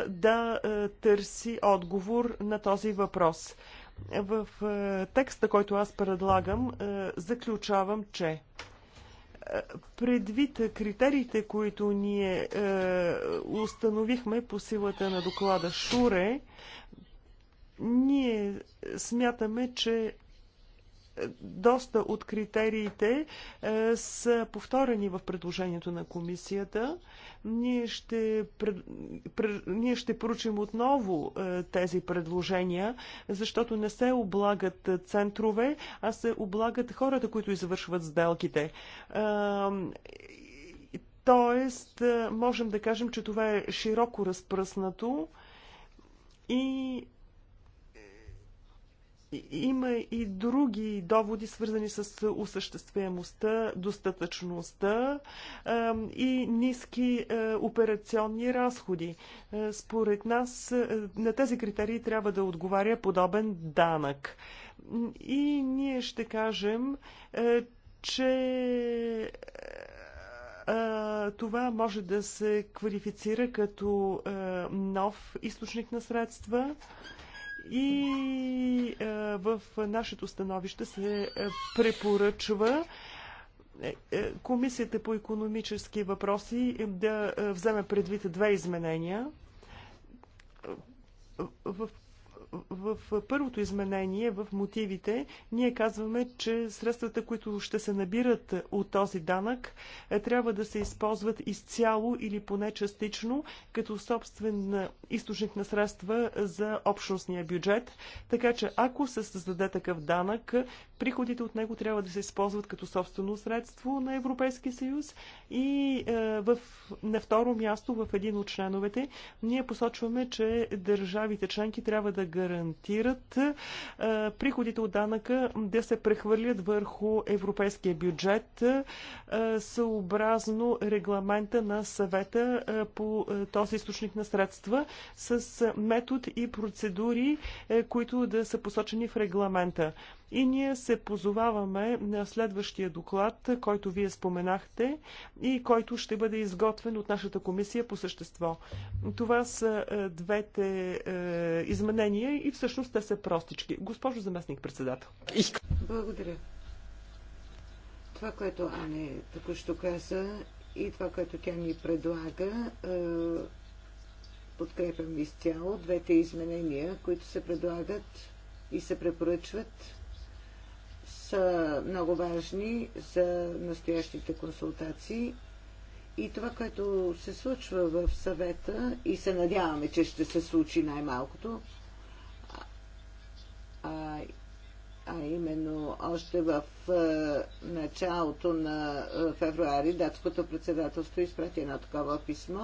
да търси отговор на този въпрос. В е, текста, който аз предлагам, е, заключавам, че е, предвид критериите, които ние е, установихме по силата на доклада Шуре, ние смятаме, че доста от критериите е, са повторени в предложението на комисията. Ние ще, пред, пред, ние ще поручим отново е, тези предложения, защото не се облагат центрове, а се облагат хората, които извършват сделките. Е, тоест, е, можем да кажем, че това е широко разпръснато и има и други доводи, свързани с осъществяемостта, достатъчността и ниски е, операционни разходи. Е, според нас е, на тези критерии трябва да отговаря подобен данък. И ние ще кажем, че това може да се квалифицира като нов източник на средства. И е, в нашето становище се е, препоръчва е, Комисията по економически въпроси да вземе предвид две изменения в в първото изменение, в мотивите, ние казваме, че средствата, които ще се набират от този данък, е, трябва да се използват изцяло или поне частично като собствен е, източник на средства е, за общностния бюджет. Така че ако се създаде такъв данък, приходите от него трябва да се използват като собствено средство на Европейския съюз и в, на второ място в един от членовете ние посочваме, че държавите членки трябва да гарантират гарантират приходите от данъка да се прехвърлят върху европейския бюджет съобразно регламента на съвета по този източник на средства с метод и процедури, които да са посочени в регламента. И ние се позоваваме на следващия доклад, който вие споменахте и който ще бъде изготвен от нашата комисия по същество. Това са е, двете е, изменения и всъщност те са простички. Госпожо заместник председател. Благодаря. Това, което Ане току-що каза и това, което тя ни предлага, е, подкрепям изцяло двете изменения, които се предлагат и се препоръчват са много важни за настоящите консултации. И това, което се случва в съвета и се надяваме, че ще се случи най-малкото, а, а именно още в а, началото на а, февруари датското председателство изпрати едно такова писмо,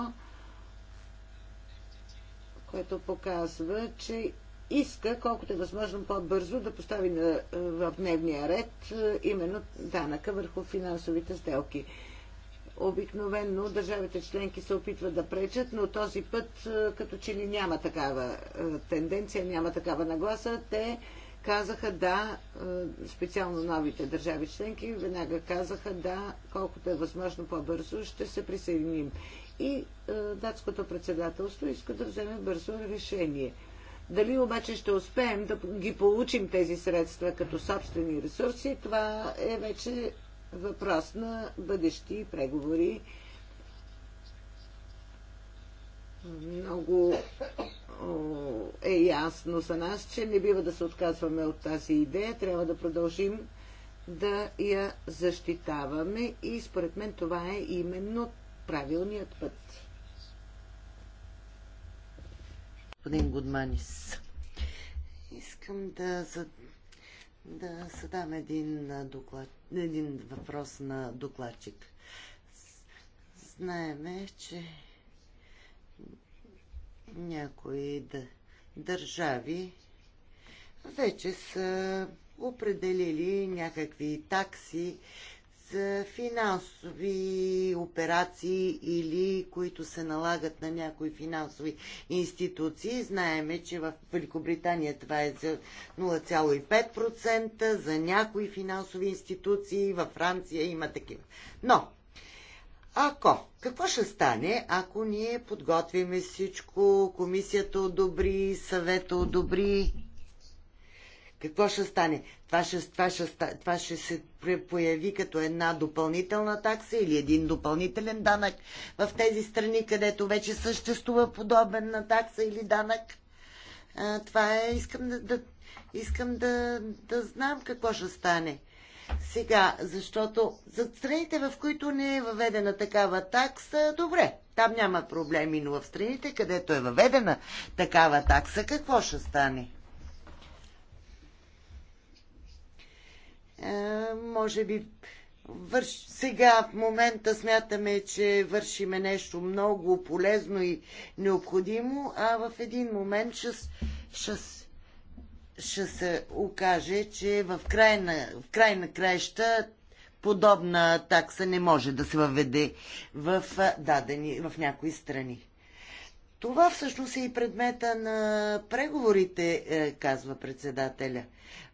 което показва, че иска колкото е възможно по-бързо да постави е, в дневния ред е, именно данъка върху финансовите сделки. Обикновенно държавите членки се опитват да пречат, но този път е, като че ли няма такава тенденция, няма такава нагласа. Те казаха да, специално новите държави членки, веднага казаха да, колкото е възможно по-бързо ще се присъединим. И датското председателство иска да вземе бързо решение – дали обаче ще успеем да ги получим тези средства като собствени ресурси, това е вече въпрос на бъдещи преговори. Много е ясно за нас, че не бива да се отказваме от тази идея. Трябва да продължим да я защитаваме и според мен това е именно правилният път. господин Гудманис. Искам да, да задам един, доклад, един въпрос на докладчик. Знаеме, че някои държави вече са определили някакви такси финансови операции или които се налагат на някои финансови институции. Знаеме, че в Великобритания това е за 0,5%, за някои финансови институции, във Франция има такива. Но, ако, какво ще стане, ако ние подготвиме всичко, комисията одобри, съвета одобри, какво ще стане? Това ще, това, ще, това ще се появи като една допълнителна такса или един допълнителен данък в тези страни, където вече съществува подобен на такса или данък. А, това е, искам да, да, искам да, да знам какво ще стане. Сега, защото за страните, в които не е въведена такава такса, добре, там няма проблеми, но в страните, където е въведена такава такса, какво ще стане? Е, може би върш... сега в момента смятаме, че вършиме нещо много полезно и необходимо, а в един момент ще, ще, ще се окаже, че в край, на, в край на краища подобна такса не може да се въведе в, е, дадени, в някои страни. Това всъщност е и предмета на преговорите, е, казва председателя.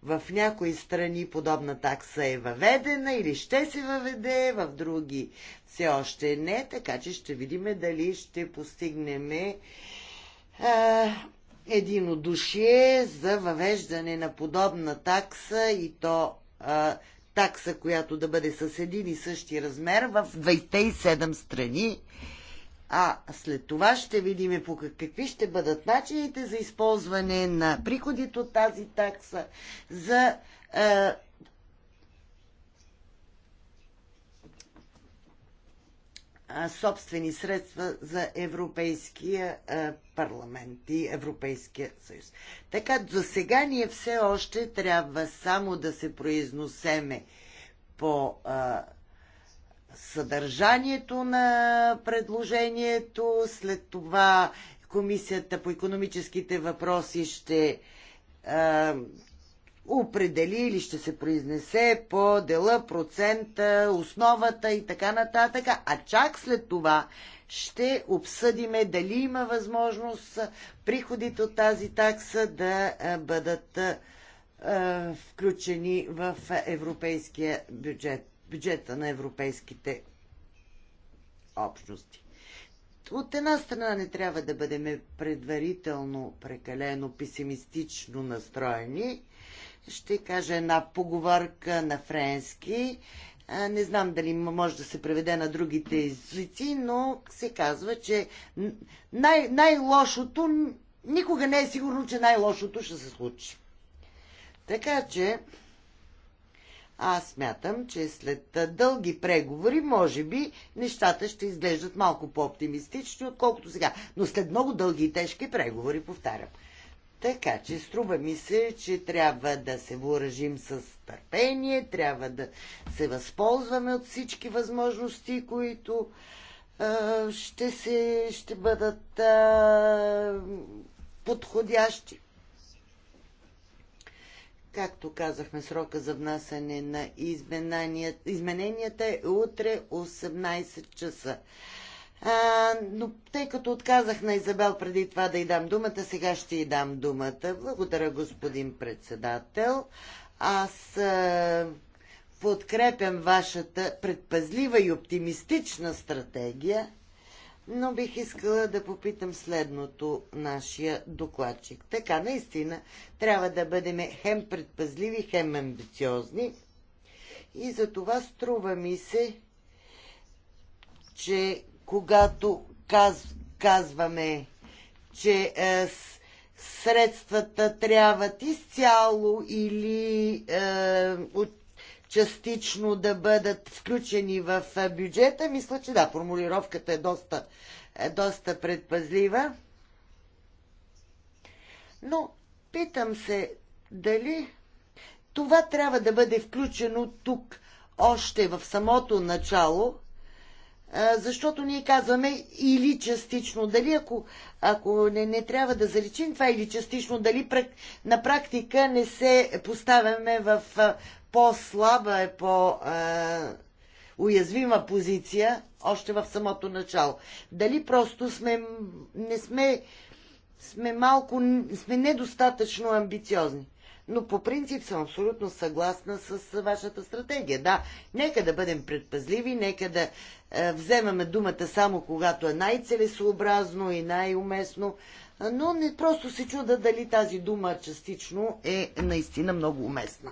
В някои страни подобна такса е въведена или ще се въведе, в други все още не, така че ще видим дали ще постигнем е, единодушие за въвеждане на подобна такса и то е, такса, която да бъде с един и същи размер в 27 страни а след това ще видим по какви ще бъдат начините за използване на приходите от тази такса за е, собствени средства за Европейския е, парламент и Европейския съюз. Така, за сега ние все още трябва само да се произносеме по е, съдържанието на предложението. След това Комисията по економическите въпроси ще а, определи или ще се произнесе по дела, процента, основата и така нататък. А чак след това ще обсъдиме дали има възможност приходите от тази такса да бъдат включени в европейския бюджет бюджета на европейските общности. От една страна не трябва да бъдем предварително прекалено песимистично настроени. Ще кажа една поговорка на френски. Не знам дали може да се преведе на другите езици, но се казва, че най- най-лошото никога не е сигурно, че най-лошото ще се случи. Така че аз смятам, че след дълги преговори, може би, нещата ще изглеждат малко по-оптимистични, отколкото сега. Но след много дълги и тежки преговори, повтарям. Така че струва ми се, че трябва да се въоръжим с търпение, трябва да се възползваме от всички възможности, които е, ще, се, ще бъдат е, подходящи. Както казахме, срока за внасяне на измененията е утре 18 часа. А, но тъй като отказах на Изабел преди това да й дам думата, сега ще й дам думата. Благодаря, господин председател. Аз а, подкрепям вашата предпазлива и оптимистична стратегия но бих искала да попитам следното нашия докладчик. Така, наистина, трябва да бъдем хем предпазливи, хем амбициозни. И за това струва ми се, че когато каз, казваме, че е, средствата трябват изцяло или е, от частично да бъдат включени в бюджета, мисля, че да, формулировката е доста, е доста предпазлива. Но питам се дали това трябва да бъде включено тук, още в самото начало, защото ние казваме или частично, дали ако, ако не, не трябва да заличим това или частично, дали на практика не се поставяме в по-слаба е, по-уязвима е, позиция още в самото начало. Дали просто сме, не сме, сме малко, сме недостатъчно амбициозни. Но по принцип съм абсолютно съгласна с вашата стратегия. Да, нека да бъдем предпазливи, нека да е, вземаме думата само когато е най-целесообразно и най-уместно, е, но не просто се чуда дали тази дума частично е наистина много уместна.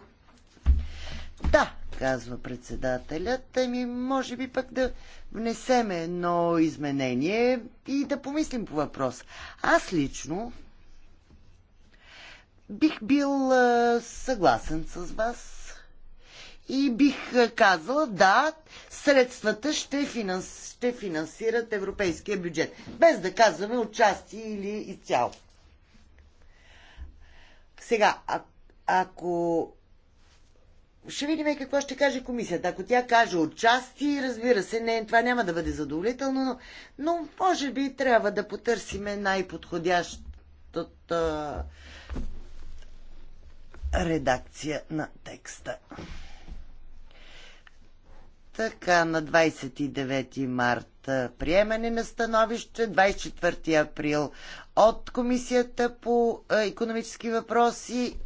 Да, казва председателят. Ами, може би пък да внесеме едно изменение и да помислим по въпрос. Аз лично бих бил съгласен с вас и бих казал да, средствата ще, финанс, ще финансират европейския бюджет. Без да казваме отчасти или изцяло. Сега, а, ако ще видим какво ще каже комисията. Ако тя каже отчасти, разбира се, не, това няма да бъде задоволително, но, но може би трябва да потърсиме най-подходящата редакция на текста. Така, на 29 март приемане на становище, 24 април от Комисията по економически въпроси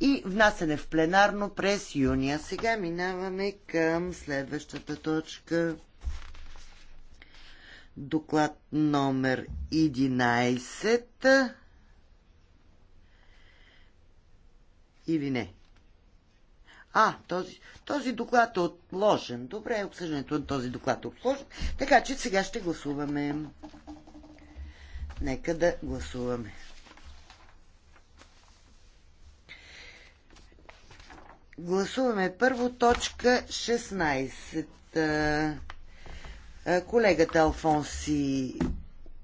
и внасене в пленарно през юния. Сега минаваме към следващата точка. Доклад номер 11. Или не? А, този, този доклад е отложен. Добре, обсъждането на този доклад е отложен. Така че сега ще гласуваме. Нека да гласуваме. Гласуваме първо точка 16. Колегата Алфонси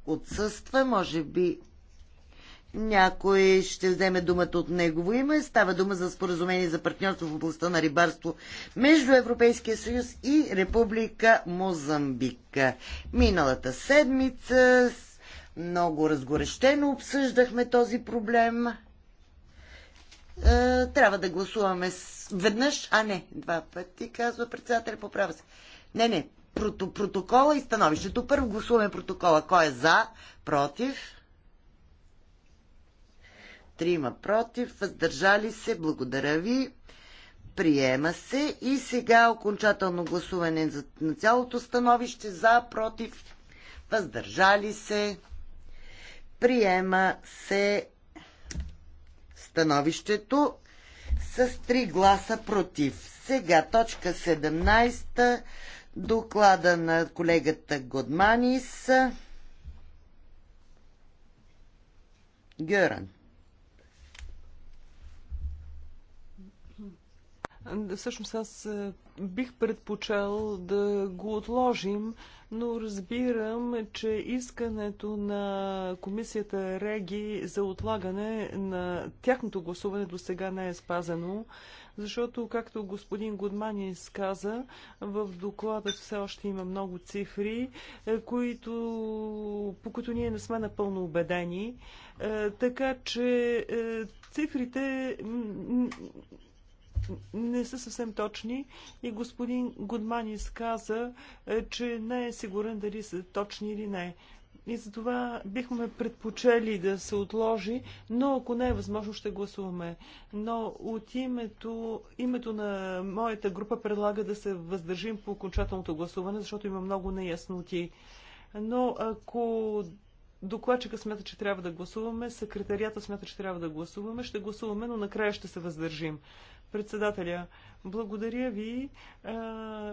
отсъства. Може би някой ще вземе думата от негово име. Става дума за споразумение за партньорство в областта на рибарство между Европейския съюз и Република Мозамбик. Миналата седмица много разгорещено обсъждахме този проблем. Е, трябва да гласуваме веднъж, а не два пъти, казва председателя, поправя се. Не, не, прото, протокола и становището. Първо гласуваме протокола. Кой е за, против? Трима против, въздържали се, благодаря ви. Приема се и сега окончателно гласуване за, на цялото становище за, против, въздържали се. Приема се становището с 3 гласа против. Сега точка 17, доклада на колегата Годманис. Гъран. Всъщност аз е, бих предпочел да го отложим, но разбирам, че искането на комисията Реги за отлагане на тяхното гласуване до сега не е спазено, защото, както господин Гудмани изказа, в доклада все още има много цифри, е, които, по които ние не сме напълно убедени. Е, така че цифрите не са съвсем точни и господин Гудманис каза, е, че не е сигурен дали са точни или не. И за това бихме предпочели да се отложи, но ако не е възможно, ще гласуваме. Но от името, името на моята група предлага да се въздържим по окончателното гласуване, защото има много неясноти. Но ако Докладчика смята, че трябва да гласуваме, секретарията смята, че трябва да гласуваме. Ще гласуваме, но накрая ще се въздържим. Председателя, благодаря ви.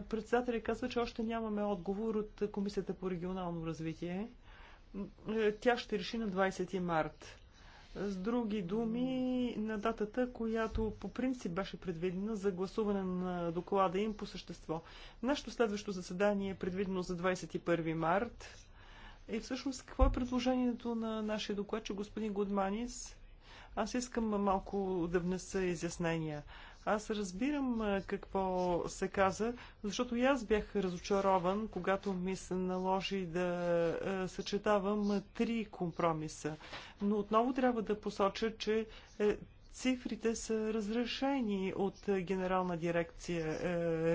Председателя казва, че още нямаме отговор от Комисията по регионално развитие. Е, тя ще реши на 20 март. С други думи, на датата, която по принцип беше предвидена за гласуване на доклада им по същество. Нашето следващо заседание е предвидено за 21 март. И е, всъщност какво е предложението на нашия докладчик господин Гудманис? Аз искам малко да внеса изяснения. Аз разбирам е, какво се каза, защото и аз бях разочарован, когато ми се наложи да е, съчетавам три компромиса. Но отново трябва да посоча, че цифрите са разрешени от Генерална дирекция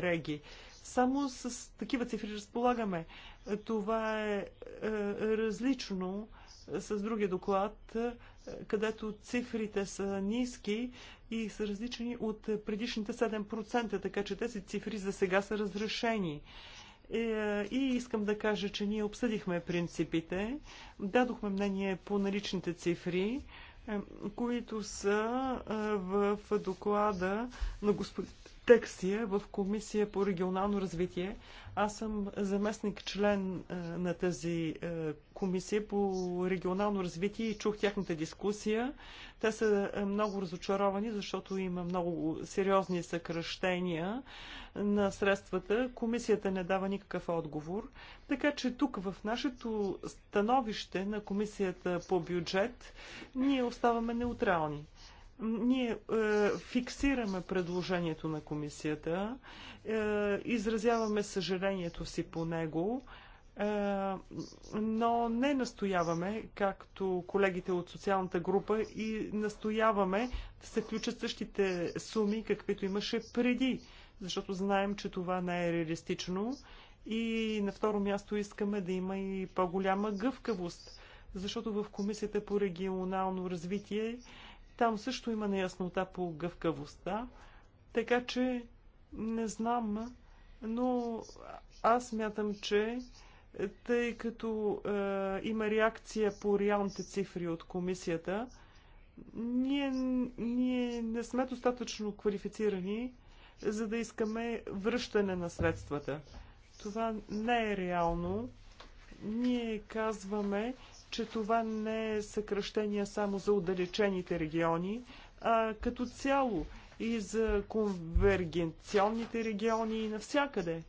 Реги. Само с такива цифри разполагаме. Това е, е различно с другия доклад, е, където цифрите са ниски и са различни от предишните 7%, така че тези цифри за сега са разрешени. Е, и искам да кажа, че ние обсъдихме принципите, дадохме мнение по наличните цифри, е, които са в доклада на господин Тексия в Комисия по регионално развитие. Аз съм заместник член е, на тази е, комисия по регионално развитие и чух тяхната дискусия. Те са е, много разочаровани, защото има много сериозни съкръщения на средствата. Комисията не дава никакъв отговор. Така че тук в нашето становище на комисията по бюджет ние оставаме неутрални. Ние е, фиксираме предложението на комисията, е, изразяваме съжалението си по него, е, но не настояваме, както колегите от социалната група, и настояваме да се включат същите суми, каквито имаше преди, защото знаем, че това не е реалистично. И на второ място искаме да има и по-голяма гъвкавост, защото в Комисията по регионално развитие там също има неяснота по гъвкавостта, така че не знам, но аз мятам, че тъй като е, има реакция по реалните цифри от комисията, ние, ние не сме достатъчно квалифицирани, за да искаме връщане на средствата. Това не е реално. Ние казваме, че това не е съкръщение само за отдалечените региони, а като цяло и за конвергенционните региони и навсякъде.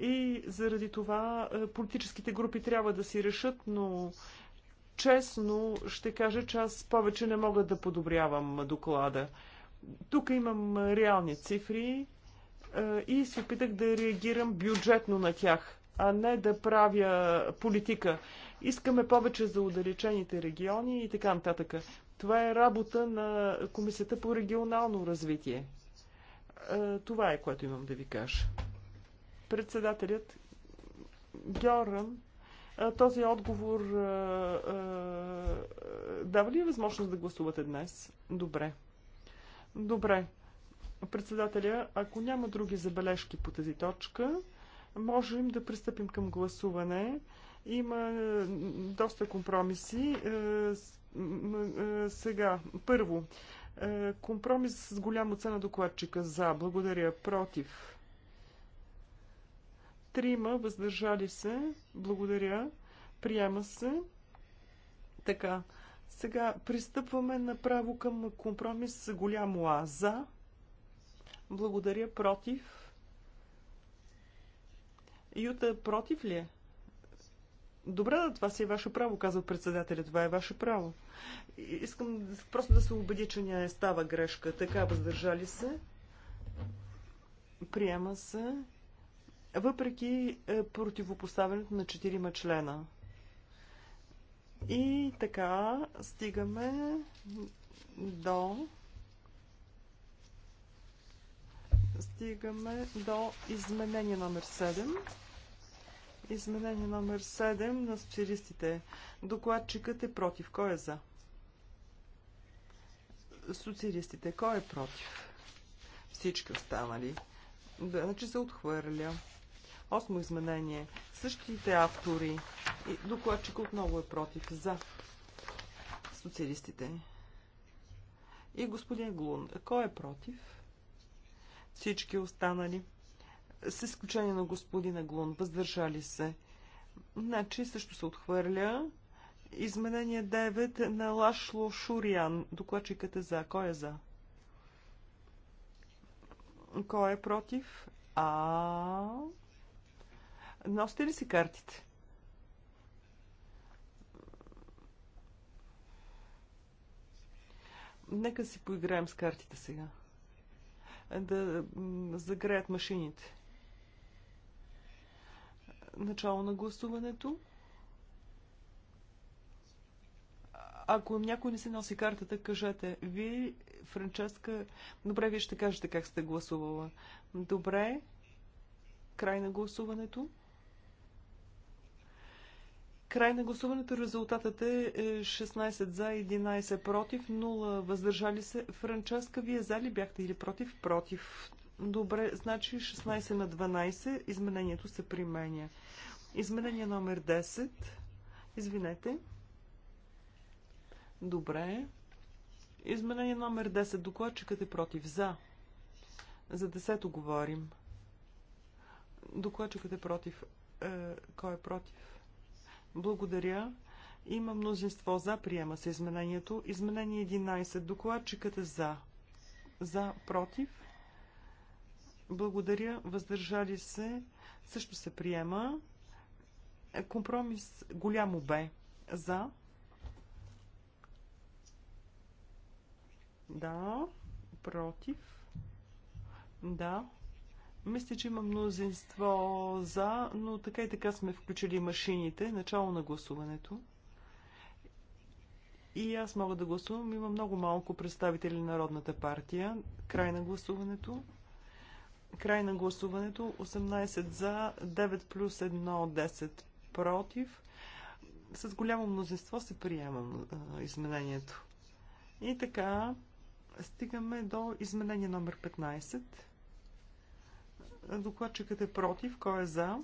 И заради това е, политическите групи трябва да си решат, но честно ще кажа, че аз повече не мога да подобрявам доклада. Тук имам реални цифри е, и се опитах да реагирам бюджетно на тях, а не да правя политика искаме повече за удалечените региони и така нататък. Това е работа на Комисията по регионално развитие. Е, това е, което имам да ви кажа. Председателят Георан, е, този отговор е, дава ли е възможност да гласувате днес? Добре. Добре. Председателя, ако няма други забележки по тази точка, можем да пристъпим към гласуване. Има е, доста компромиси. Е, е, сега, първо, компромис с голямо цена докладчика за. Благодаря. Против. Трима въздържали се. Благодаря. Приема се. Така. Сега пристъпваме направо към компромис с голямо А. За. Благодаря. Против. Юта против ли е? Добре, това си е ваше право, казва председателя. Това е ваше право. Искам просто да се убедя, че не става грешка. Така, въздържали се. Приема се. Въпреки е, противопоставянето на четирима члена. И така, стигаме до стигаме до изменение номер 7. Изменение номер 7 на социалистите. Докладчикът е против. Кой е за? Социалистите. Кой е против? Всички останали. Да, значи се отхвърля. Осмо изменение. Същите автори. И докладчик отново е против. За. Социалистите. И господин Глун. Кой е против? Всички останали с изключение на господина Глун, въздържали се. Значи също се отхвърля. Изменение 9 на Лашло Шуриан. Докладчикът е за. Кой е за? Кой е против? А. Носите ли си картите? Нека си поиграем с картите сега. Да загреят машините. Начало на гласуването. Ако някой не си носи картата, кажете. Вие, Франческа, добре, вие ще кажете как сте гласувала. Добре. Край на гласуването. Край на гласуването резултатът е 16 е, за, 11 против, 0 въздържали се. Франческа, вие за ли бяхте или против? Против. Добре, значи 16 на 12 изменението се применя. Изменение номер 10. Извинете. Добре. Изменение номер 10. Докладчикът е против. За. За 10 говорим. Докладчикът е против. Е, кой е против? Благодаря. Има мнозинство за. Приема се изменението. Изменение 11. Докладчикът е за. За. Против. Благодаря. Въздържали се. Също се приема. Компромис голямо Б. За. Да. Против. Да. Мисля, че има мнозинство за, но така и така сме включили машините. Начало на гласуването. И аз мога да гласувам. Има много малко представители на Народната партия. Край на гласуването. Край на гласуването. 18 за, 9 плюс 1, 10 против. С голямо мнозинство се приема а, изменението. И така, стигаме до изменение номер 15. Докладчикът е против. Кой е за?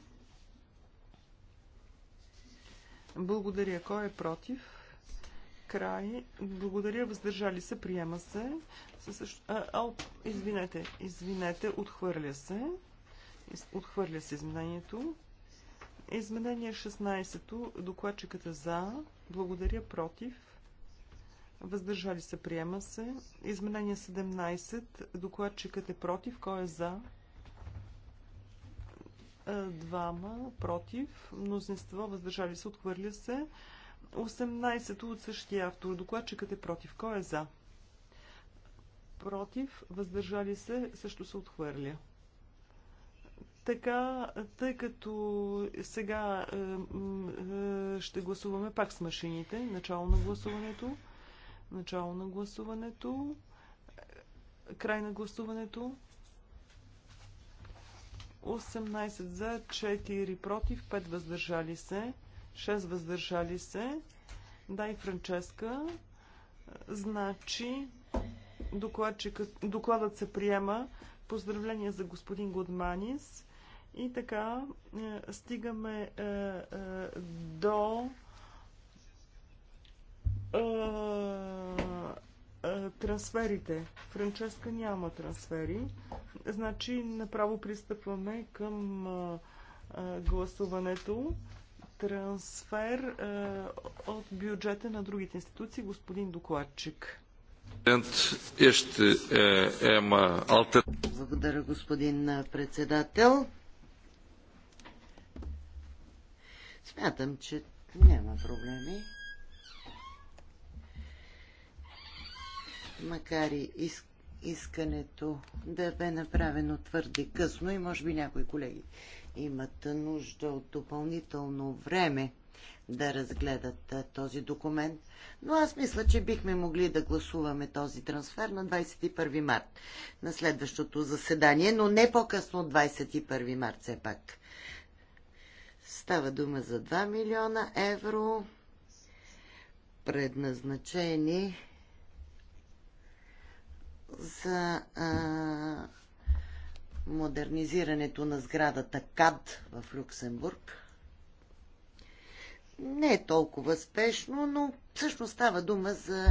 Благодаря. Кой е против? край. Благодаря, въздържали се, приема се. извинете, извинете, отхвърля се. Отхвърля се изменението. Изменение 16-то, докладчиката за, благодаря, против. Въздържали се, приема се. Изменение 17, докладчикът е против, кой е за? Е, двама против, мнозинство, въздържали се, отхвърля се. 18 от същия автор. Докладчикът е против. Кой е за? Против. Въздържали се. Също се отхвърля. Така, тъй като сега е, е, ще гласуваме пак с машините. Начало на гласуването. Начало на гласуването. Край на гласуването. 18 за, 4 против, 5 въздържали се. 6 въздържали се. дай Франческа. Значи, докладът се приема. Поздравления за господин Годманис. И така, е, стигаме е, е, до е, е, трансферите. Франческа няма трансфери. Значи, направо пристъпваме към гласуването трансфер а, е, от бюджета на другите институции, господин докладчик. Е, Благодаря, господин председател. Смятам, че няма проблеми. Макар и искането да бе направено твърде късно и може би някои колеги имат нужда от допълнително време да разгледат този документ. Но аз мисля, че бихме могли да гласуваме този трансфер на 21 март, на следващото заседание, но не по-късно от 21 март все пак. Става дума за 2 милиона евро, предназначени за а, модернизирането на сградата КАД в Люксембург. Не е толкова спешно, но всъщност става дума за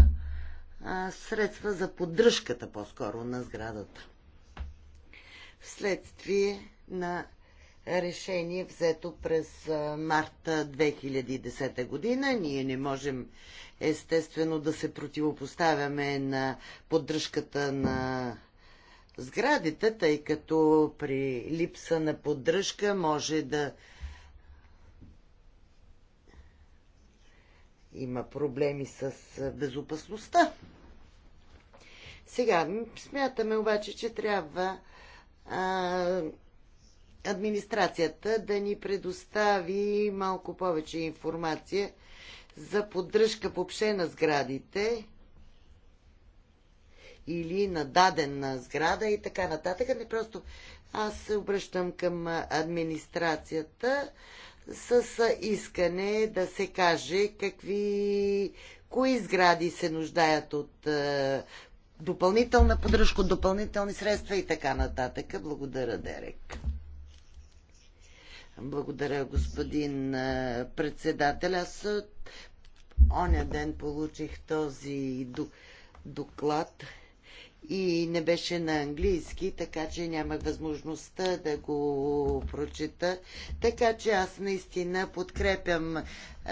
а, средства за поддръжката по-скоро на сградата. Вследствие на решение взето през марта 2010 година. Ние не можем естествено да се противопоставяме на поддръжката на сградите, тъй като при липса на поддръжка може да има проблеми с безопасността. Сега, смятаме обаче, че трябва а, администрацията да ни предостави малко повече информация за поддръжка въобще на сградите или на дадена сграда и така нататък. Не ами просто аз се обръщам към администрацията с искане да се каже какви, кои сгради се нуждаят от е, допълнителна поддръжка, допълнителни средства и така нататък. Благодаря, Дерек. Благодаря, господин е, председател. Аз е, оня ден получих този доклад и не беше на английски, така че нямах възможността да го прочета. Така че аз наистина подкрепям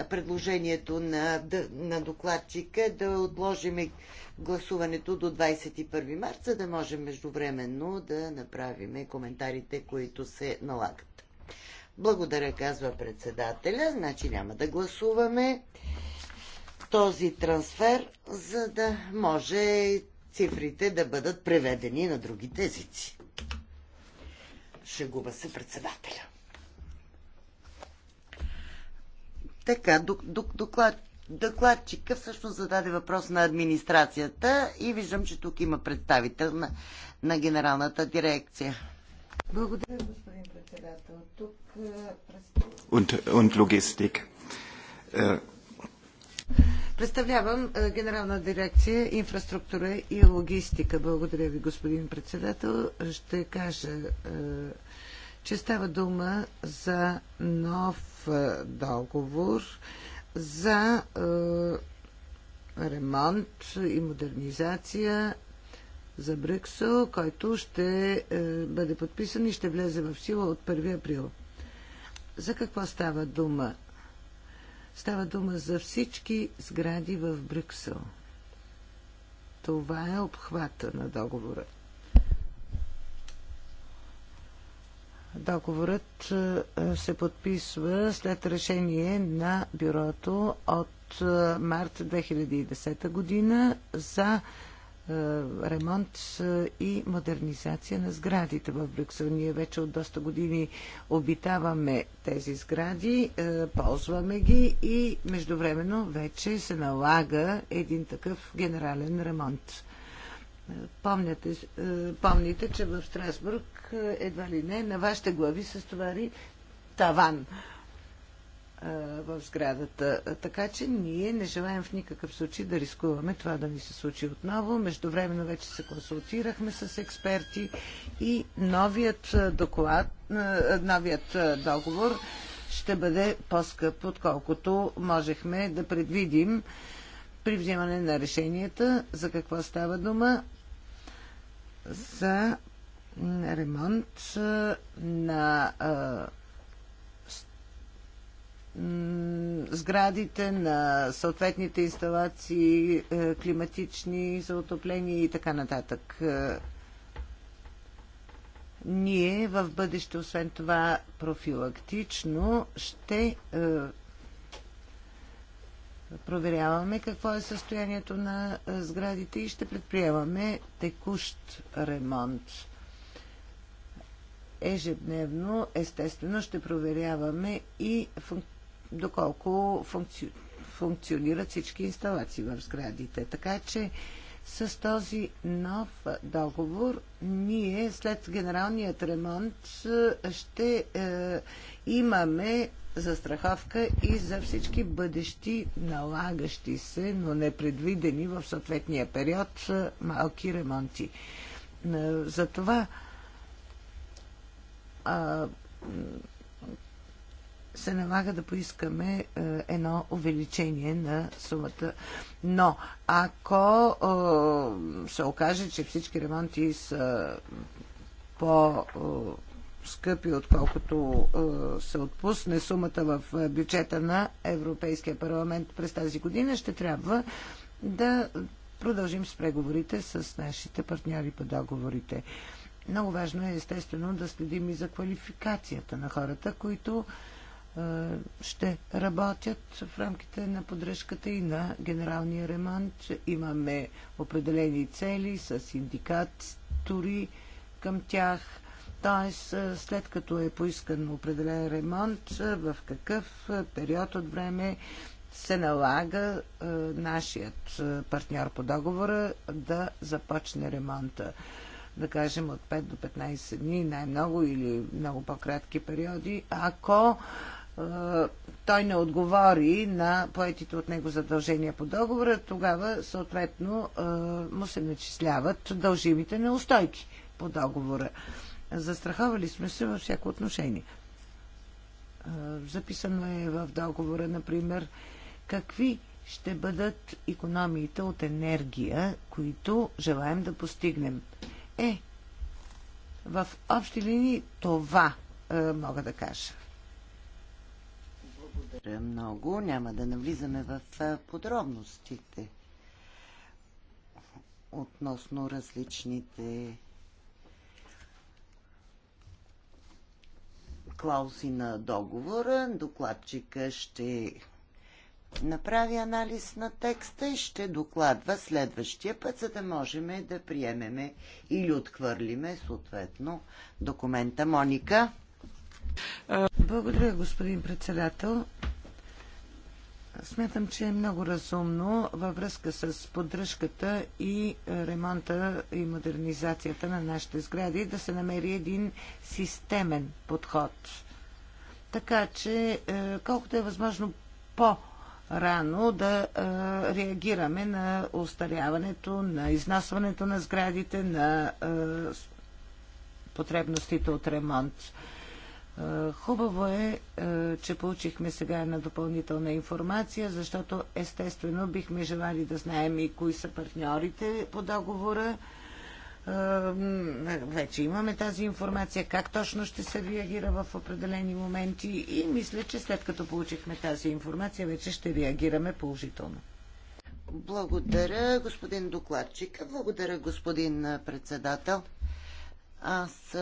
предложението на, на докладчика да отложим гласуването до 21 марта, за да можем междувременно да направим коментарите, които се налагат. Благодаря, казва председателя. Значи няма да гласуваме този трансфер, за да може цифрите да бъдат преведени на другите езици. Шегува се председателя. Така, доклад, докладчика всъщност зададе въпрос на администрацията и виждам, че тук има представител на, на генералната дирекция. Благодаря, господин председател. Тук und, und Представлявам е, Генерална дирекция инфраструктура и логистика. Благодаря ви, господин председател. Ще кажа, е, че става дума за нов е, договор за ремонт и модернизация за Брюксел, който ще бъде подписан и ще влезе в сила от 1 април. За какво става дума? Става дума за всички сгради в Брюксел. Това е обхвата на договора. Договорът е, се подписва след решение на бюрото от е, март 2010 година за е, ремонт е, и модернизация на сградите в Брюксел. Ние вече от доста години обитаваме тези сгради, е, ползваме ги и междувременно вече се налага един такъв генерален ремонт. Помняте, помните, че в Страсбург едва ли не на вашите глави се стовари таван в сградата. Така че ние не желаем в никакъв случай да рискуваме това да ни се случи отново. Междувременно вече се консултирахме с експерти и новият доклад, новият договор ще бъде по-скъп, отколкото можехме да предвидим при взимане на решенията за какво става дума за ремонт на сградите, на съответните инсталации, е, климатични за отопление и така нататък. Е, ние в бъдеще, освен това, профилактично ще е, проверяваме какво е състоянието на сградите и ще предприемаме текущ ремонт. Ежедневно, естествено, ще проверяваме и функ доколко функци... функционират всички инсталации в сградите. Така че с този нов договор ние след генералният ремонт е, ще е, имаме застраховка и за всички бъдещи налагащи се, но непредвидени в съответния период е, малки ремонти. Е, затова а, се налага да поискаме е, едно увеличение на сумата. Но ако е, се окаже, че всички ремонти са по скъпи, отколкото е, се отпусне сумата в бюджета на Европейския парламент през тази година, ще трябва да продължим с преговорите с нашите партньори по договорите. Много важно е, естествено, да следим и за квалификацията на хората, които е, ще работят в рамките на поддръжката и на генералния ремонт. Имаме определени цели с индикатори към тях. Т.е. след като е поискан определен ремонт, е, в какъв е, период от време се налага е, нашият партньор по договора да започне ремонта. Да кажем от 5 до 15 дни, най-много или много по-кратки периоди. Ако е, е, той не отговори на поетите от него задължения по договора, тогава съответно е, му се начисляват дължимите неустойки по договора. Застраховали сме се във всяко отношение. Е, записано е в договора, например, какви ще бъдат економиите от енергия, които желаем да постигнем. Е, в общи линии това мога да кажа много. Няма да навлизаме в подробностите относно различните клаузи на договора. Докладчика ще направи анализ на текста и ще докладва следващия път, за да можем да приемеме или отхвърлиме съответно документа. Моника? Благодаря, господин председател. Смятам, че е много разумно във връзка с поддръжката и ремонта и модернизацията на нашите сгради да се намери един системен подход. Така че, е, колкото е възможно по- рано да а, е, реагираме на устаряването, на износването на сградите, на а, е, потребностите от ремонт. Е, хубаво е, е, че получихме сега една допълнителна информация, защото естествено бихме желали да знаем и кои са партньорите по договора. Е, вече имаме тази информация, как точно ще се реагира в определени моменти и мисля, че след като получихме тази информация, вече ще реагираме положително. Благодаря, господин докладчик. Благодаря, господин председател. Аз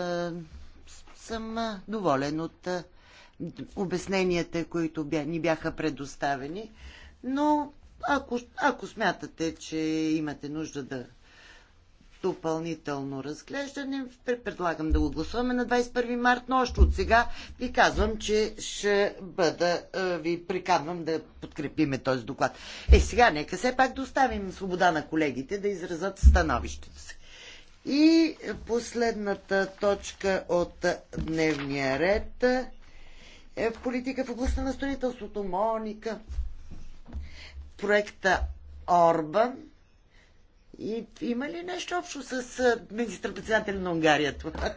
съм доволен от обясненията, които ни бяха предоставени, но ако, ако смятате, че имате нужда да допълнително разглеждане, предлагам да го гласуваме на 21 март, но още от сега ви казвам, че ще бъда, ви приканвам да подкрепиме този доклад. Е, сега нека все пак доставим свобода на колегите да изразят становището си. И последната точка от дневния ред е в политика в областта на строителството. Моника, проекта Орбан. И има ли нещо общо с министър-председателя на Унгария това?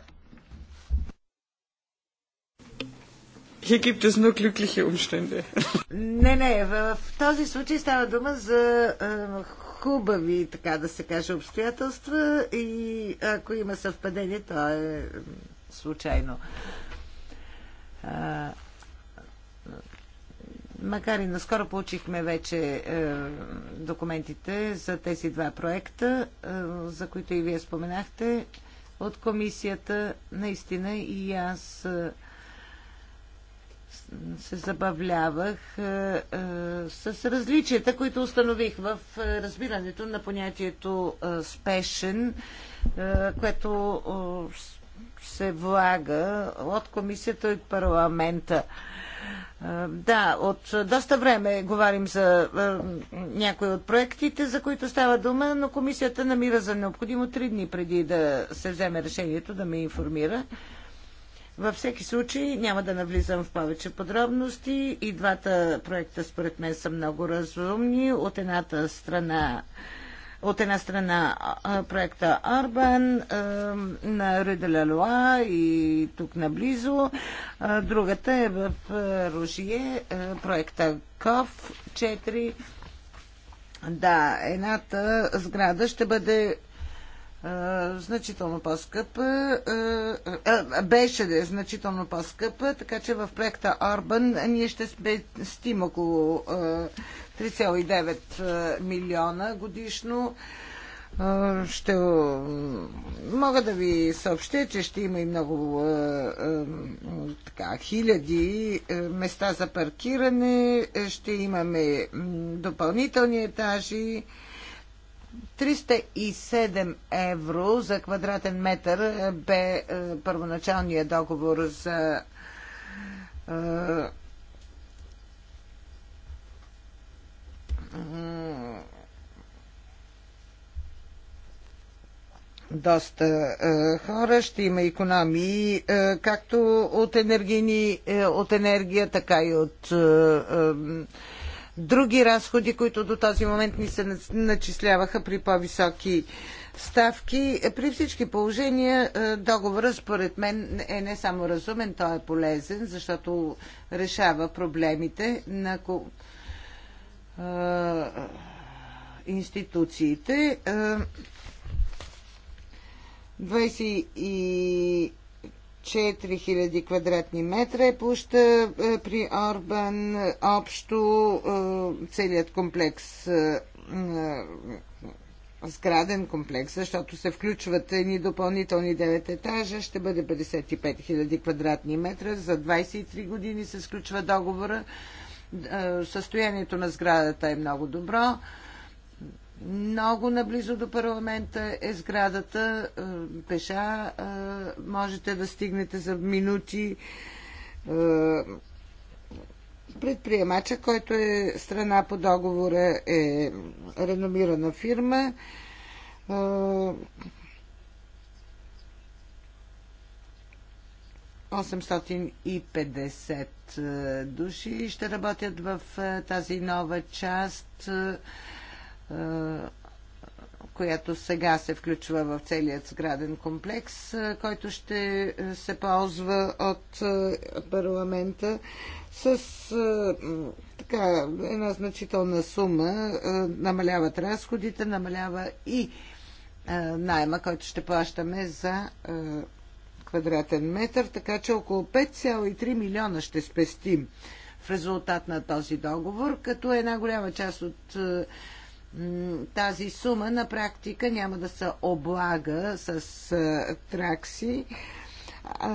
Hier gibt Не, не, в, в този случай става дума за хубави, така да се каже, обстоятелства и ако има съвпадение, то е случайно. А, макар и наскоро получихме вече е, документите за тези два проекта, е, за които и вие споменахте от комисията, наистина и аз е, се забавлявах а, е, а, е, с различията, които установих в е, разбирането на понятието а, спешен, което се влага от комисията и парламента. Да, от доста време говорим за някои от проектите, за които става дума, но комисията намира за необходимо три дни преди да се вземе решението да ме информира. Във всеки случай няма да навлизам в повече подробности. И двата проекта според мен са много разумни. От едната страна от една страна проекта Арбан на Рюделялуа и тук наблизо. Другата е в Ружие, проекта КОВ 4. Да, едната сграда ще бъде значително по-скъпа, беше е значително по-скъпа, така че в проекта Орбан ние ще спестим около 3,9 милиона годишно. Ще мога да ви съобщя, че ще има и много така, хиляди места за паркиране, ще имаме допълнителни етажи, 307 евро за квадратен метър е, бе е, първоначалният договор за е, доста хора, ще има економии както от, енергини, от енергия, така и от други разходи, които до този момент ни се начисляваха при по-високи ставки. При всички положения е, договорът според мен е не само разумен, той е полезен, защото решава проблемите на е, институциите. 20 е, 4000 квадратни метра е площа е, при Орбан. Общо е, целият комплекс е, сграден комплекс, защото се включват едни допълнителни 9 етажа, ще бъде 55 000 квадратни метра. За 23 години се сключва договора. Състоянието на сградата е много добро. Много наблизо до парламента е сградата. Е, пеша е, можете да стигнете за минути. Е, предприемача, който е страна по договора, е реномирана фирма. ...850 души ще работят в тази нова част която сега се включва в целият сграден комплекс, който ще се ползва от парламента с така, една значителна сума. Намаляват разходите, намалява и найма, който ще плащаме за квадратен метър, така че около 5,3 милиона ще спестим в резултат на този договор, като една голяма част от тази сума на практика няма да се облага с тракси.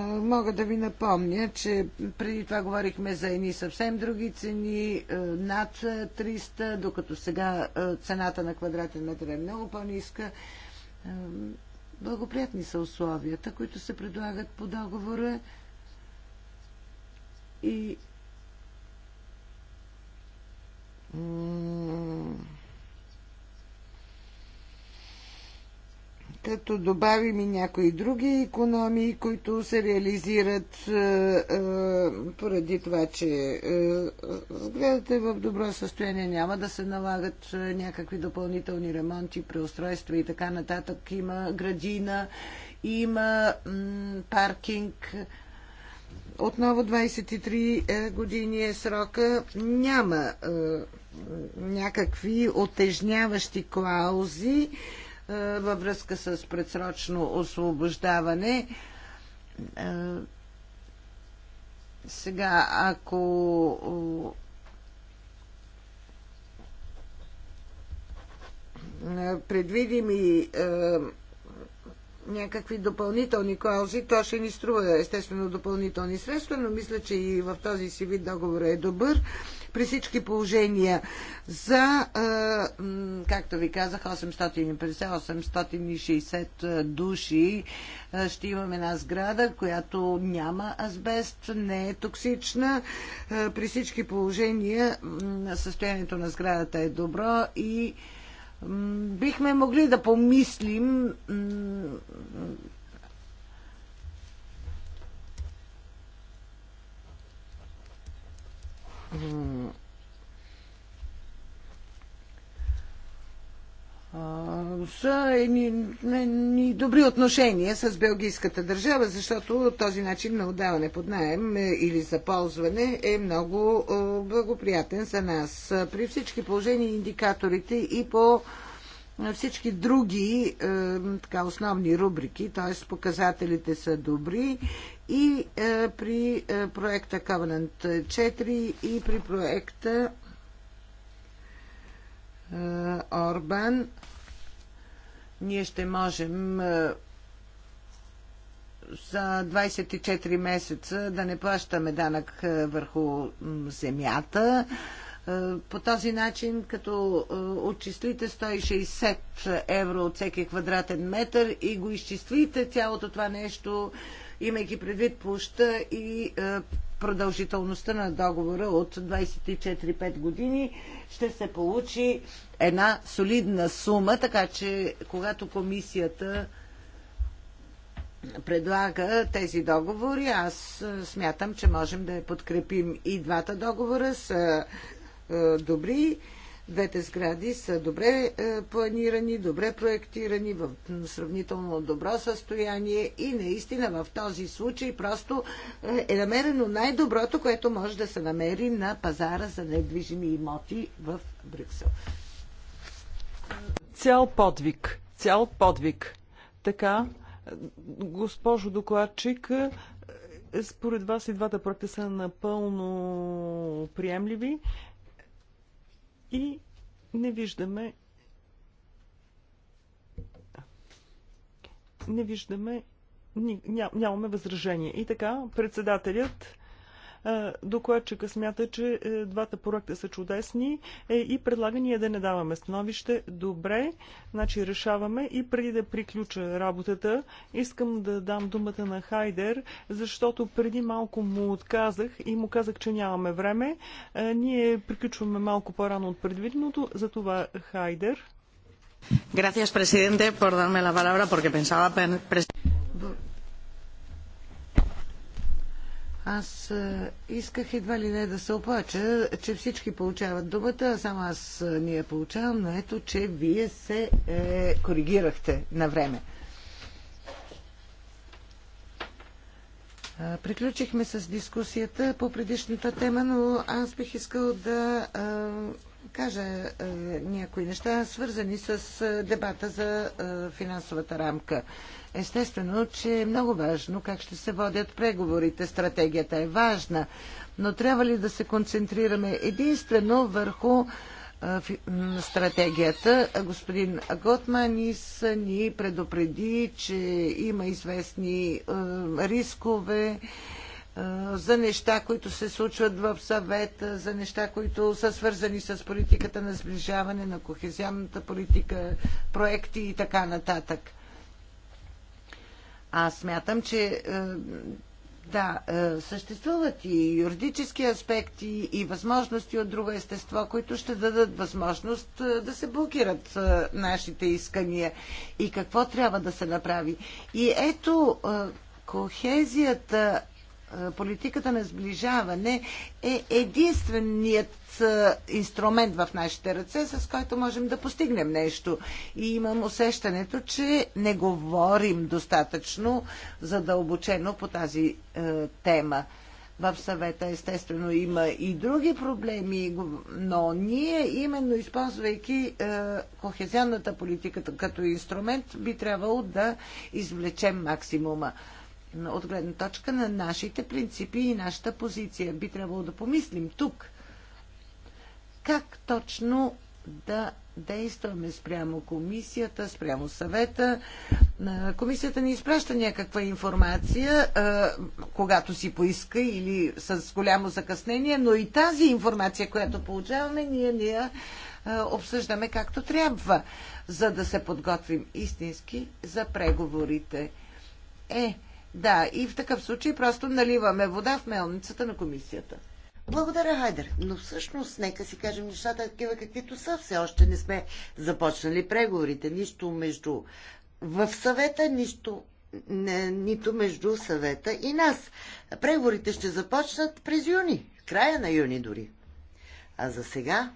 Мога да ви напомня, че преди това говорихме за едни съвсем други цени, над 300, докато сега цената на квадратен метър е много по-ниска. Благоприятни са условията, които се предлагат по договора и като добавим и някои други економии, които се реализират е, е, поради това, че е, сградата е в добро състояние, няма да се налагат е, някакви допълнителни ремонти, преустройства и така нататък. Има градина, има паркинг. Отново 23 е, години е срока. Няма е, някакви отежняващи клаузи. Е, във връзка с предсрочно освобождаване. Е, сега, ако е, предвидим и някакви допълнителни клаузи, то ще ни струва естествено допълнителни средства, но мисля, че и в този си вид договор е добър. При всички положения за, както ви казах, 850-860 души ще имаме една сграда, която няма азбест, не е токсична. При всички положения състоянието на сградата е добро и бихме могли да помислим са едни, едни добри отношения с белгийската държава, защото този начин на отдаване под найем е, или за ползване е много благоприятен за нас. При всички положения индикаторите и по всички други е, така, основни рубрики, т.е. показателите са добри и е, при е, проекта Covenant 4 и при проекта Орбан, ние ще можем за 24 месеца да не плащаме данък върху земята. По този начин, като отчислите 160 евро от всеки квадратен метър и го изчислите, цялото това нещо имайки предвид площа и е, продължителността на договора от 24-5 години, ще се получи една солидна сума, така че когато комисията предлага тези договори, аз е, смятам, че можем да я подкрепим и двата договора са е, добри Двете сгради са добре е, планирани, добре проектирани, в сравнително добро състояние и наистина в този случай просто е, е намерено най-доброто, което може да се намери на пазара за недвижими имоти в Брюксел. Цял подвиг. Цял подвиг. Така, госпожо докладчик, е, според вас и двата проекта са напълно приемливи и не виждаме не виждаме нямаме възражение. И така, председателят е, докладчика смята, че е, двата проекта са чудесни е, и предлага ние да не даваме становище. Добре, значи решаваме и преди да приключа работата, искам да дам думата на Хайдер, защото преди малко му отказах и му казах, че нямаме време. Ние приключваме малко по-рано от предвиденото, затова Хайдер. Gracias, presidente, por darme la palabra porque pensaba аз е, исках едва ли не да се оплача, че всички получават думата, а само аз не я получавам, но ето, че вие се е, коригирахте на време. Е, приключихме с дискусията по предишната тема, но аз бих искал да а, е, кажа а, някои неща, свързани с а, дебата за а, финансовата рамка. Естествено, че е много важно как ще се водят преговорите. Стратегията е важна, но трябва ли да се концентрираме единствено върху стратегията. Господин Готманис ни предупреди, че има известни рискове за неща, които се случват в съвета, за неща, които са свързани с политиката на сближаване, на кохезионната политика, проекти и така нататък. Аз смятам, че е, да, е, съществуват и юридически аспекти и възможности от друго естество, които ще дадат възможност е, да се блокират нашите искания и какво трябва да се направи. И ето, кохезията е, политиката на сближаване е единственият е, инструмент в нашите ръце, с който можем да постигнем нещо. И имам усещането, че не говорим достатъчно задълбочено по тази е, тема. В съвета естествено има и други проблеми, но ние именно използвайки е, кохезионната политика като инструмент би трябвало да извлечем максимума от гледна точка на нашите принципи и нашата позиция. Би трябвало да помислим тук как точно да действаме спрямо комисията, спрямо съвета. Комисията ни изпраща някаква информация, когато си поиска или с голямо закъснение, но и тази информация, която получаваме, ние не я обсъждаме както трябва, за да се подготвим истински за преговорите. Е, да, и в такъв случай просто наливаме вода в мелницата на комисията. Благодаря, Хайдер. Но всъщност, нека си кажем нещата такива, каквито са. Все още не сме започнали преговорите. Нищо между в съвета, нищо не, нито между съвета и нас. Преговорите ще започнат през юни, края на юни дори. А за сега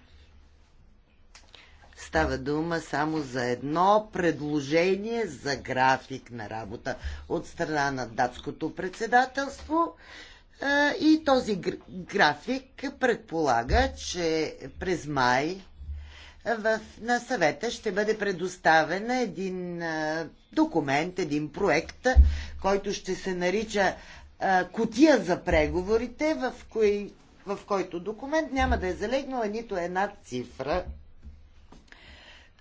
Става дума само за едно предложение за график на работа от страна на датското председателство. И този график предполага, че през май в, на съвета ще бъде предоставен един а, документ, един проект, който ще се нарича а, за преговорите, в, кои, в който документ няма да е залегнала нито една цифра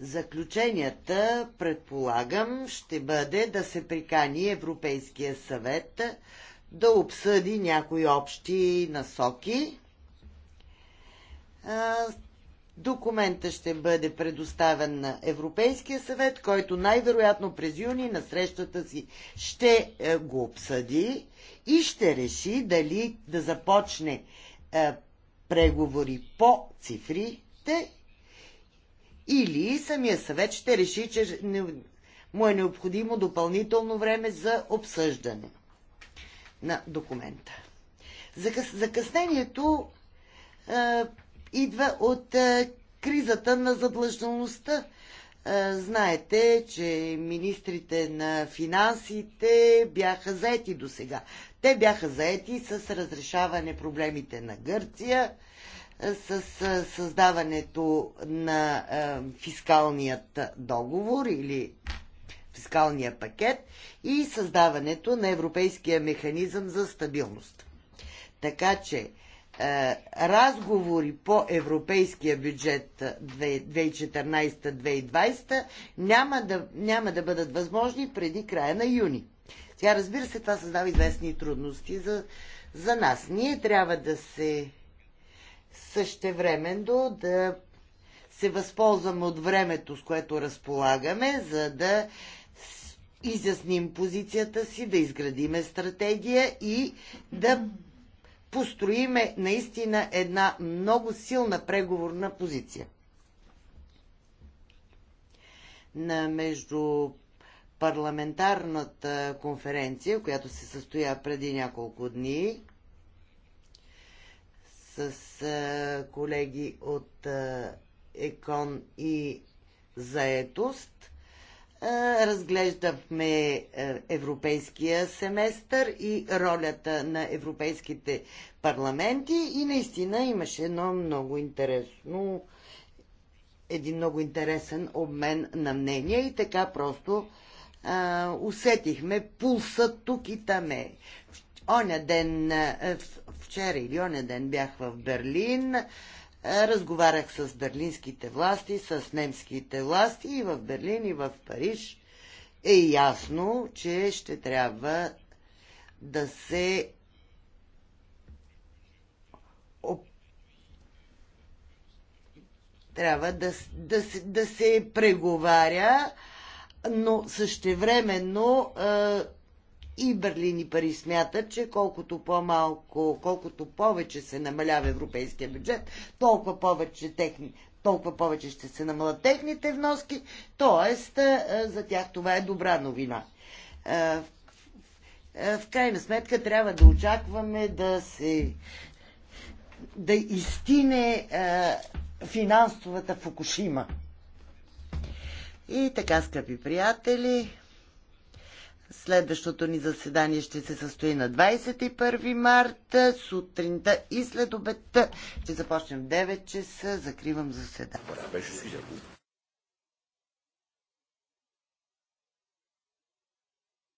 Заключенията, предполагам, ще бъде да се прикани Европейския съвет да обсъди някои общи насоки. Документа ще бъде предоставен на Европейския съвет, който най-вероятно през юни на срещата си ще е, го обсъди и ще реши дали да започне е, преговори по цифрите или самия съвет ще реши, че му е необходимо допълнително време за обсъждане на документа. Закъснението е, идва от е, кризата на задлъжнаността. Е, знаете, че министрите на финансите бяха заети до сега. Те бяха заети с разрешаване проблемите на Гърция, с създаването на фискалният договор или фискалния пакет и създаването на Европейския механизъм за стабилност. Така че разговори по европейския бюджет 2014-2020 няма да, няма да бъдат възможни преди края на юни. Сега, разбира се, това създава известни трудности за, за нас. Ние трябва да се същевременно да се възползваме от времето, с което разполагаме, за да изясним позицията си, да изградиме стратегия и да построиме наистина една много силна преговорна позиция. На между парламентарната конференция, която се състоя преди няколко дни, с колеги от ЕКОН и заетост. Разглеждахме европейския семестър и ролята на европейските парламенти и наистина имаше едно много интересно един много интересен обмен на мнения и така просто а, усетихме пулса тук и таме. Оня ден а, в, вчера или оня ден бях в Берлин, е, разговарях с берлинските власти, с немските власти и в Берлин, и в Париж. Е ясно, че ще трябва да се трябва да, да, се, да се преговаря, но същевременно е, и Берлин и Пари смятат, че колкото по-малко, колкото повече се намалява европейския бюджет, толкова повече техни, толкова повече ще се намалят техните вноски, т.е. за тях това е добра новина. В крайна сметка трябва да очакваме да се да изтине финансовата Фукушима. И така, скъпи приятели, Следващото ни заседание ще се състои на 21 марта сутринта и след обедта. Ще започнем в 9 часа. Закривам заседанието.